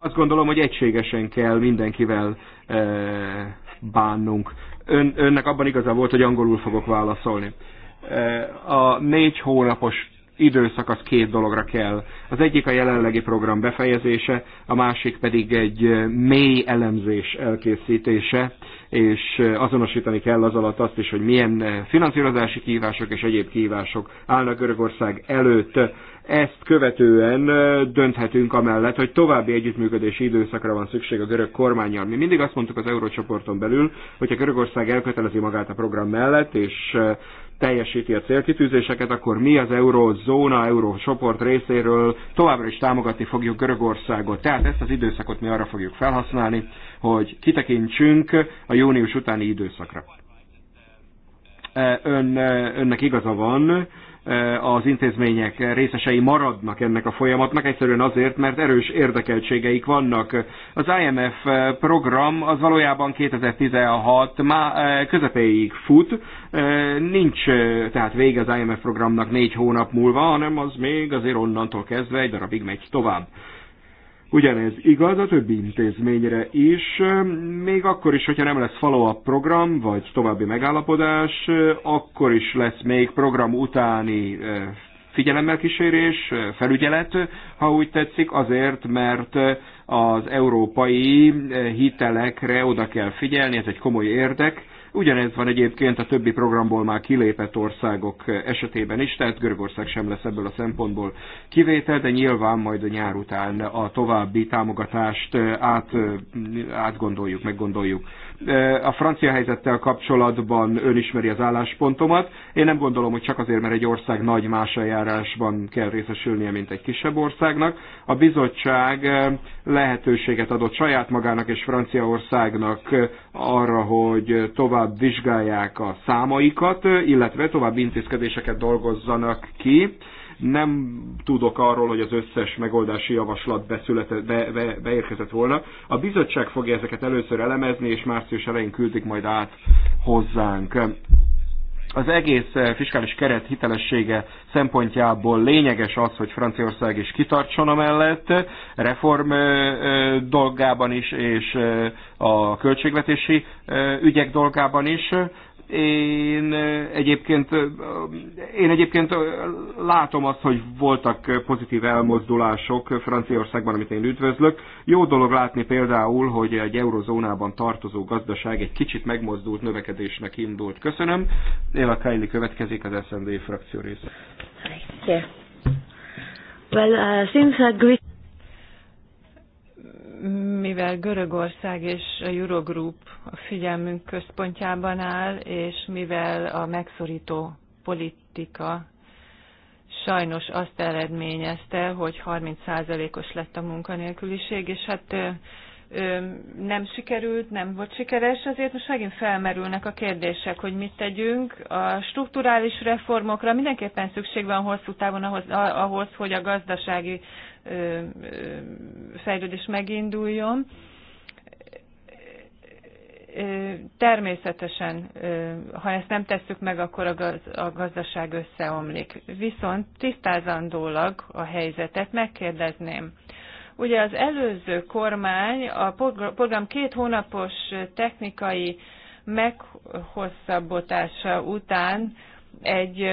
Azt gondolom, hogy egységesen kell mindenkivel e, bánnunk. Ön, önnek abban igaza volt, hogy angolul fogok válaszolni. E, a négy hónapos időszak az két dologra kell. Az egyik a jelenlegi program befejezése, a másik pedig egy eh, mély elemzés elkészítése, és azonosítani kell az alatt azt is, hogy milyen finanszírozási kívások és egyéb kívások állnak Görögország előtt. Ezt követően dönthetünk amellett, hogy további együttműködési időszakra van szükség a görög kormányjal. Mi mindig azt mondtuk az eurócsoporton belül, hogyha Görögország elkötelezi magát a program mellett, és teljesíti a célkitűzéseket, akkor mi az eurozóna, eurócsoport részéről továbbra is támogatni fogjuk Görögországot. Tehát ezt az időszakot mi arra fogjuk felhasználni, hogy kitekintsünk a június utáni időszakra. Ön, önnek igaza van, Eh, az intézmények részesei maradnak ennek a folyamatnak, egyszerűen azért, mert erős érdekeltségeik vannak. Az IMF eh, program az valójában 2016 má, eh, közepéig fut, nincs tehát vége az IMF programnak négy hónap múlva, hanem az még azért onnantól kezdve egy darabig megy tovább. Ugyanez igaz a többi intézményre is, még akkor is, hogyha nem lesz follow-up program, vagy további megállapodás, akkor is lesz még program utáni eh, figyelemmel kísérés, eh, felügyelet, ha úgy tetszik, azért, mert eh, az európai hitelekre oda kell figyelni, ez egy komoly érdek, Ugyanez van egyébként a többi programból már kilépett országok esetében is, tehát Görögország sem lesz ebből a szempontból kivétel, de nyilván majd a nyár után a további támogatást át, átgondoljuk, meggondoljuk. Eh, a francia helyzettel kapcsolatban ön ismeri az álláspontomat. Én nem gondolom, hogy csak azért, mert egy ország nagy más eljárásban kell részesülnie, mint egy kisebb országnak. A bizottság eh, lehetőséget adott saját magának és Franciaországnak eh, arra, hogy tovább vizsgálják a számaikat, illetve tovább intézkedéseket dolgozzanak ki nem tudok arról, hogy az összes megoldási javaslat be, be, beérkezett volna. A bizottság fogja ezeket először elemezni, és március elején küldik majd át hozzánk az egész eh, fiskális keret hitelessége szempontjából lényeges az, hogy Franciaország is kitartson mellett reform eh, eh, dolgában is, és a költségvetési ügyek dolgában is. Én egyébként, én egyébként látom azt, hogy voltak pozitív elmozdulások Franciaországban, amit én üdvözlök. Jó dolog látni például, hogy egy eurozónában tartozó gazdaság egy kicsit megmozdult növekedésnek indult. Köszönöm. Éla Kaili következik az SND frakció része. Yeah. Well, uh, since uh, mivel Görögország és a Eurogroup a figyelmünk központjában áll, és mivel a megszorító politika sajnos azt eredményezte, hogy 30%-os lett a munkanélküliség, és hát nem sikerült, nem volt sikeres, azért most megint felmerülnek a kérdések, hogy mit tegyünk. A strukturális reformokra mindenképpen szükség van hosszú távon ahhoz, ahhoz hogy a gazdasági fejlődés meginduljon. Természetesen, ha ezt nem tesszük meg, akkor a gazdaság összeomlik. Viszont tisztázandólag a helyzetet megkérdezném Ugye az előző kormány a program két hónapos technikai meghosszabbotása után egy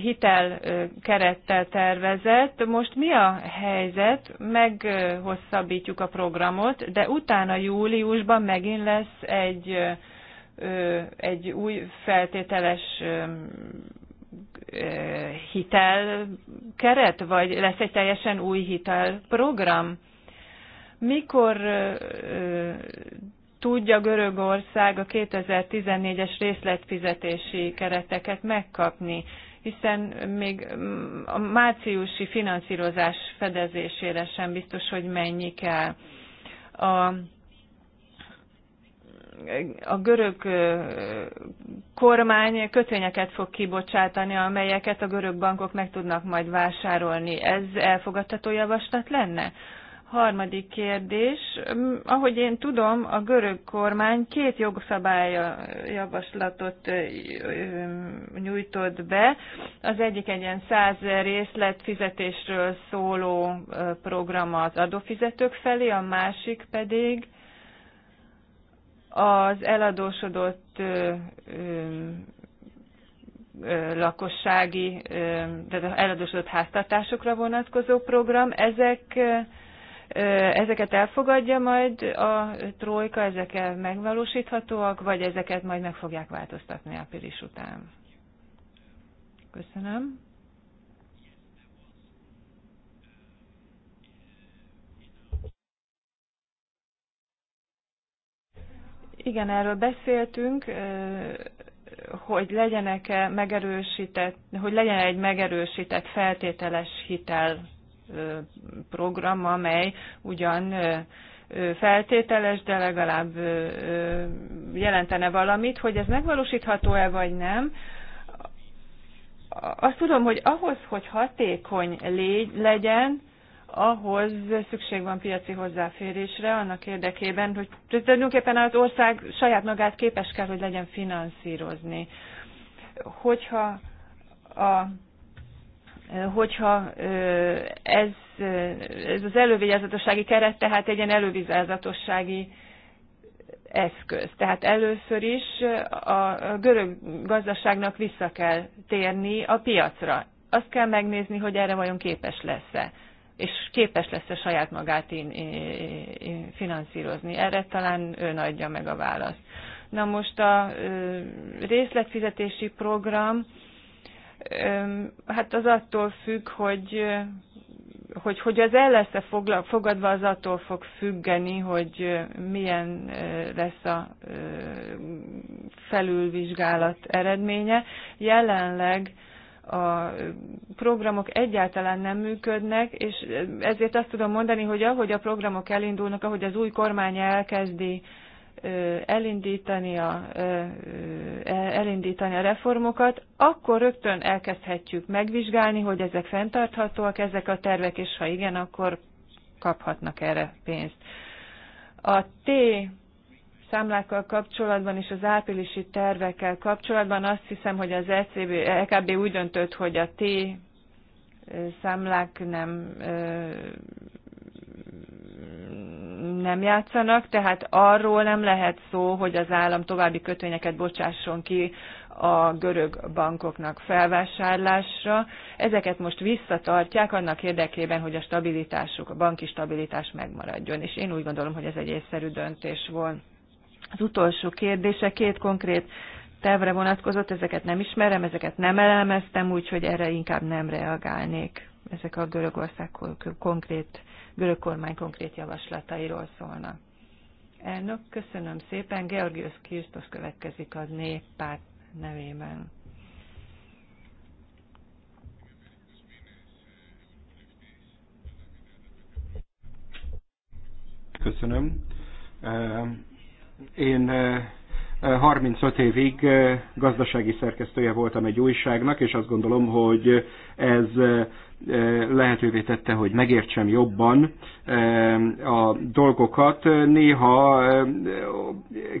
hitelkerettel tervezett. Most mi a helyzet? Meghosszabbítjuk a programot, de utána júliusban megint lesz egy, egy új feltételes hitel keret, vagy lesz egy teljesen új hitelprogram? Mikor tudja Görögország a 2014-es részletfizetési kereteket megkapni, hiszen még a márciusi finanszírozás fedezésére sem biztos, hogy mennyi kell. A a görög kormány kötvényeket fog kibocsátani, amelyeket a görög bankok meg tudnak majd vásárolni. Ez elfogadható javaslat lenne? Harmadik kérdés. Ahogy én tudom, a görög kormány két jogszabálya javaslatot nyújtott be. Az egyik egy ilyen száz részlet fizetésről szóló program az adófizetők felé, a másik pedig az eladósodott lakossági, tehát az eladósodott háztartásokra vonatkozó program, ezek, ezeket elfogadja majd a trójka, ezek megvalósíthatóak, vagy ezeket majd meg fogják változtatni április után? Köszönöm. Igen, erről beszéltünk, hogy legyenek -e megerősített, hogy legyen egy megerősített feltételes hitel program, amely ugyan feltételes, de legalább jelentene valamit, hogy ez megvalósítható-e vagy nem. Azt tudom, hogy ahhoz, hogy hatékony légy, legyen, ahhoz szükség van piaci hozzáférésre annak érdekében, hogy tulajdonképpen az ország saját magát képes kell, hogy legyen finanszírozni. Hogyha, a, hogyha ez, ez az elővigyázatossági keret, tehát egy ilyen elővigyázatossági eszköz. Tehát először is a görög gazdaságnak vissza kell térni a piacra. Azt kell megnézni, hogy erre vajon képes lesz-e és képes lesz a saját magát finanszírozni. Erre talán ön adja meg a választ. Na most a részletfizetési program, hát az attól függ, hogy hogy, hogy az el lesz-e fogadva, az attól fog függeni, hogy milyen lesz a felülvizsgálat eredménye. Jelenleg a programok egyáltalán nem működnek, és ezért azt tudom mondani, hogy ahogy a programok elindulnak, ahogy az új kormány elkezdi elindítani a, elindítani a reformokat, akkor rögtön elkezdhetjük megvizsgálni, hogy ezek fenntarthatóak, ezek a tervek, és ha igen, akkor kaphatnak erre pénzt. A T számlákkal kapcsolatban és az áprilisi tervekkel kapcsolatban azt hiszem, hogy az ECB, EKB úgy döntött, hogy a T számlák nem nem játszanak, tehát arról nem lehet szó, hogy az állam további kötvényeket bocsásson ki a görög bankoknak felvásárlásra. Ezeket most visszatartják annak érdekében, hogy a stabilitásuk, a banki stabilitás megmaradjon. És én úgy gondolom, hogy ez egy észszerű döntés volt. Az utolsó kérdése két konkrét tevre vonatkozott, ezeket nem ismerem, ezeket nem elemeztem, úgyhogy erre inkább nem reagálnék. Ezek a Görögország konkrét, görög kormány konkrét javaslatairól szólnak. Elnök, köszönöm szépen. Georgios Kirstos következik a néppárt nevében. Köszönöm én 35 eh, eh, évig eh, gazdasági szerkesztője voltam egy újságnak, és azt gondolom, hogy ez Eh, lehetővé tette, hogy megértsem jobban eh, a dolgokat. Néha eh,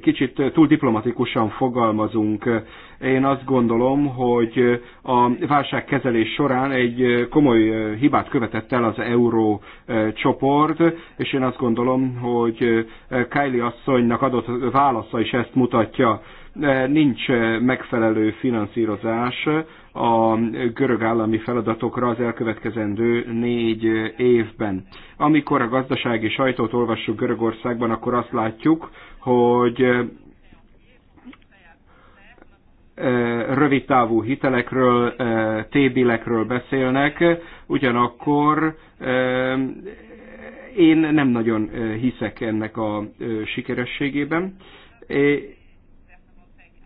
kicsit túl diplomatikusan fogalmazunk. Én azt gondolom, hogy a válságkezelés során egy komoly hibát követett el az euró csoport, és én azt gondolom, hogy Kylie asszonynak adott válasza is ezt mutatja nincs megfelelő finanszírozás a görög állami feladatokra az elkövetkezendő négy évben. Amikor a gazdasági sajtót olvassuk Görögországban, akkor azt látjuk, hogy eh, rövidtávú hitelekről, eh, tébilekről beszélnek, ugyanakkor eh, én nem nagyon hiszek ennek a sikerességében.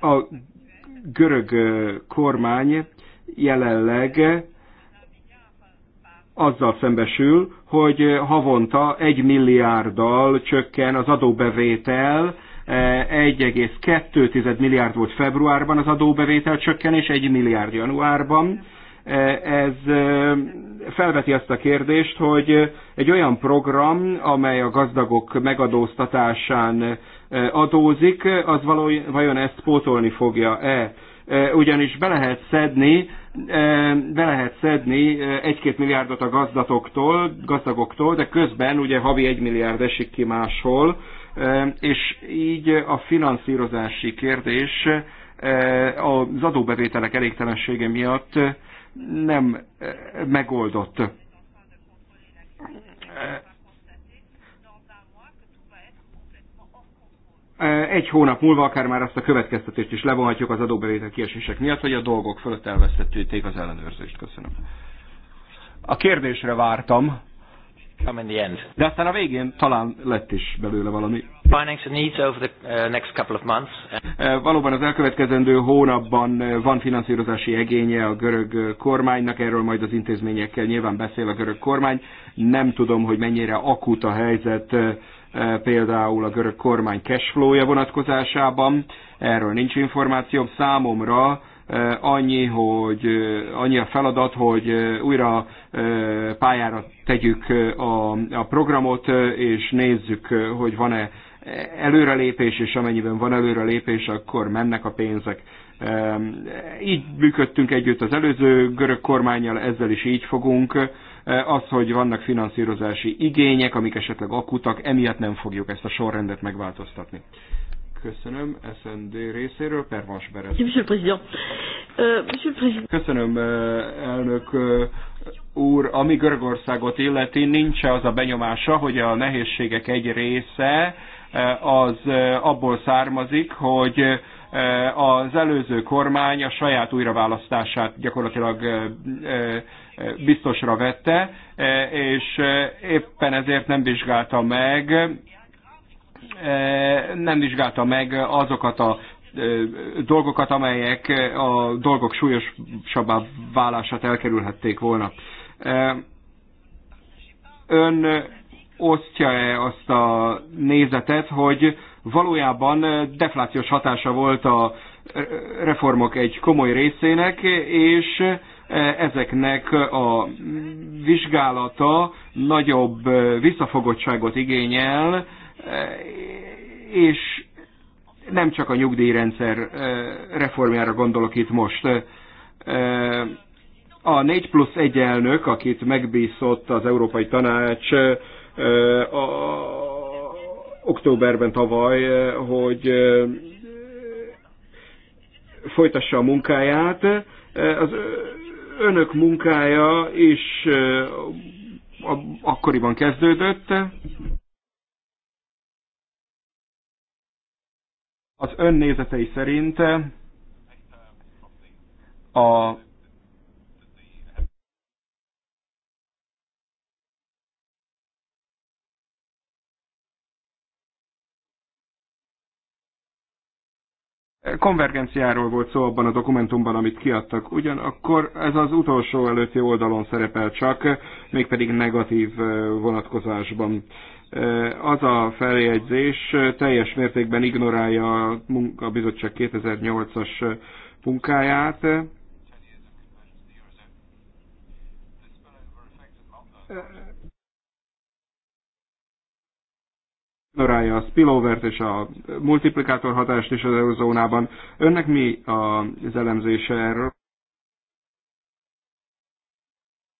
A görög kormány jelenleg azzal szembesül, hogy havonta egy milliárddal csökken az adóbevétel, 1,2 milliárd volt februárban az adóbevétel csökkenés, 1 milliárd januárban. Ez felveti azt a kérdést, hogy egy olyan program, amely a gazdagok megadóztatásán adózik, az valójában vajon ezt pótolni fogja-e? Ugyanis be lehet szedni be lehet szedni 1-2 milliárdot a gazdatoktól, gazdagoktól, de közben ugye havi 1 milliárd esik ki máshol, és így a finanszírozási kérdés az adóbevételek elégtelensége miatt nem megoldott Egy hónap múlva akár már azt a következtetést is levonhatjuk az adóbevétel kiesések miatt, hogy a dolgok fölött elvesztették az ellenőrzést. Köszönöm. A kérdésre vártam. De aztán a végén talán lett is belőle valami. Financial needs over the uh, next couple of months. Valóban az elkövetkezendő hónapban van finanszírozási egénye a görög kormánynak, erről majd az intézményekkel nyilván beszél a görög kormány. Nem tudom, hogy mennyire akut a helyzet Eh, például a görög kormány cashflow-ja vonatkozásában. Erről nincs információm számomra, eh, annyi, hogy eh, annyi a feladat, hogy újra pályára tegyük a, a programot, és nézzük, hogy van-e előrelépés, és amennyiben van előrelépés, akkor mennek a pénzek. Így működtünk együtt az előző görög kormányjal, ezzel is így fogunk Eh, az, hogy vannak finanszírozási igények, amik esetleg akutak, emiatt nem fogjuk ezt a sorrendet megváltoztatni. Köszönöm, SND részéről, Pervans Berez. Euh, Köszönöm, eh, elnök eh, úr. Ami Görögországot illeti, nincs az a benyomása, hogy a nehézségek egy része az abból származik, hogy az előző kormány a saját újraválasztását gyakorlatilag biztosra vette, e, és e, éppen ezért nem vizsgálta meg e, nem vizsgálta meg azokat a dolgokat, amelyek a dolgok súlyosabbá válását elkerülhették volna. Ön osztja-e azt a nézetet, hogy valójában deflációs hatása volt a reformok egy komoly részének, és ezeknek a vizsgálata nagyobb visszafogottságot igényel, és nem csak a nyugdíjrendszer reformjára gondolok itt most. A 4 plusz 1 elnök, akit megbízott az Európai Tanács a, októberben tavaly, hogy folytassa a munkáját, az önök munkája is akkoriban kezdődött. Az ön nézetei szerint a Konvergenciáról volt szó abban a dokumentumban, amit kiadtak. Ugyanakkor ez az utolsó előtti oldalon szerepel csak, mégpedig negatív vonatkozásban. Az a feljegyzés teljes mértékben ignorálja a munkabizottság 2008-as munkáját, ignorálja a spillovert és a multiplikátor hatást is az eurozónában. Önnek mi az elemzése erről?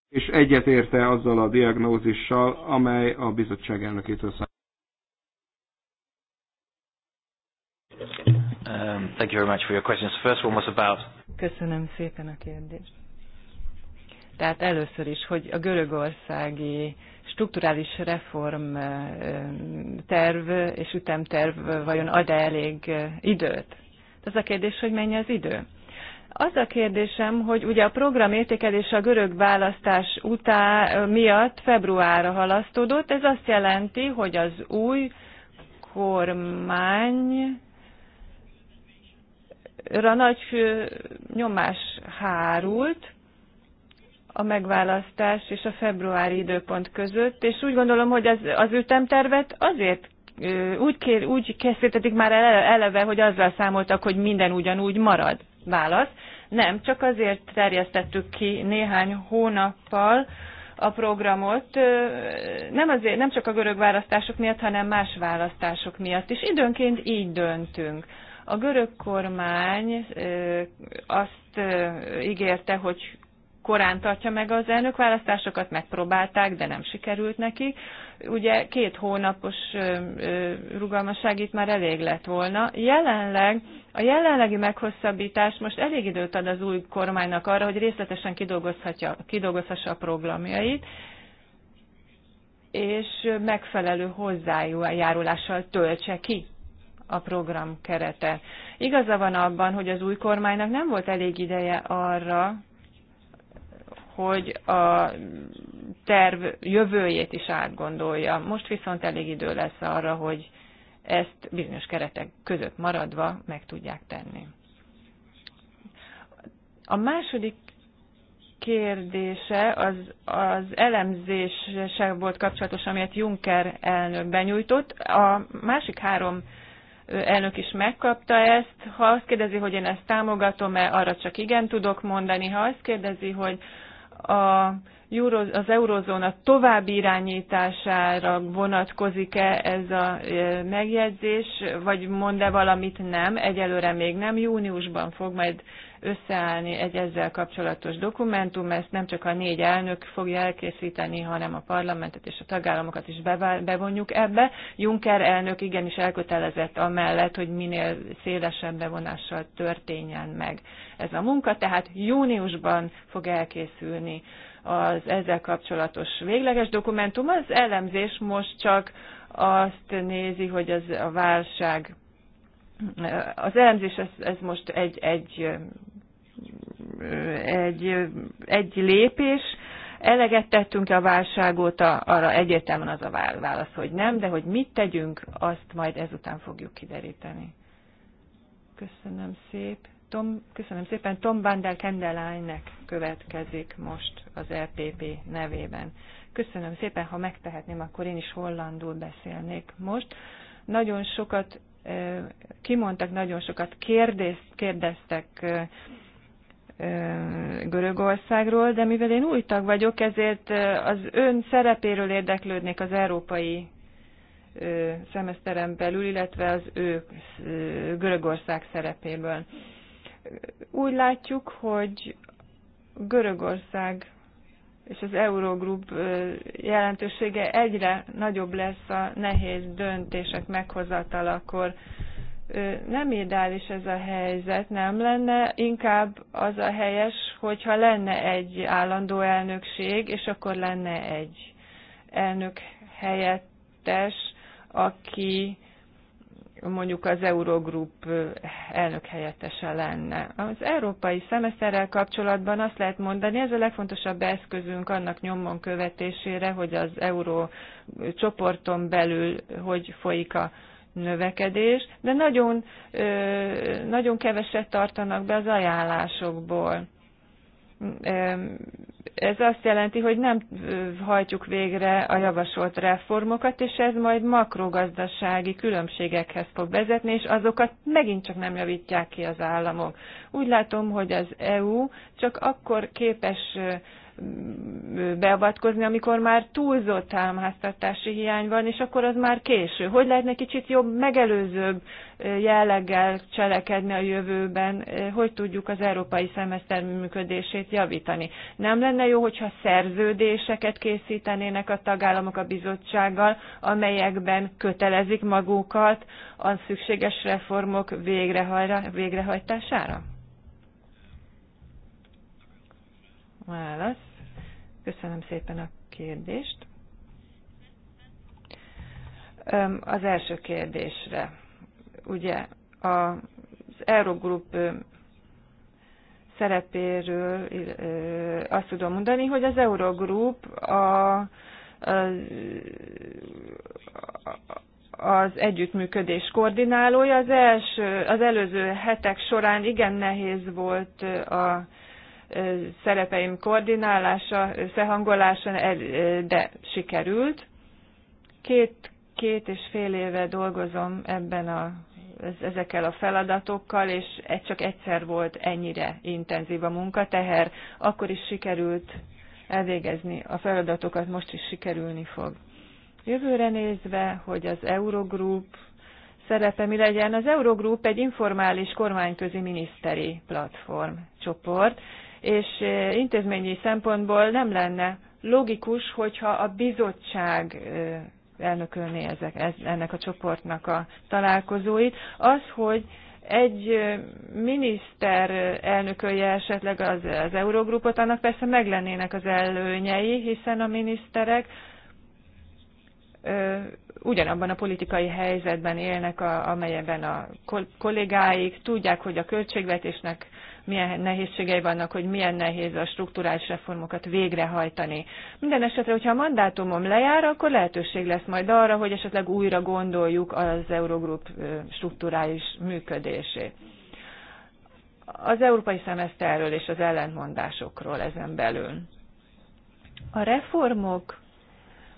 És egyetérte azzal a diagnózissal, amely a bizottság elnökétől számít. Um, thank you very much for your questions. The first one was about... Köszönöm szépen a kérdést. Tehát először is, hogy a görögországi strukturális reform terv és ütemterv vajon ad-e elég időt? Ez a kérdés, hogy mennyi az idő. Az a kérdésem, hogy ugye a program értékelése a görög választás után miatt februárra halasztódott, ez azt jelenti, hogy az új kormány nagy nyomás hárult, a megválasztás és a februári időpont között, és úgy gondolom, hogy az, az ütemtervet azért úgy, kér, úgy készítették már eleve, hogy azzal számoltak, hogy minden ugyanúgy marad. Válasz. Nem, csak azért terjesztettük ki néhány hónappal a programot, nem, azért, nem csak a görög választások miatt, hanem más választások miatt is. Időnként így döntünk. A görög kormány azt ígérte, hogy korán tartja meg az elnökválasztásokat, megpróbálták, de nem sikerült neki. Ugye két hónapos rugalmasság itt már elég lett volna. Jelenleg a jelenlegi meghosszabbítás most elég időt ad az új kormánynak arra, hogy részletesen kidolgozhassa a programjait, és megfelelő hozzájárulással töltse ki a program kerete. Igaza van abban, hogy az új kormánynak nem volt elég ideje arra, hogy a terv jövőjét is átgondolja. Most viszont elég idő lesz arra, hogy ezt bizonyos keretek között maradva meg tudják tenni. A második kérdése az, az elemzése volt kapcsolatos, amelyet Juncker elnök benyújtott. A másik három elnök is megkapta ezt. Ha azt kérdezi, hogy én ezt támogatom-e, arra csak igen tudok mondani. Ha azt kérdezi, hogy a Euro, az eurozóna további irányítására vonatkozik-e ez a e, megjegyzés, vagy mond-e valamit nem, egyelőre még nem, júniusban fog majd összeállni egy ezzel kapcsolatos dokumentum, ezt nem csak a négy elnök fogja elkészíteni, hanem a parlamentet és a tagállamokat is bevonjuk ebbe. Juncker elnök igenis elkötelezett amellett, hogy minél szélesebb bevonással történjen meg ez a munka, tehát júniusban fog elkészülni az ezzel kapcsolatos végleges dokumentum. Az elemzés most csak azt nézi, hogy az a válság az elemzés ez, ez most egy, egy egy, egy lépés. Eleget tettünk a válság óta, arra egyértelműen az a válasz, hogy nem, de hogy mit tegyünk, azt majd ezután fogjuk kideríteni. Köszönöm szép. Tom, köszönöm szépen. Tom Bandel Kendelánynek következik most az LPP e nevében. Köszönöm szépen, ha megtehetném, akkor én is hollandul beszélnék most. Nagyon sokat eh, kimondtak, nagyon sokat kérdeztek, kérdeztek eh, Görögországról, de mivel én új tag vagyok, ezért az ön szerepéről érdeklődnék az európai szemeszterem belül, illetve az ő Görögország szerepéből. Úgy látjuk, hogy Görögország és az Eurogroup jelentősége egyre nagyobb lesz a nehéz döntések meghozatalakor nem ideális ez a helyzet, nem lenne inkább az a helyes, hogyha lenne egy állandó elnökség, és akkor lenne egy elnök helyettes, aki mondjuk az Eurogroup elnök helyettese lenne. Az európai szemeszterrel kapcsolatban azt lehet mondani, ez a legfontosabb eszközünk annak nyomon követésére, hogy az euró csoporton belül hogy folyik a növekedés, de nagyon, nagyon keveset tartanak be az ajánlásokból. Ez azt jelenti, hogy nem hajtjuk végre a javasolt reformokat, és ez majd makrogazdasági különbségekhez fog vezetni, és azokat megint csak nem javítják ki az államok. Úgy látom, hogy az EU csak akkor képes beavatkozni, amikor már túlzott álmháztartási hiány van, és akkor az már késő. Hogy lehetne kicsit jobb, megelőzőbb jelleggel cselekedni a jövőben, hogy tudjuk az európai szemeszter működését javítani. Nem lenne jó, hogyha szerződéseket készítenének a tagállamok a bizottsággal, amelyekben kötelezik magukat a szükséges reformok végrehajtására? Válasz. Köszönöm szépen a kérdést. Az első kérdésre. Ugye az Eurogroup szerepéről azt tudom mondani, hogy az Eurogroup a, az, az együttműködés koordinálója. Az, első, az előző hetek során igen nehéz volt a szerepeim koordinálása, összehangolása, de sikerült. Két, két és fél éve dolgozom ebben a, ezekkel a feladatokkal, és e, csak egyszer volt ennyire intenzív a munkateher, akkor is sikerült elvégezni a feladatokat, most is sikerülni fog. Jövőre nézve, hogy az Eurogroup szerepe mi legyen, az Eurogroup egy informális kormányközi miniszteri platform csoport, és eh, intézményi szempontból nem lenne logikus, hogyha a bizottság eh, elnökölné ezek, ez, ennek a csoportnak a találkozóit. Az, hogy egy eh, miniszter elnökölje esetleg az, az Eurogrupot, annak persze meglennének az előnyei, hiszen a miniszterek ö, ugyanabban a politikai helyzetben élnek, a, amelyben a kollégáik tudják, hogy a költségvetésnek milyen nehézségei vannak, hogy milyen nehéz a strukturális reformokat végrehajtani. Minden esetre, hogyha a mandátumom lejár, akkor lehetőség lesz majd arra, hogy esetleg újra gondoljuk az Eurogroup strukturális működését. Az európai szemeszterről és az ellentmondásokról ezen belül. A reformok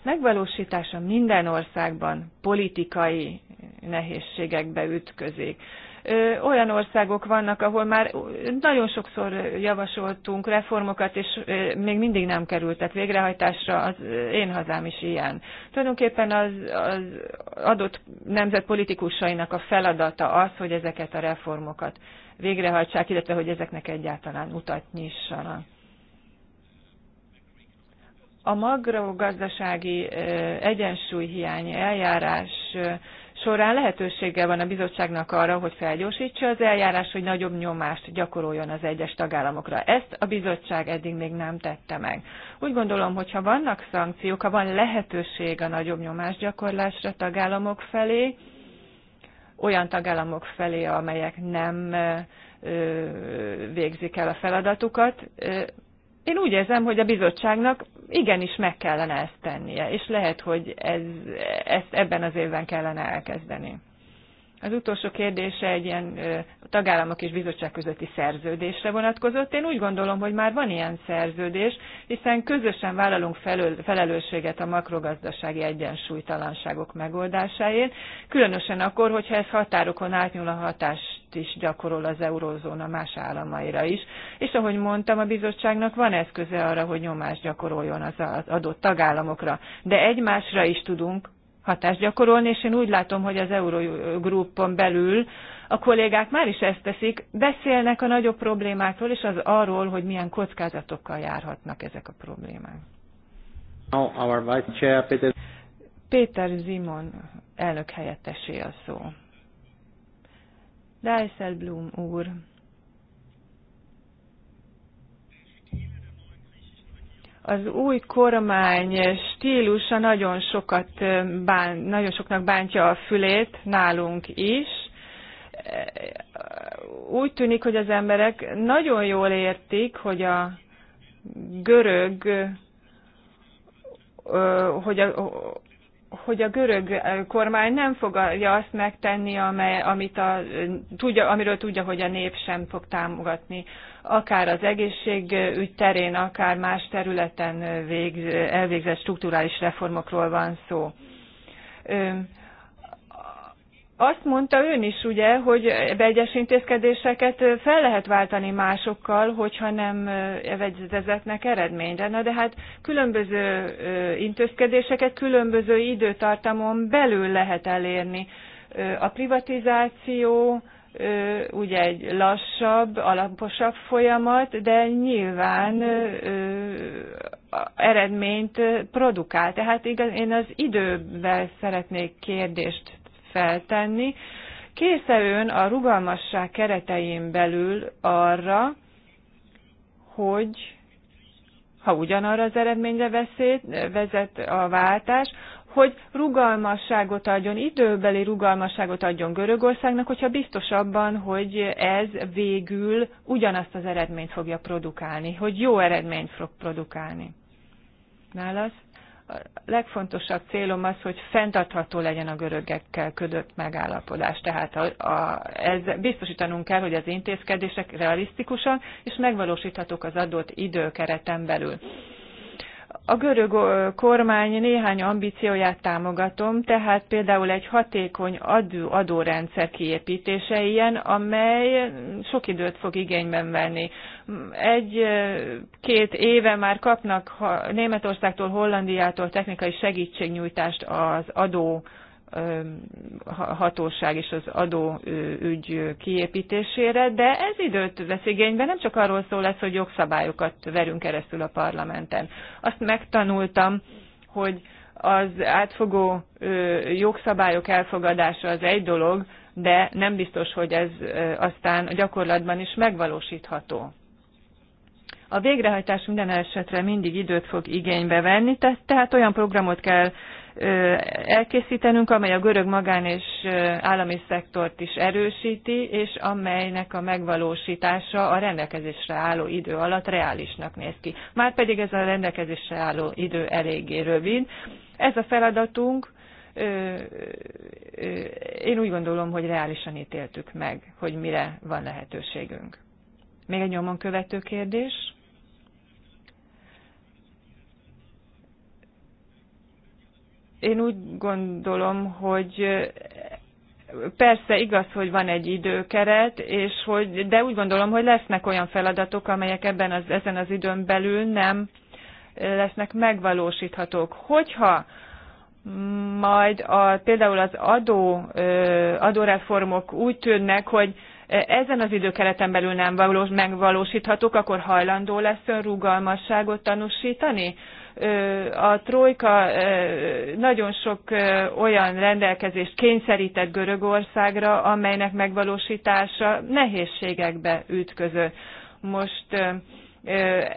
megvalósítása minden országban politikai nehézségekbe ütközik olyan országok vannak, ahol már nagyon sokszor javasoltunk reformokat, és még mindig nem kerültek végrehajtásra, az én hazám is ilyen. Tulajdonképpen az, az adott nemzet politikusainak a feladata az, hogy ezeket a reformokat végrehajtsák, illetve hogy ezeknek egyáltalán utat nyissanak. A magrogazdasági egyensúlyhiány eljárás során lehetősége van a bizottságnak arra, hogy felgyorsítsa az eljárás, hogy nagyobb nyomást gyakoroljon az egyes tagállamokra. Ezt a bizottság eddig még nem tette meg. Úgy gondolom, hogy ha vannak szankciók, ha van lehetőség a nagyobb gyakorlásra tagállamok felé, olyan tagállamok felé, amelyek nem végzik el a feladatukat, én úgy érzem, hogy a bizottságnak igenis meg kellene ezt tennie, és lehet, hogy ez, ezt ebben az évben kellene elkezdeni. Az utolsó kérdése egy ilyen tagállamok és bizottság közötti szerződésre vonatkozott. Én úgy gondolom, hogy már van ilyen szerződés, hiszen közösen vállalunk felelősséget a makrogazdasági egyensúlytalanságok megoldásáért, különösen akkor, hogyha ez határokon átnyúl a hatást is gyakorol az eurózóna más államaira is. És ahogy mondtam, a bizottságnak van eszköze arra, hogy nyomást gyakoroljon az adott tagállamokra, de egymásra is tudunk hatást gyakorolni, és én úgy látom, hogy az Eurogroupon belül a kollégák már is ezt teszik, beszélnek a nagyobb problémákról, és az arról, hogy milyen kockázatokkal járhatnak ezek a problémák. Péter Zimon elnök helyettesé a szó. Dyselblum úr. az új kormány stílusa nagyon, sokat bán, nagyon soknak bántja a fülét, nálunk is. Úgy tűnik, hogy az emberek nagyon jól értik, hogy a görög, hogy a, hogy a görög kormány nem fogja azt megtenni, amely, amit a, tudja, amiről tudja, hogy a nép sem fog támogatni akár az egészségügy terén, akár más területen végz, elvégzett strukturális reformokról van szó. Azt mondta ön is, ugye, hogy egyes intézkedéseket fel lehet váltani másokkal, hogyha nem vezetnek eredményre. Na de hát különböző intézkedéseket különböző időtartamon belül lehet elérni. A privatizáció, ugye egy lassabb, alaposabb folyamat, de nyilván eredményt produkál. Tehát igaz, én az idővel szeretnék kérdést feltenni. Készen ön a rugalmasság keretein belül arra, hogy ha ugyanarra az eredményre veszélyt, vezet a váltás, hogy rugalmasságot adjon, időbeli rugalmasságot adjon Görögországnak, hogyha biztos abban, hogy ez végül ugyanazt az eredményt fogja produkálni, hogy jó eredményt fog produkálni. Nálasz? A legfontosabb célom az, hogy fenntartható legyen a görögekkel ködött megállapodás. Tehát a, a, ez biztosítanunk kell, hogy az intézkedések realisztikusan és megvalósíthatók az adott időkereten belül a görög kormány néhány ambícióját támogatom, tehát például egy hatékony adó, adórendszer kiépítése ilyen, amely sok időt fog igényben venni. Egy-két éve már kapnak Németországtól, Hollandiától technikai segítségnyújtást az adó hatóság és az adóügy kiépítésére, de ez időt vesz igénybe, nem csak arról szól lesz, hogy jogszabályokat verünk keresztül a parlamenten. Azt megtanultam, hogy az átfogó jogszabályok elfogadása az egy dolog, de nem biztos, hogy ez aztán a gyakorlatban is megvalósítható. A végrehajtás minden esetre mindig időt fog igénybe venni, tehát olyan programot kell elkészítenünk, amely a görög magán és állami szektort is erősíti, és amelynek a megvalósítása a rendelkezésre álló idő alatt reálisnak néz ki. Márpedig ez a rendelkezésre álló idő eléggé rövid. Ez a feladatunk, én úgy gondolom, hogy reálisan ítéltük meg, hogy mire van lehetőségünk. Még egy nyomon követő kérdés. én úgy gondolom, hogy persze igaz, hogy van egy időkeret, és hogy, de úgy gondolom, hogy lesznek olyan feladatok, amelyek ebben az, ezen az időn belül nem lesznek megvalósíthatók. Hogyha majd a, például az adó, adóreformok úgy tűnnek, hogy ezen az időkereten belül nem valós, megvalósíthatók, akkor hajlandó lesz ön rugalmasságot tanúsítani? a trojka nagyon sok olyan rendelkezést kényszerített Görögországra, amelynek megvalósítása nehézségekbe ütközött. Most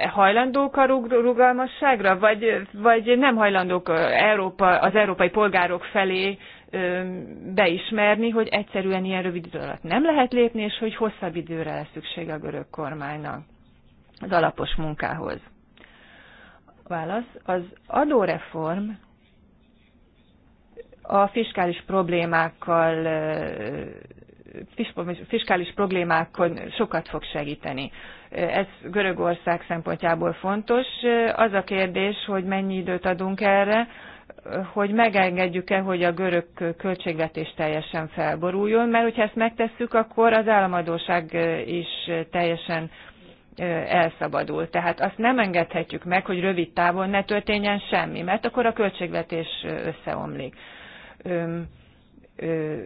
hajlandók a rugalmasságra, vagy, vagy nem hajlandók Európa, az európai polgárok felé beismerni, hogy egyszerűen ilyen rövid idő alatt nem lehet lépni, és hogy hosszabb időre lesz szüksége a görög kormánynak az alapos munkához válasz. Az adóreform a fiskális problémákkal fiskális problémákon sokat fog segíteni. Ez Görögország szempontjából fontos. Az a kérdés, hogy mennyi időt adunk erre, hogy megengedjük-e, hogy a görög költségvetés teljesen felboruljon, mert hogyha ezt megtesszük, akkor az államadóság is teljesen elszabadul. Tehát azt nem engedhetjük meg, hogy rövid távon ne történjen semmi, mert akkor a költségvetés összeomlik. ö,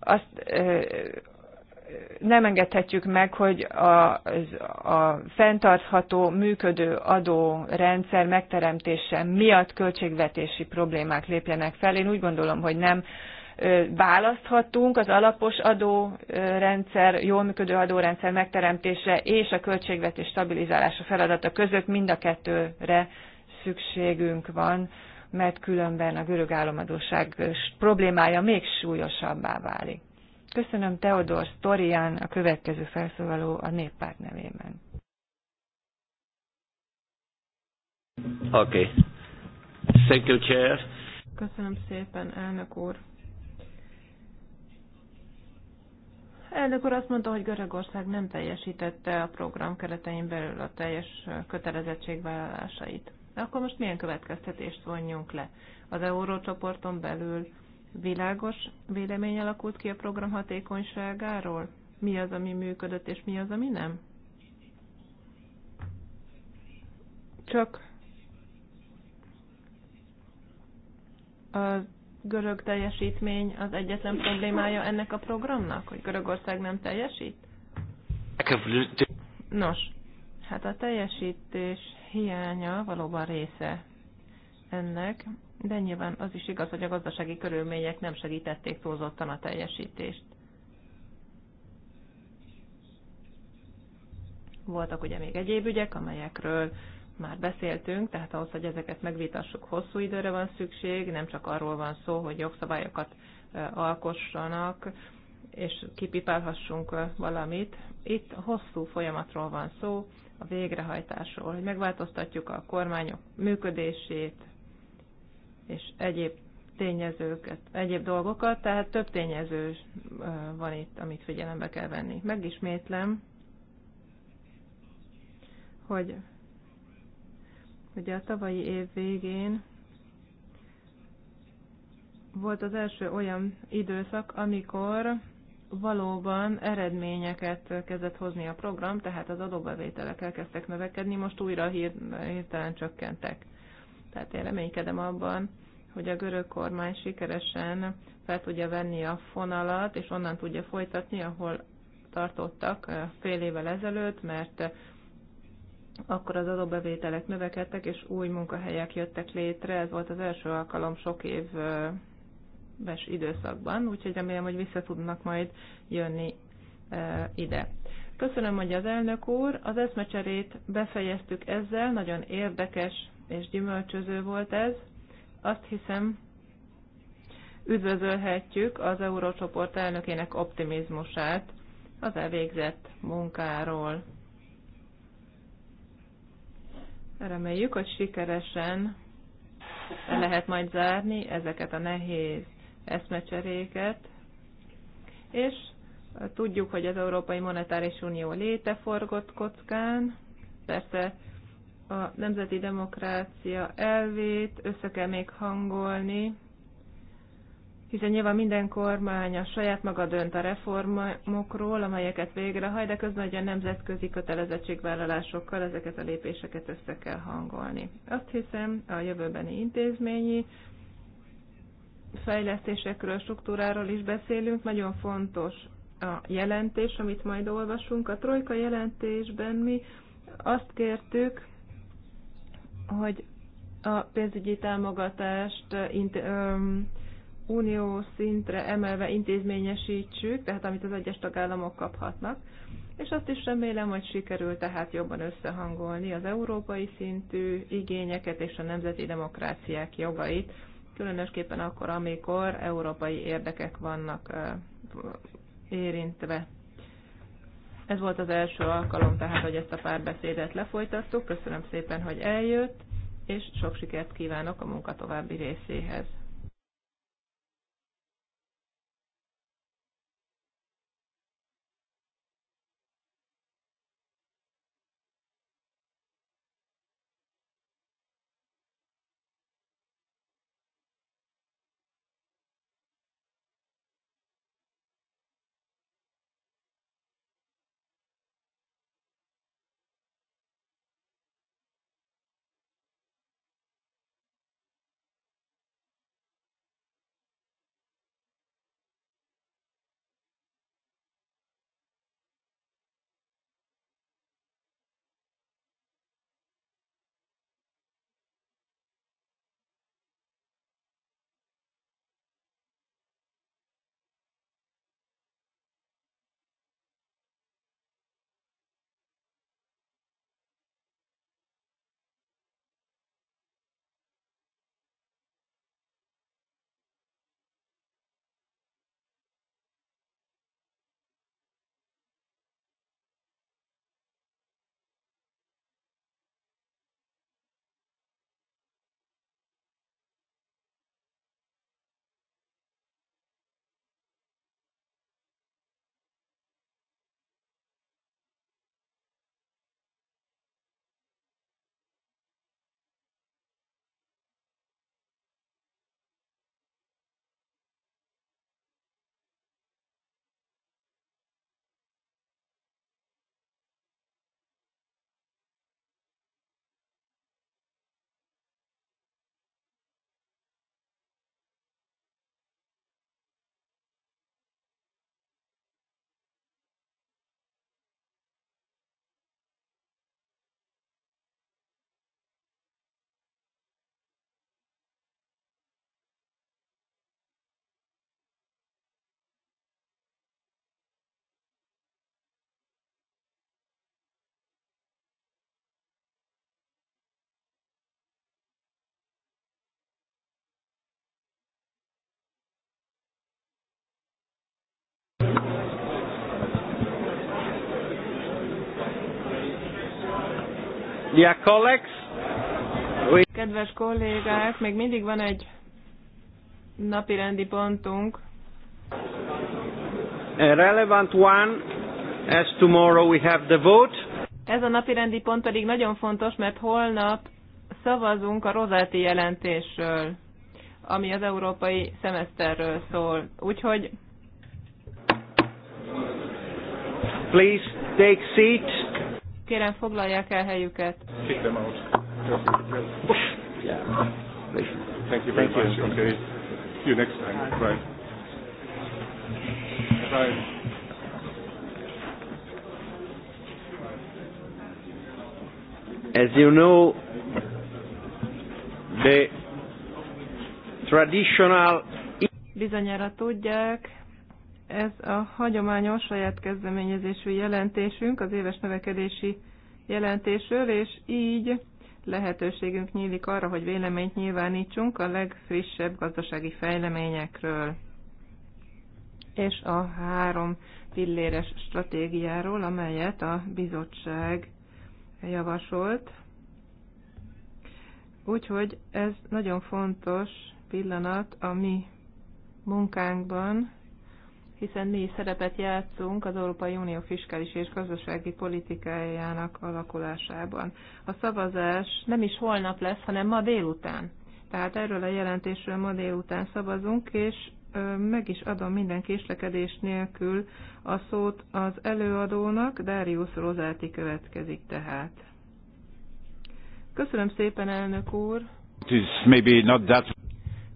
azt ö, nem engedhetjük meg, hogy a, a fenntartható, működő adórendszer megteremtése miatt költségvetési problémák lépjenek fel. Én úgy gondolom, hogy nem választhatunk az alapos adórendszer, jól működő adórendszer megteremtése és a költségvetés stabilizálása feladata között mind a kettőre szükségünk van, mert különben a görög államadóság problémája még súlyosabbá válik. Köszönöm Teodor Storian, a következő felszólaló a néppárt nevében. Oké. Okay. Thank you, Chair. Köszönöm szépen, elnök úr. Elnök úr azt mondta, hogy Görögország nem teljesítette a program keretein belül a teljes kötelezettségvállalásait. Akkor most milyen következtetést vonjunk le? Az eurócsoporton belül világos vélemény alakult ki a program hatékonyságáról? Mi az, ami működött, és mi az, ami nem? Csak az görög teljesítmény az egyetlen problémája ennek a programnak, hogy Görögország nem teljesít? Nos, hát a teljesítés hiánya valóban része ennek, de nyilván az is igaz, hogy a gazdasági körülmények nem segítették túlzottan a teljesítést. Voltak ugye még egyéb ügyek, amelyekről már beszéltünk, tehát ahhoz, hogy ezeket megvitassuk, hosszú időre van szükség, nem csak arról van szó, hogy jogszabályokat alkossanak, és kipipálhassunk valamit. Itt hosszú folyamatról van szó, a végrehajtásról, hogy megváltoztatjuk a kormányok működését, és egyéb tényezőket, egyéb dolgokat, tehát több tényező van itt, amit figyelembe kell venni. Megismétlem, hogy Ugye a tavalyi év végén volt az első olyan időszak, amikor valóban eredményeket kezdett hozni a program, tehát az adóbevételek elkezdtek növekedni, most újra hirtelen csökkentek. Tehát én reménykedem abban, hogy a görög kormány sikeresen fel tudja venni a fonalat, és onnan tudja folytatni, ahol tartottak eh, fél évvel ezelőtt, mert akkor az adóbevételek növekedtek, és új munkahelyek jöttek létre. Ez volt az első alkalom sok éves időszakban, úgyhogy remélem, hogy vissza tudnak majd jönni ide. Köszönöm, hogy az elnök úr. Az eszmecserét befejeztük ezzel, nagyon érdekes és gyümölcsöző volt ez. Azt hiszem, üdvözölhetjük az Eurócsoport elnökének optimizmusát az elvégzett munkáról. Reméljük, hogy sikeresen lehet majd zárni ezeket a nehéz eszmecseréket, és tudjuk, hogy az Európai Monetáris Unió léte forgott kockán, persze a nemzeti demokrácia elvét össze kell még hangolni hiszen nyilván minden kormány a saját maga dönt a reformokról, amelyeket végrehajt, de közben ugye a nemzetközi kötelezettségvállalásokkal ezeket a lépéseket össze kell hangolni. Azt hiszem, a jövőbeni intézményi fejlesztésekről, struktúráról is beszélünk. Nagyon fontos a jelentés, amit majd olvasunk. A trojka jelentésben mi azt kértük, hogy a pénzügyi támogatást unió szintre emelve intézményesítsük, tehát amit az egyes tagállamok kaphatnak, és azt is remélem, hogy sikerül tehát jobban összehangolni az európai szintű igényeket és a nemzeti demokráciák jogait, különösképpen akkor, amikor európai érdekek vannak érintve. Ez volt az első alkalom, tehát, hogy ezt a párbeszédet lefolytattuk. Köszönöm szépen, hogy eljött, és sok sikert kívánok a munka további részéhez. Dear colleagues, we... Kedves kollégák, még mindig van egy napi rendi pontunk. A relevant one, as tomorrow we have the vote. Ez a napi rendi pont pedig nagyon fontos, mert holnap szavazunk a rozáti jelentésről, ami az európai szemeszterről szól. Úgyhogy... Please take seat. Kérem, foglalják el helyüket. Kick them out. Yeah. Thank you Okay. you next time. Bye. Bye. As you know, the traditional Bizonyára tudják, ez a hagyományos saját kezdeményezésű jelentésünk az éves növekedési jelentésről, és így lehetőségünk nyílik arra, hogy véleményt nyilvánítsunk a legfrissebb gazdasági fejleményekről és a három pilléres stratégiáról, amelyet a bizottság javasolt. Úgyhogy ez nagyon fontos pillanat a mi munkánkban, hiszen mi szerepet játszunk az Európai Unió fiskális és gazdasági politikájának alakulásában. A szavazás nem is holnap lesz, hanem ma délután. Tehát erről a jelentésről ma délután szavazunk, és meg is adom minden késlekedés nélkül a szót az előadónak, Darius Rozáti következik tehát. Köszönöm szépen, elnök úr!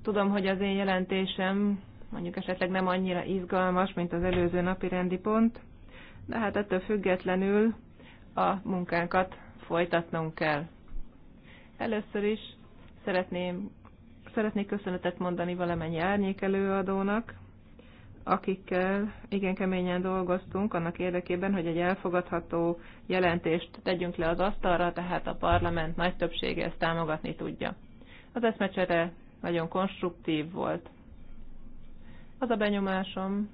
Tudom, hogy az én jelentésem mondjuk esetleg nem annyira izgalmas, mint az előző napi rendi pont, de hát ettől függetlenül a munkánkat folytatnunk kell. Először is szeretném, szeretnék köszönetet mondani valamennyi árnyék előadónak, akikkel igen keményen dolgoztunk annak érdekében, hogy egy elfogadható jelentést tegyünk le az asztalra, tehát a parlament nagy többsége ezt támogatni tudja. Az eszmecsere nagyon konstruktív volt. Az a benyomásom,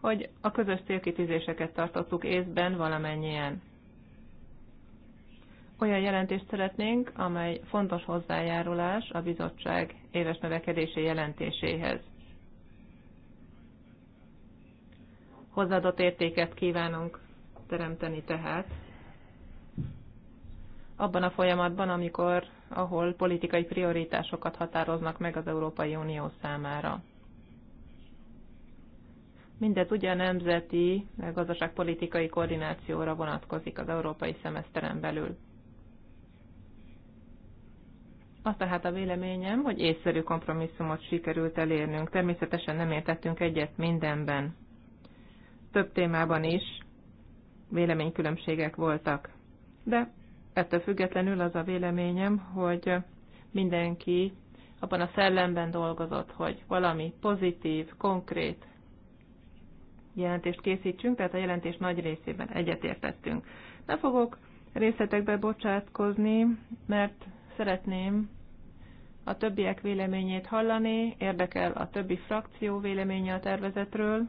hogy a közös célkitűzéseket tartottuk észben valamennyien. Olyan jelentést szeretnénk, amely fontos hozzájárulás a bizottság éves növekedési jelentéséhez. Hozzáadott értéket kívánunk teremteni tehát abban a folyamatban, amikor, ahol politikai prioritásokat határoznak meg az Európai Unió számára. Mindez ugye a nemzeti gazdaságpolitikai koordinációra vonatkozik az európai szemeszteren belül. Az tehát a véleményem, hogy észszerű kompromisszumot sikerült elérnünk. Természetesen nem értettünk egyet mindenben. Több témában is véleménykülönbségek voltak, de Ettől függetlenül az a véleményem, hogy mindenki abban a szellemben dolgozott, hogy valami pozitív, konkrét jelentést készítsünk, tehát a jelentés nagy részében egyetértettünk. Ne fogok részletekbe bocsátkozni, mert szeretném a többiek véleményét hallani, érdekel a többi frakció véleménye a tervezetről,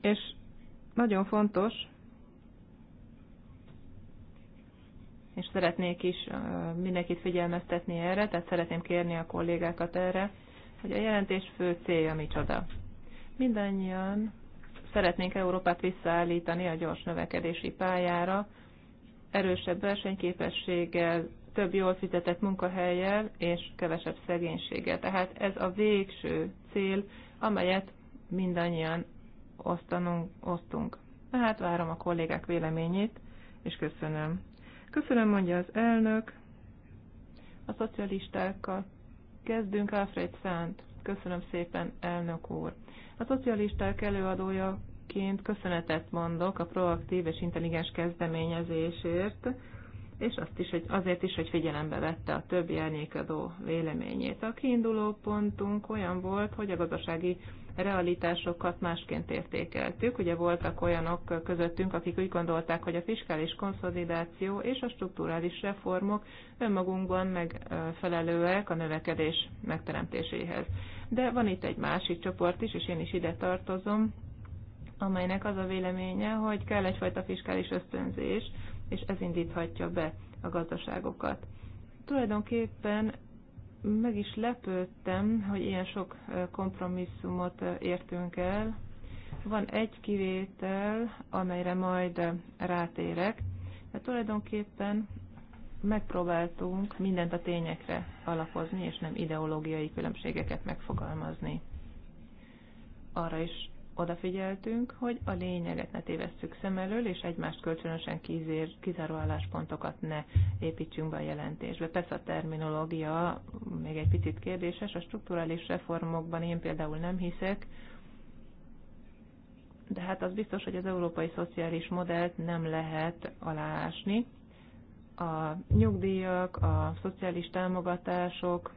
és nagyon fontos, és szeretnék is mindenkit figyelmeztetni erre, tehát szeretném kérni a kollégákat erre, hogy a jelentés fő célja micsoda. Mindannyian szeretnénk Európát visszaállítani a gyors növekedési pályára, erősebb versenyképességgel, több jól fizetett munkahelyel és kevesebb szegénységgel. Tehát ez a végső cél, amelyet mindannyian osztanunk, osztunk. Tehát várom a kollégák véleményét, és köszönöm. Köszönöm, mondja az elnök. A szocialistákkal kezdünk, Alfred Szánt. Köszönöm szépen, elnök úr. A szocialisták előadójaként köszönetet mondok a proaktív és intelligens kezdeményezésért, és azt is, hogy azért is, hogy figyelembe vette a többi elnékadó véleményét. A kiinduló pontunk olyan volt, hogy a gazdasági realitásokat másként értékeltük. Ugye voltak olyanok közöttünk, akik úgy gondolták, hogy a fiskális konszolidáció és a strukturális reformok önmagunkban megfelelőek a növekedés megteremtéséhez. De van itt egy másik csoport is, és én is ide tartozom, amelynek az a véleménye, hogy kell egyfajta fiskális ösztönzés, és ez indíthatja be a gazdaságokat. Tulajdonképpen meg is lepődtem, hogy ilyen sok kompromisszumot értünk el. Van egy kivétel, amelyre majd rátérek, mert tulajdonképpen megpróbáltunk mindent a tényekre alapozni, és nem ideológiai különbségeket megfogalmazni. Arra is odafigyeltünk, hogy a lényeget ne tévesszük szem elől, és egymást kölcsönösen kizér, kizáró álláspontokat ne építsünk be a jelentésbe. Persze a terminológia még egy picit kérdéses, a strukturális reformokban én például nem hiszek, de hát az biztos, hogy az európai szociális modellt nem lehet aláásni. A nyugdíjak, a szociális támogatások,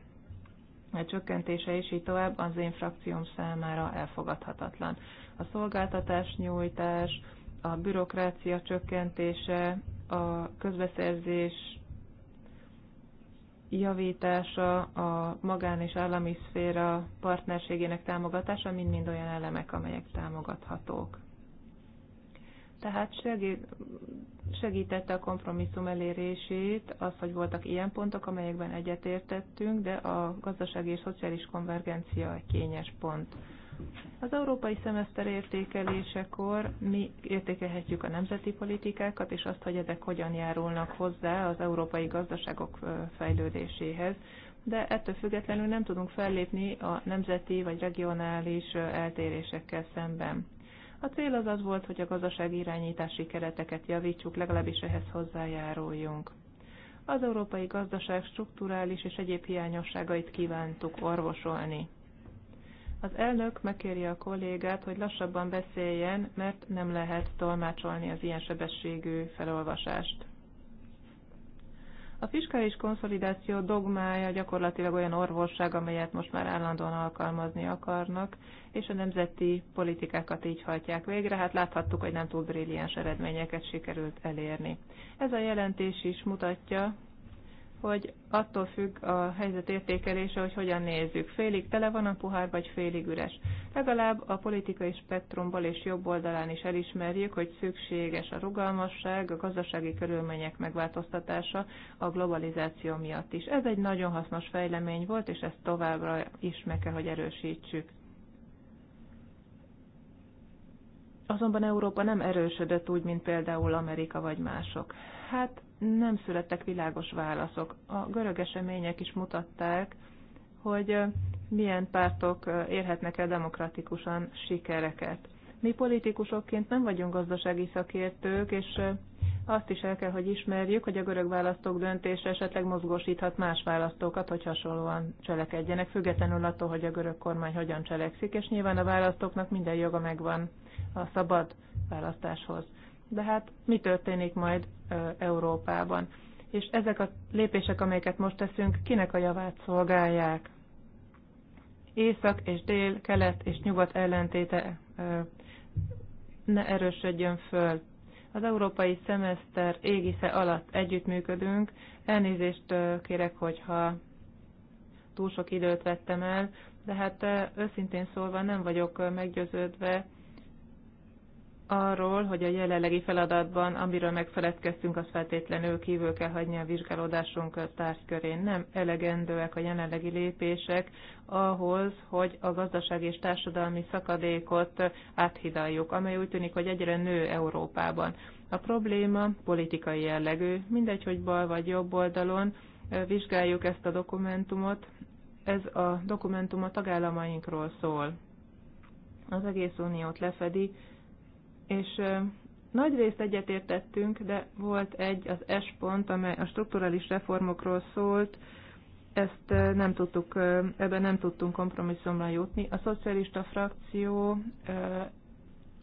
csökkentése és így tovább az én frakcióm számára elfogadhatatlan. A szolgáltatás nyújtás, a bürokrácia csökkentése, a közbeszerzés javítása, a magán és állami szféra partnerségének támogatása mind-mind olyan elemek, amelyek támogathatók tehát segítette a kompromisszum elérését az, hogy voltak ilyen pontok, amelyekben egyetértettünk, de a gazdasági és szociális konvergencia egy kényes pont. Az európai szemeszter értékelésekor mi értékelhetjük a nemzeti politikákat, és azt, hogy ezek hogyan járulnak hozzá az európai gazdaságok fejlődéséhez, de ettől függetlenül nem tudunk fellépni a nemzeti vagy regionális eltérésekkel szemben a cél az az volt, hogy a gazdasági irányítási kereteket javítsuk, legalábbis ehhez hozzájáruljunk. Az európai gazdaság strukturális és egyéb hiányosságait kívántuk orvosolni. Az elnök megkéri a kollégát, hogy lassabban beszéljen, mert nem lehet tolmácsolni az ilyen sebességű felolvasást. A fiskális konszolidáció dogmája gyakorlatilag olyan orvosság, amelyet most már állandóan alkalmazni akarnak, és a nemzeti politikákat így hajtják végre. Hát láthattuk, hogy nem túl brilliáns eredményeket sikerült elérni. Ez a jelentés is mutatja, hogy attól függ a helyzet értékelése, hogy hogyan nézzük. Félig tele van a pohár, vagy félig üres. Legalább a politikai spektrumból és jobb oldalán is elismerjük, hogy szükséges a rugalmasság, a gazdasági körülmények megváltoztatása a globalizáció miatt is. Ez egy nagyon hasznos fejlemény volt, és ezt továbbra is meg kell, hogy erősítsük. Azonban Európa nem erősödött úgy, mint például Amerika vagy mások. Hát nem születtek világos válaszok. A görög események is mutatták, hogy milyen pártok érhetnek el demokratikusan sikereket. Mi politikusokként nem vagyunk gazdasági szakértők, és azt is el kell, hogy ismerjük, hogy a görög választók döntése esetleg mozgósíthat más választókat, hogy hasonlóan cselekedjenek, függetlenül attól, hogy a görög kormány hogyan cselekszik, és nyilván a választóknak minden joga megvan a szabad választáshoz. De hát mi történik majd Európában? És ezek a lépések, amelyeket most teszünk, kinek a javát szolgálják? Észak és dél, kelet és nyugat ellentéte ne erősödjön föl. Az európai szemeszter égisze alatt együttműködünk. Elnézést kérek, hogyha túl sok időt vettem el, de hát őszintén szólva nem vagyok meggyőződve arról, hogy a jelenlegi feladatban, amiről megfeledkeztünk, az feltétlenül kívül kell hagyni a vizsgálódásunk tárgykörén. Nem elegendőek a jelenlegi lépések ahhoz, hogy a gazdasági és társadalmi szakadékot áthidaljuk, amely úgy tűnik, hogy egyre nő Európában. A probléma politikai jellegű, mindegy, hogy bal vagy jobb oldalon vizsgáljuk ezt a dokumentumot, ez a dokumentum a tagállamainkról szól. Az egész uniót lefedi, és nagy részt egyetértettünk, de volt egy, az S pont, amely a strukturális reformokról szólt, ezt nem tudtuk, ebben nem tudtunk kompromisszumra jutni. A szocialista frakció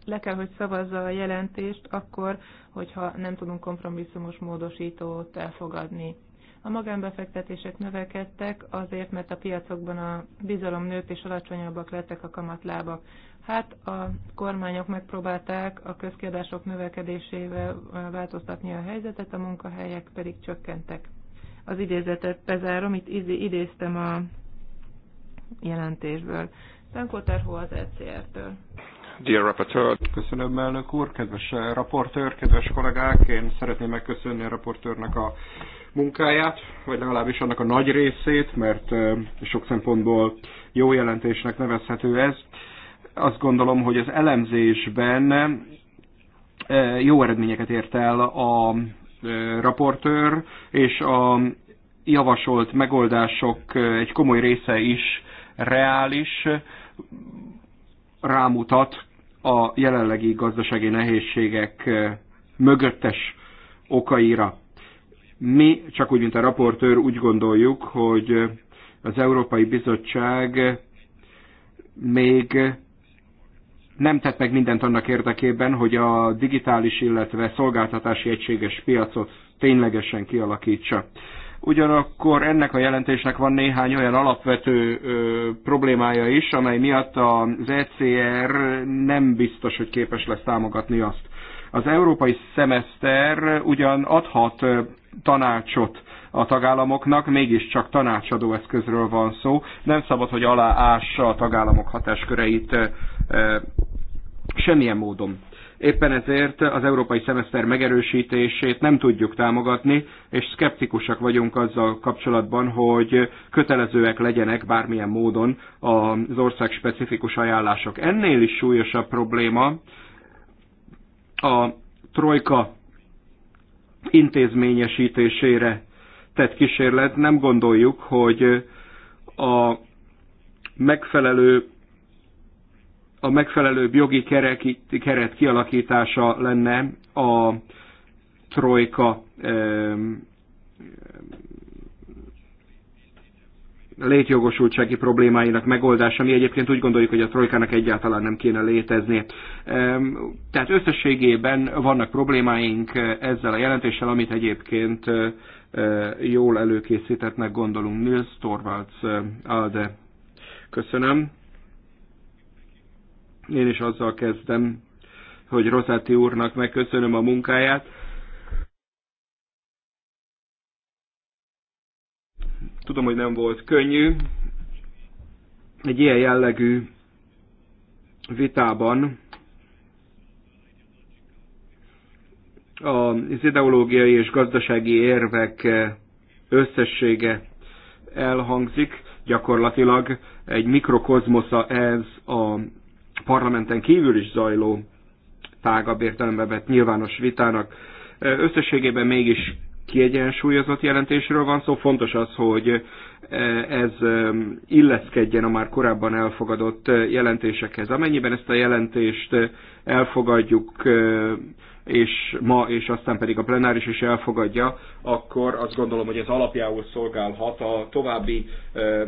le kell, hogy szavazza a jelentést akkor, hogyha nem tudunk kompromisszumos módosítót elfogadni. A magánbefektetések növekedtek azért, mert a piacokban a bizalom nőtt és alacsonyabbak lettek a kamatlábak. Hát a kormányok megpróbálták a közkiadások növekedésével változtatni a helyzetet, a munkahelyek pedig csökkentek. Az idézetet bezárom, itt idéztem a jelentésből. Tanko Terho az ECR-től. Dear Rapporteur. Köszönöm, elnök úr, kedves eh, raportőr, kedves kollégák, én szeretném megköszönni a raportőrnek a munkáját, vagy legalábbis annak a nagy részét, mert sok szempontból jó jelentésnek nevezhető ez. Azt gondolom, hogy az elemzésben jó eredményeket ért el a raportőr, és a javasolt megoldások egy komoly része is reális, rámutat a jelenlegi gazdasági nehézségek mögöttes okaira. Mi, csak úgy, mint a raportőr, úgy gondoljuk, hogy az Európai Bizottság még nem tett meg mindent annak érdekében, hogy a digitális, illetve szolgáltatási egységes piacot ténylegesen kialakítsa. Ugyanakkor ennek a jelentésnek van néhány olyan alapvető ö, problémája is, amely miatt az ECR nem biztos, hogy képes lesz támogatni azt. Az európai szemeszter ugyan adhat tanácsot a tagállamoknak, mégiscsak tanácsadó eszközről van szó. Nem szabad, hogy aláássa a tagállamok hatásköreit semmilyen módon. Éppen ezért az európai szemeszter megerősítését nem tudjuk támogatni, és szkeptikusak vagyunk azzal kapcsolatban, hogy kötelezőek legyenek bármilyen módon az ország specifikus ajánlások. Ennél is súlyosabb probléma a trojka intézményesítésére tett kísérlet. Nem gondoljuk, hogy a megfelelő a megfelelőbb jogi keret kialakítása lenne a trojka létjogosultsági problémáinak megoldása, mi egyébként úgy gondoljuk, hogy a trojkának egyáltalán nem kéne létezni. Tehát összességében vannak problémáink ezzel a jelentéssel, amit egyébként jól előkészítettnek gondolunk. Nils Torvalds, Alde. Köszönöm. Én is azzal kezdem, hogy Rosati úrnak megköszönöm a munkáját Tudom, hogy nem volt könnyű. Egy ilyen jellegű vitában az ideológiai és gazdasági érvek összessége elhangzik, gyakorlatilag egy mikrokozmosza ez a parlamenten kívül is zajló tágabb értelembe vett nyilvános vitának. Összességében mégis kiegyensúlyozott jelentésről van szó. Szóval fontos az, hogy e, ez e, illeszkedjen a már korábban elfogadott e, jelentésekhez. Amennyiben ezt a jelentést elfogadjuk, és ma, és aztán pedig a plenáris is elfogadja, akkor azt gondolom, hogy ez alapjául szolgálhat a további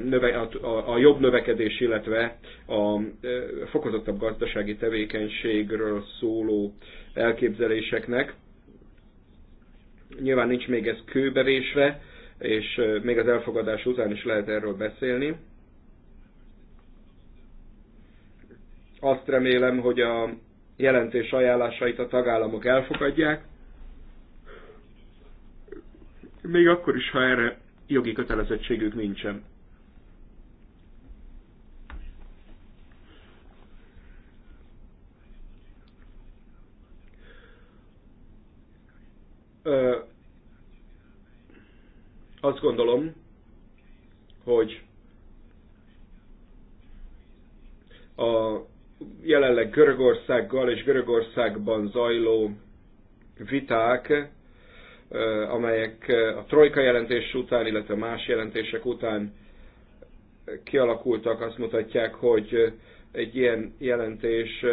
növe, a, a jobb növekedés, illetve a fokozottabb gazdasági tevékenységről szóló elképzeléseknek. Nyilván nincs még ez kőbevésve, és még az elfogadás után is lehet erről beszélni. Azt remélem, hogy a jelentés ajánlásait a tagállamok elfogadják, még akkor is, ha erre jogi kötelezettségük nincsen. Azt gondolom, hogy a jelenleg Görögországgal és Görögországban zajló viták, amelyek a trojka jelentés után, illetve más jelentések után kialakultak, azt mutatják, hogy egy ilyen jelentés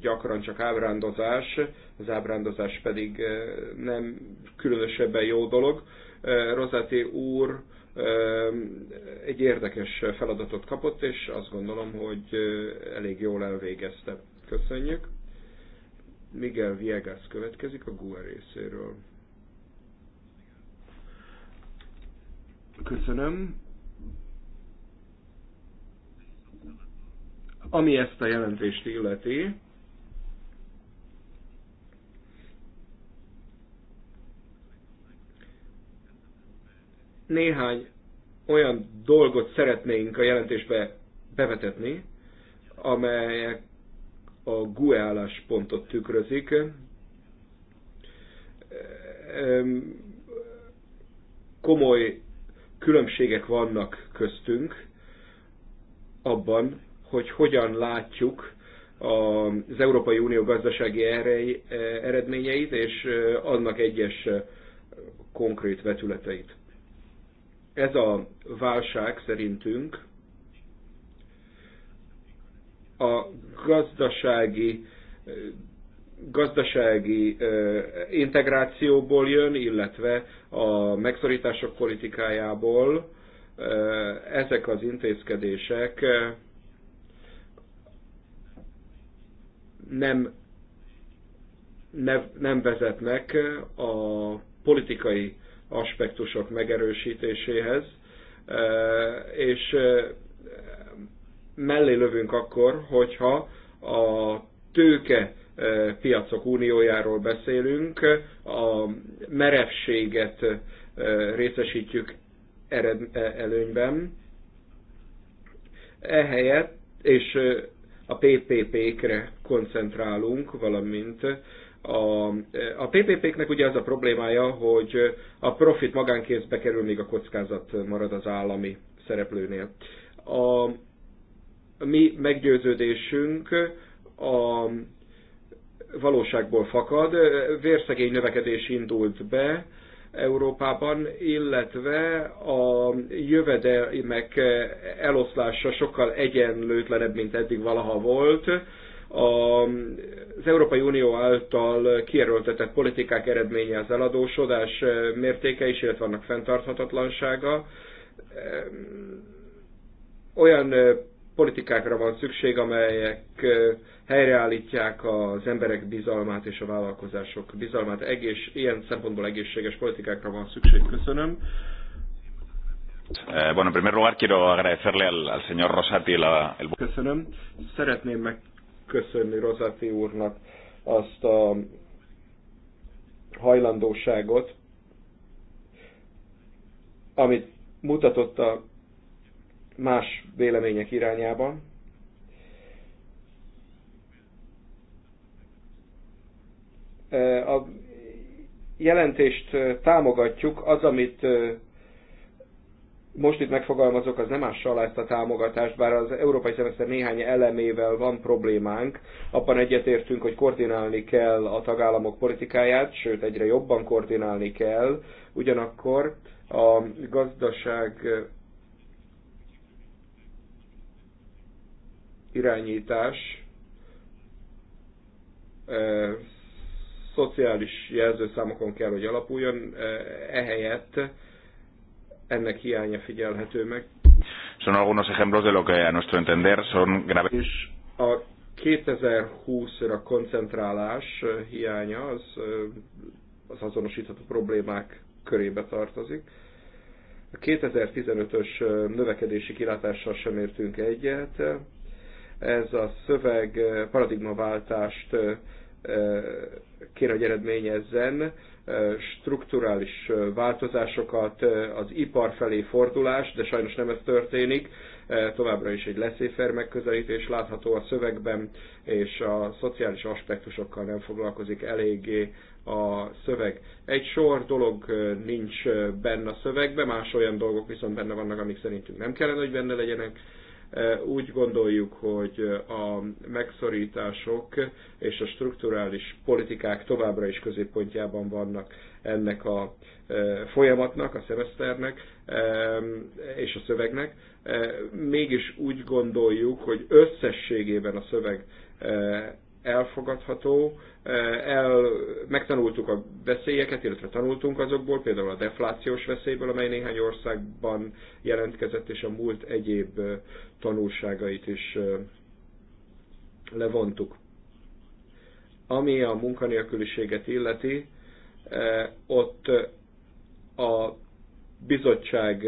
gyakran csak ábrándozás, az ábrándozás pedig nem különösebben jó dolog. Rozati úr egy érdekes feladatot kapott, és azt gondolom, hogy elég jól elvégezte. Köszönjük. Miguel Viegas következik a GUE részéről. Köszönöm. Ami ezt a jelentést illeti, néhány olyan dolgot szeretnénk a jelentésbe bevetetni, amelyek a GUE álláspontot tükrözik. Ehm, komoly különbségek vannak köztünk abban, hogy hogyan látjuk az Európai Unió gazdasági e, eredményeit és e, annak egyes e, konkrét vetületeit. Ez a válság szerintünk a gazdasági gazdasági integrációból jön, illetve a megszorítások politikájából ezek az intézkedések nem, nem vezetnek a politikai aspektusok megerősítéséhez, e, és e, mellé lövünk akkor, hogyha a tőke e, piacok uniójáról beszélünk, a merevséget részesítjük ered, előnyben, ehelyett, és a PPP-kre koncentrálunk, valamint a, a PPP-knek ugye az a problémája, hogy a profit magánkézbe kerül, még a kockázat marad az állami szereplőnél. A mi meggyőződésünk a valóságból fakad, vérszegény növekedés indult be, Európában, illetve a jövedelmek eloszlása sokkal egyenlőtlenebb, mint eddig valaha volt az Európai Unió által kierőltetett politikák eredménye az eladósodás eh, mértéke is, illetve annak fenntarthatatlansága. Eh, olyan eh, politikákra van szükség, amelyek helyreállítják az emberek bizalmát és a vállalkozások bizalmát. Egész, ilyen szempontból egészséges politikákra van szükség. Köszönöm. Eh, bueno, en primer lugar quiero agradecerle al, al señor Rosati la, el... Köszönöm. Szeretném meg köszönni Rozati úrnak azt a hajlandóságot, amit mutatott a más vélemények irányában. A jelentést támogatjuk, az, amit most itt megfogalmazok, az nem ássa alá ezt a támogatást, bár az európai szemeszter néhány elemével van problémánk. Abban egyetértünk, hogy koordinálni kell a tagállamok politikáját, sőt egyre jobban koordinálni kell. Ugyanakkor a gazdaság irányítás e, szociális jelzőszámokon kell, hogy alapuljon, ehelyett e, ennek hiánya figyelhető meg. Son algunos ejemplos de lo que a nuestro entender son graves. És a 2020-ra koncentrálás hiánya az, az azonosítható problémák körébe tartozik. A 2015-ös növekedési kilátással sem értünk egyet. Ez a szöveg paradigmaváltást kéne, hogy eredményezzen strukturális változásokat, az ipar felé fordulást, de sajnos nem ez történik. Továbbra is egy leszéfer megközelítés látható a szövegben, és a szociális aspektusokkal nem foglalkozik eléggé a szöveg. Egy sor dolog nincs benne a szövegben, más olyan dolgok viszont benne vannak, amik szerintünk nem kellene, hogy benne legyenek úgy gondoljuk, hogy a megszorítások és a strukturális politikák továbbra is középpontjában vannak ennek a folyamatnak, a szemeszternek és a szövegnek. Mégis úgy gondoljuk, hogy összességében a szöveg elfogadható, eh, el, megtanultuk a veszélyeket, illetve tanultunk azokból, például a deflációs veszélyből, amely néhány országban jelentkezett, és a múlt egyéb eh, tanulságait is eh, levontuk. Ami a munkanélküliséget illeti, ott a bizottság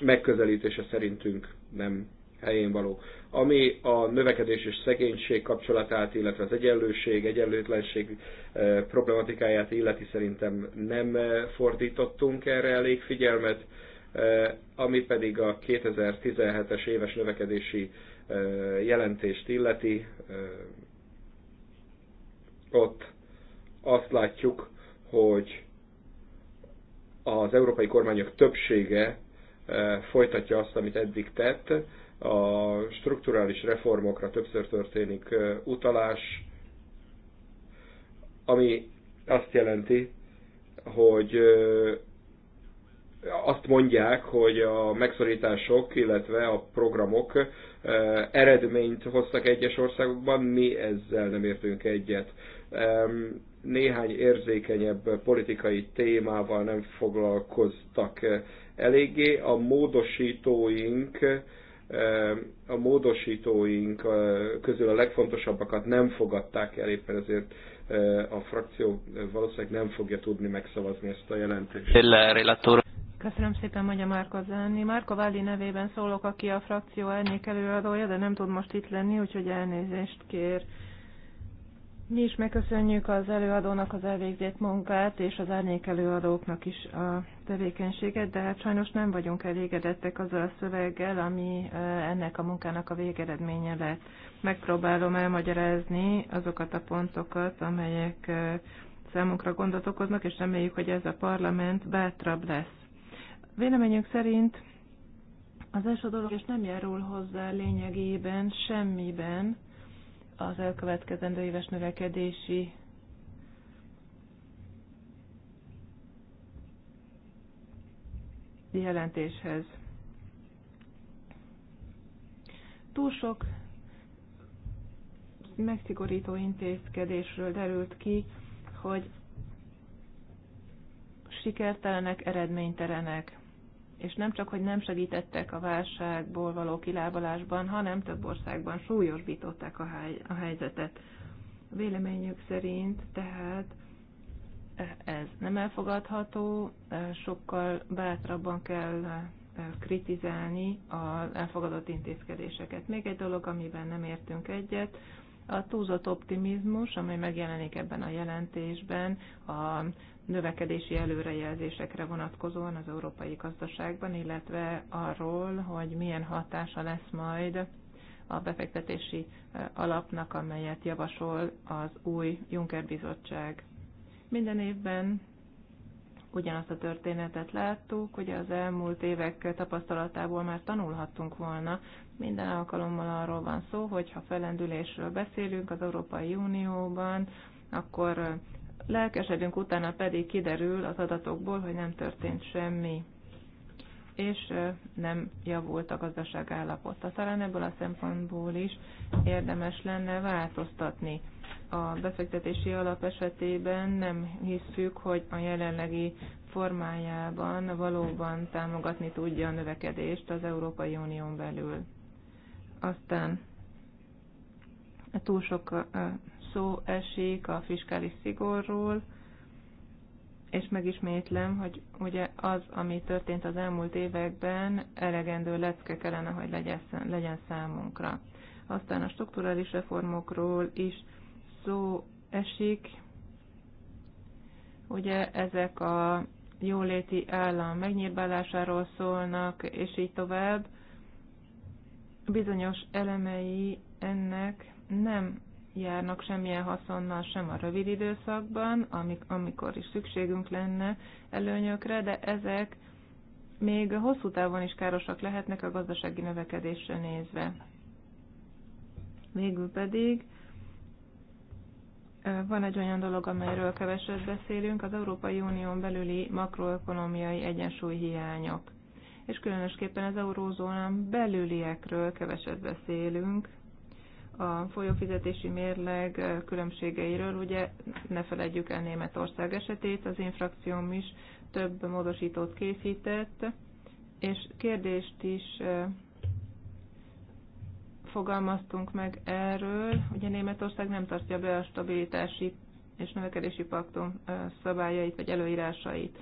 megközelítése szerintünk nem helyén való. Ami a növekedés és szegénység kapcsolatát, illetve az egyenlőség, egyenlőtlenség eh, problematikáját illeti szerintem nem eh, fordítottunk erre elég figyelmet, eh, ami pedig a 2017-es éves növekedési jelentést illeti, ott azt látjuk, hogy az európai kormányok többsége folytatja azt, amit eddig tett, a strukturális reformokra többször történik utalás, ami azt jelenti, hogy azt mondják, hogy a megszorítások, illetve a programok eredményt hoztak egyes országokban, mi ezzel nem értünk egyet. Néhány érzékenyebb politikai témával nem foglalkoztak eléggé. A módosítóink a módosítóink közül a legfontosabbakat nem fogadták el, éppen ezért a frakció valószínűleg nem fogja tudni megszavazni ezt a jelentést. Köszönöm szépen, mondja Márko Zenni. Márko Váli nevében szólok, aki a frakció elnék előadója, de nem tud most itt lenni, úgyhogy elnézést kér. Mi is megköszönjük az előadónak az elvégzett munkát, és az árnyék előadóknak is a tevékenységet, de hát sajnos nem vagyunk elégedettek azzal a szöveggel, ami ennek a munkának a végeredménye lett. Megpróbálom elmagyarázni azokat a pontokat, amelyek számunkra gondot okoznak, és reméljük, hogy ez a parlament bátrabb lesz. Véleményünk szerint az első dolog, és nem járul hozzá lényegében, semmiben, az elkövetkezendő éves növekedési jelentéshez. Túl sok megszigorító intézkedésről derült ki, hogy sikertelenek, eredménytelenek és nem csak, hogy nem segítettek a válságból való kilábalásban, hanem több országban súlyosbították a, hely, a helyzetet. Véleményük szerint tehát ez nem elfogadható, sokkal bátrabban kell kritizálni az elfogadott intézkedéseket. Még egy dolog, amiben nem értünk egyet, a túlzott optimizmus, amely megjelenik ebben a jelentésben, a növekedési előrejelzésekre vonatkozóan az európai gazdaságban, illetve arról, hogy milyen hatása lesz majd a befektetési alapnak, amelyet javasol az új Juncker bizottság. Minden évben ugyanazt a történetet láttuk, hogy az elmúlt évek tapasztalatából már tanulhattunk volna. Minden alkalommal arról van szó, hogy ha felendülésről beszélünk az Európai Unióban, akkor lelkesedünk, utána pedig kiderül az adatokból, hogy nem történt semmi, és nem javult a gazdaság állapota. Talán ebből a szempontból is érdemes lenne változtatni. A befektetési alap esetében nem hiszük, hogy a jelenlegi formájában valóban támogatni tudja a növekedést az Európai Unión belül. Aztán túl sok szó esik a fiskális szigorról, és megismétlem, hogy ugye az, ami történt az elmúlt években, elegendő lecke kellene, hogy legyen, számunkra. Aztán a strukturális reformokról is szó esik. Ugye ezek a jóléti állam megnyírbálásáról szólnak, és így tovább. Bizonyos elemei ennek nem járnak semmilyen haszonnal sem a rövid időszakban, amik, amikor is szükségünk lenne előnyökre, de ezek még hosszú távon is károsak lehetnek a gazdasági növekedésre nézve. Végül pedig van egy olyan dolog, amelyről keveset beszélünk, az Európai Unión belüli makroökonomiai egyensúlyhiányok. És különösképpen az eurózónán belüliekről keveset beszélünk, a folyófizetési mérleg különbségeiről, ugye ne felejtjük el Németország esetét, az infrakcióm is több módosítót készített, és kérdést is fogalmaztunk meg erről, ugye Németország nem tartja be a stabilitási és növekedési paktum szabályait vagy előírásait.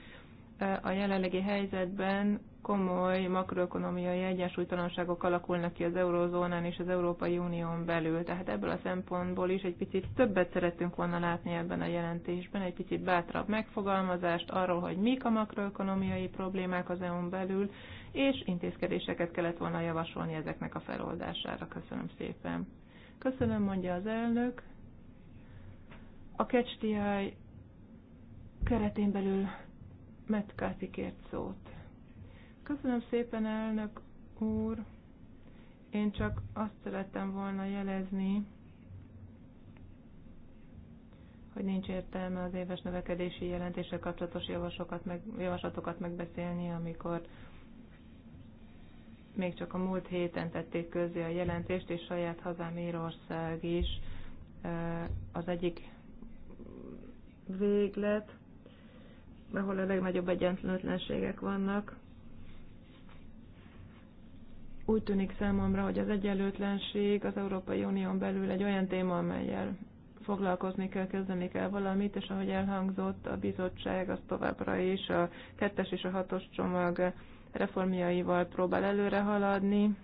A jelenlegi helyzetben komoly makroökonomiai egyensúlytalanságok alakulnak ki az eurozónán és az Európai Unión belül. Tehát ebből a szempontból is egy picit többet szerettünk volna látni ebben a jelentésben, egy picit bátrabb megfogalmazást arról, hogy mik a makroökonomiai problémák az EU-n belül, és intézkedéseket kellett volna javasolni ezeknek a feloldására. Köszönöm szépen. Köszönöm, mondja az elnök. A CatchTI keretén belül Metkáti kért szót. Köszönöm szépen, elnök úr. Én csak azt szerettem volna jelezni, hogy nincs értelme az éves növekedési jelentéssel kapcsolatos javaslatokat, meg, javaslatokat megbeszélni, amikor még csak a múlt héten tették közé a jelentést, és saját hazám Írország is az egyik véglet, ahol a legnagyobb egyenlőtlenségek vannak. Úgy tűnik számomra, hogy az egyenlőtlenség az Európai Unión belül egy olyan téma, amelyel foglalkozni kell, kezdeni kell valamit, és ahogy elhangzott, a bizottság az továbbra is a kettes és a hatos csomag reformjaival próbál előre haladni.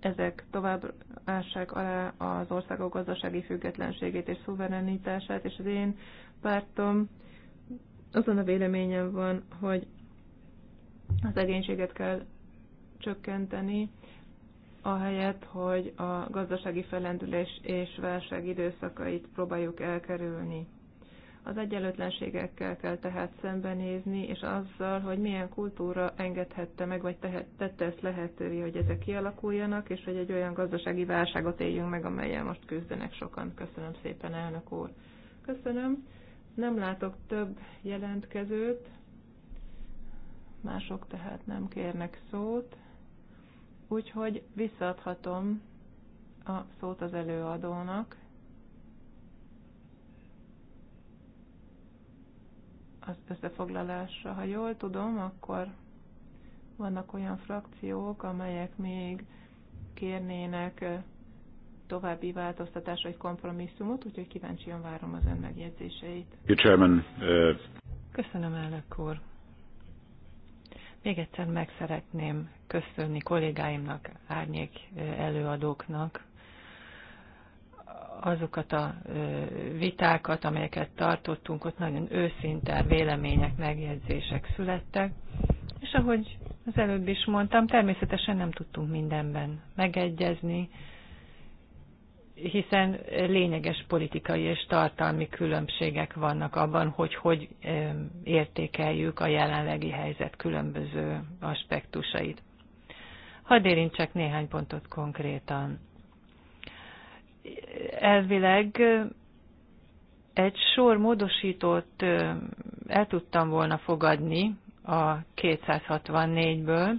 Ezek tovább ássák alá az országok gazdasági függetlenségét és szuverenitását, és az én pártom azon a véleményem van, hogy az egénységet kell csökkenteni, ahelyett, hogy a gazdasági felendülés és válság időszakait próbáljuk elkerülni. Az egyenlőtlenségekkel kell tehát szembenézni, és azzal, hogy milyen kultúra engedhette meg, vagy tehet, tette ezt lehetővé, hogy ezek kialakuljanak, és hogy egy olyan gazdasági válságot éljünk meg, amelyel most küzdenek sokan. Köszönöm szépen, elnök úr. Köszönöm. Nem látok több jelentkezőt, mások tehát nem kérnek szót. Úgyhogy visszaadhatom a szót az előadónak. Az összefoglalásra, ha jól tudom, akkor vannak olyan frakciók, amelyek még kérnének további változtatás vagy kompromisszumot, úgyhogy kíváncsian várom az ön megjegyzéseit. Uh, Köszönöm, elnök úr. Még egyszer meg szeretném köszönni kollégáimnak, árnyék előadóknak azokat a vitákat, amelyeket tartottunk, ott nagyon őszinte vélemények, megjegyzések születtek, és ahogy az előbb is mondtam, természetesen nem tudtunk mindenben megegyezni, hiszen lényeges politikai és tartalmi különbségek vannak abban, hogy hogy értékeljük a jelenlegi helyzet különböző aspektusait. Hadd érintsek néhány pontot konkrétan. Elvileg egy sor módosítót el tudtam volna fogadni a 264-ből,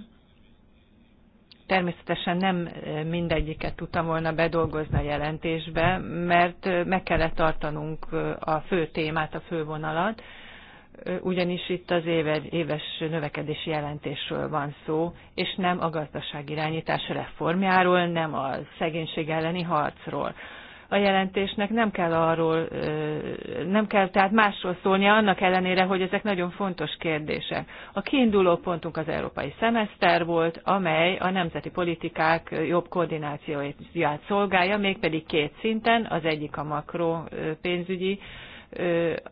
természetesen nem e, mindegyiket tudtam volna bedolgozni a jelentésbe, mert e, meg kellett tartanunk e, a fő témát, a fővonalat, ugyanis itt az éves növekedési jelentésről van szó, és nem a gazdaságirányítás reformjáról, nem a szegénység elleni harcról a jelentésnek nem kell arról, nem kell tehát másról szólnia, annak ellenére, hogy ezek nagyon fontos kérdések. A kiinduló pontunk az európai szemeszter volt, amely a nemzeti politikák jobb koordinációját szolgálja, mégpedig két szinten, az egyik a makro pénzügyi,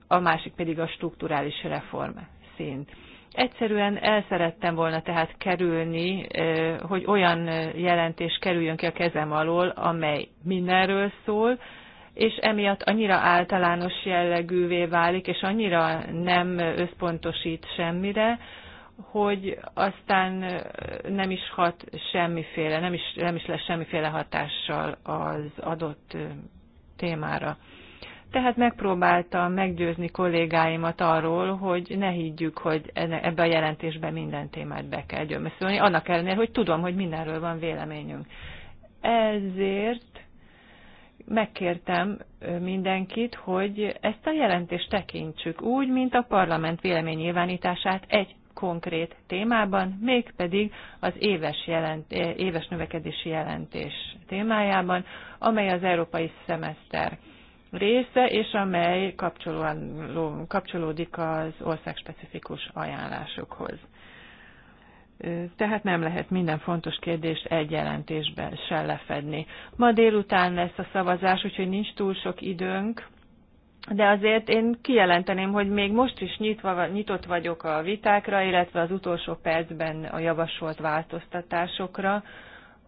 a másik pedig a strukturális reform szint. Egyszerűen el szerettem volna tehát kerülni, hogy olyan jelentés kerüljön ki a kezem alól, amely mindenről szól, és emiatt annyira általános jellegűvé válik, és annyira nem összpontosít semmire, hogy aztán nem is hat semmiféle, nem is, nem is lesz semmiféle hatással az adott témára tehát megpróbáltam meggyőzni kollégáimat arról, hogy ne higgyük, hogy ebbe a jelentésbe minden témát be kell gyömöszölni, annak ellenére, hogy tudom, hogy mindenről van véleményünk. Ezért megkértem mindenkit, hogy ezt a jelentést tekintsük úgy, mint a parlament véleménynyilvánítását egy konkrét témában, mégpedig az éves, jelent, éves növekedési jelentés témájában, amely az európai szemeszter része, és amely kapcsolódik az országspecifikus ajánlásokhoz. Tehát nem lehet minden fontos kérdést egy jelentésben se lefedni. Ma délután lesz a szavazás, úgyhogy nincs túl sok időnk, de azért én kijelenteném, hogy még most is nyitva, nyitott vagyok a vitákra, illetve az utolsó percben a javasolt változtatásokra,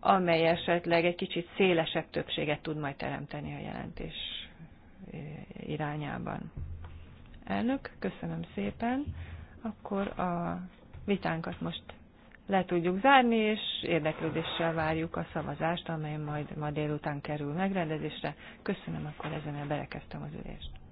amely esetleg egy kicsit szélesebb többséget tud majd teremteni a jelentés irányában. Elnök, köszönöm szépen. Akkor a vitánkat most le tudjuk zárni, és érdeklődéssel várjuk a szavazást, amely majd ma délután kerül megrendezésre. Köszönöm, akkor ezen berekeztem az ülést.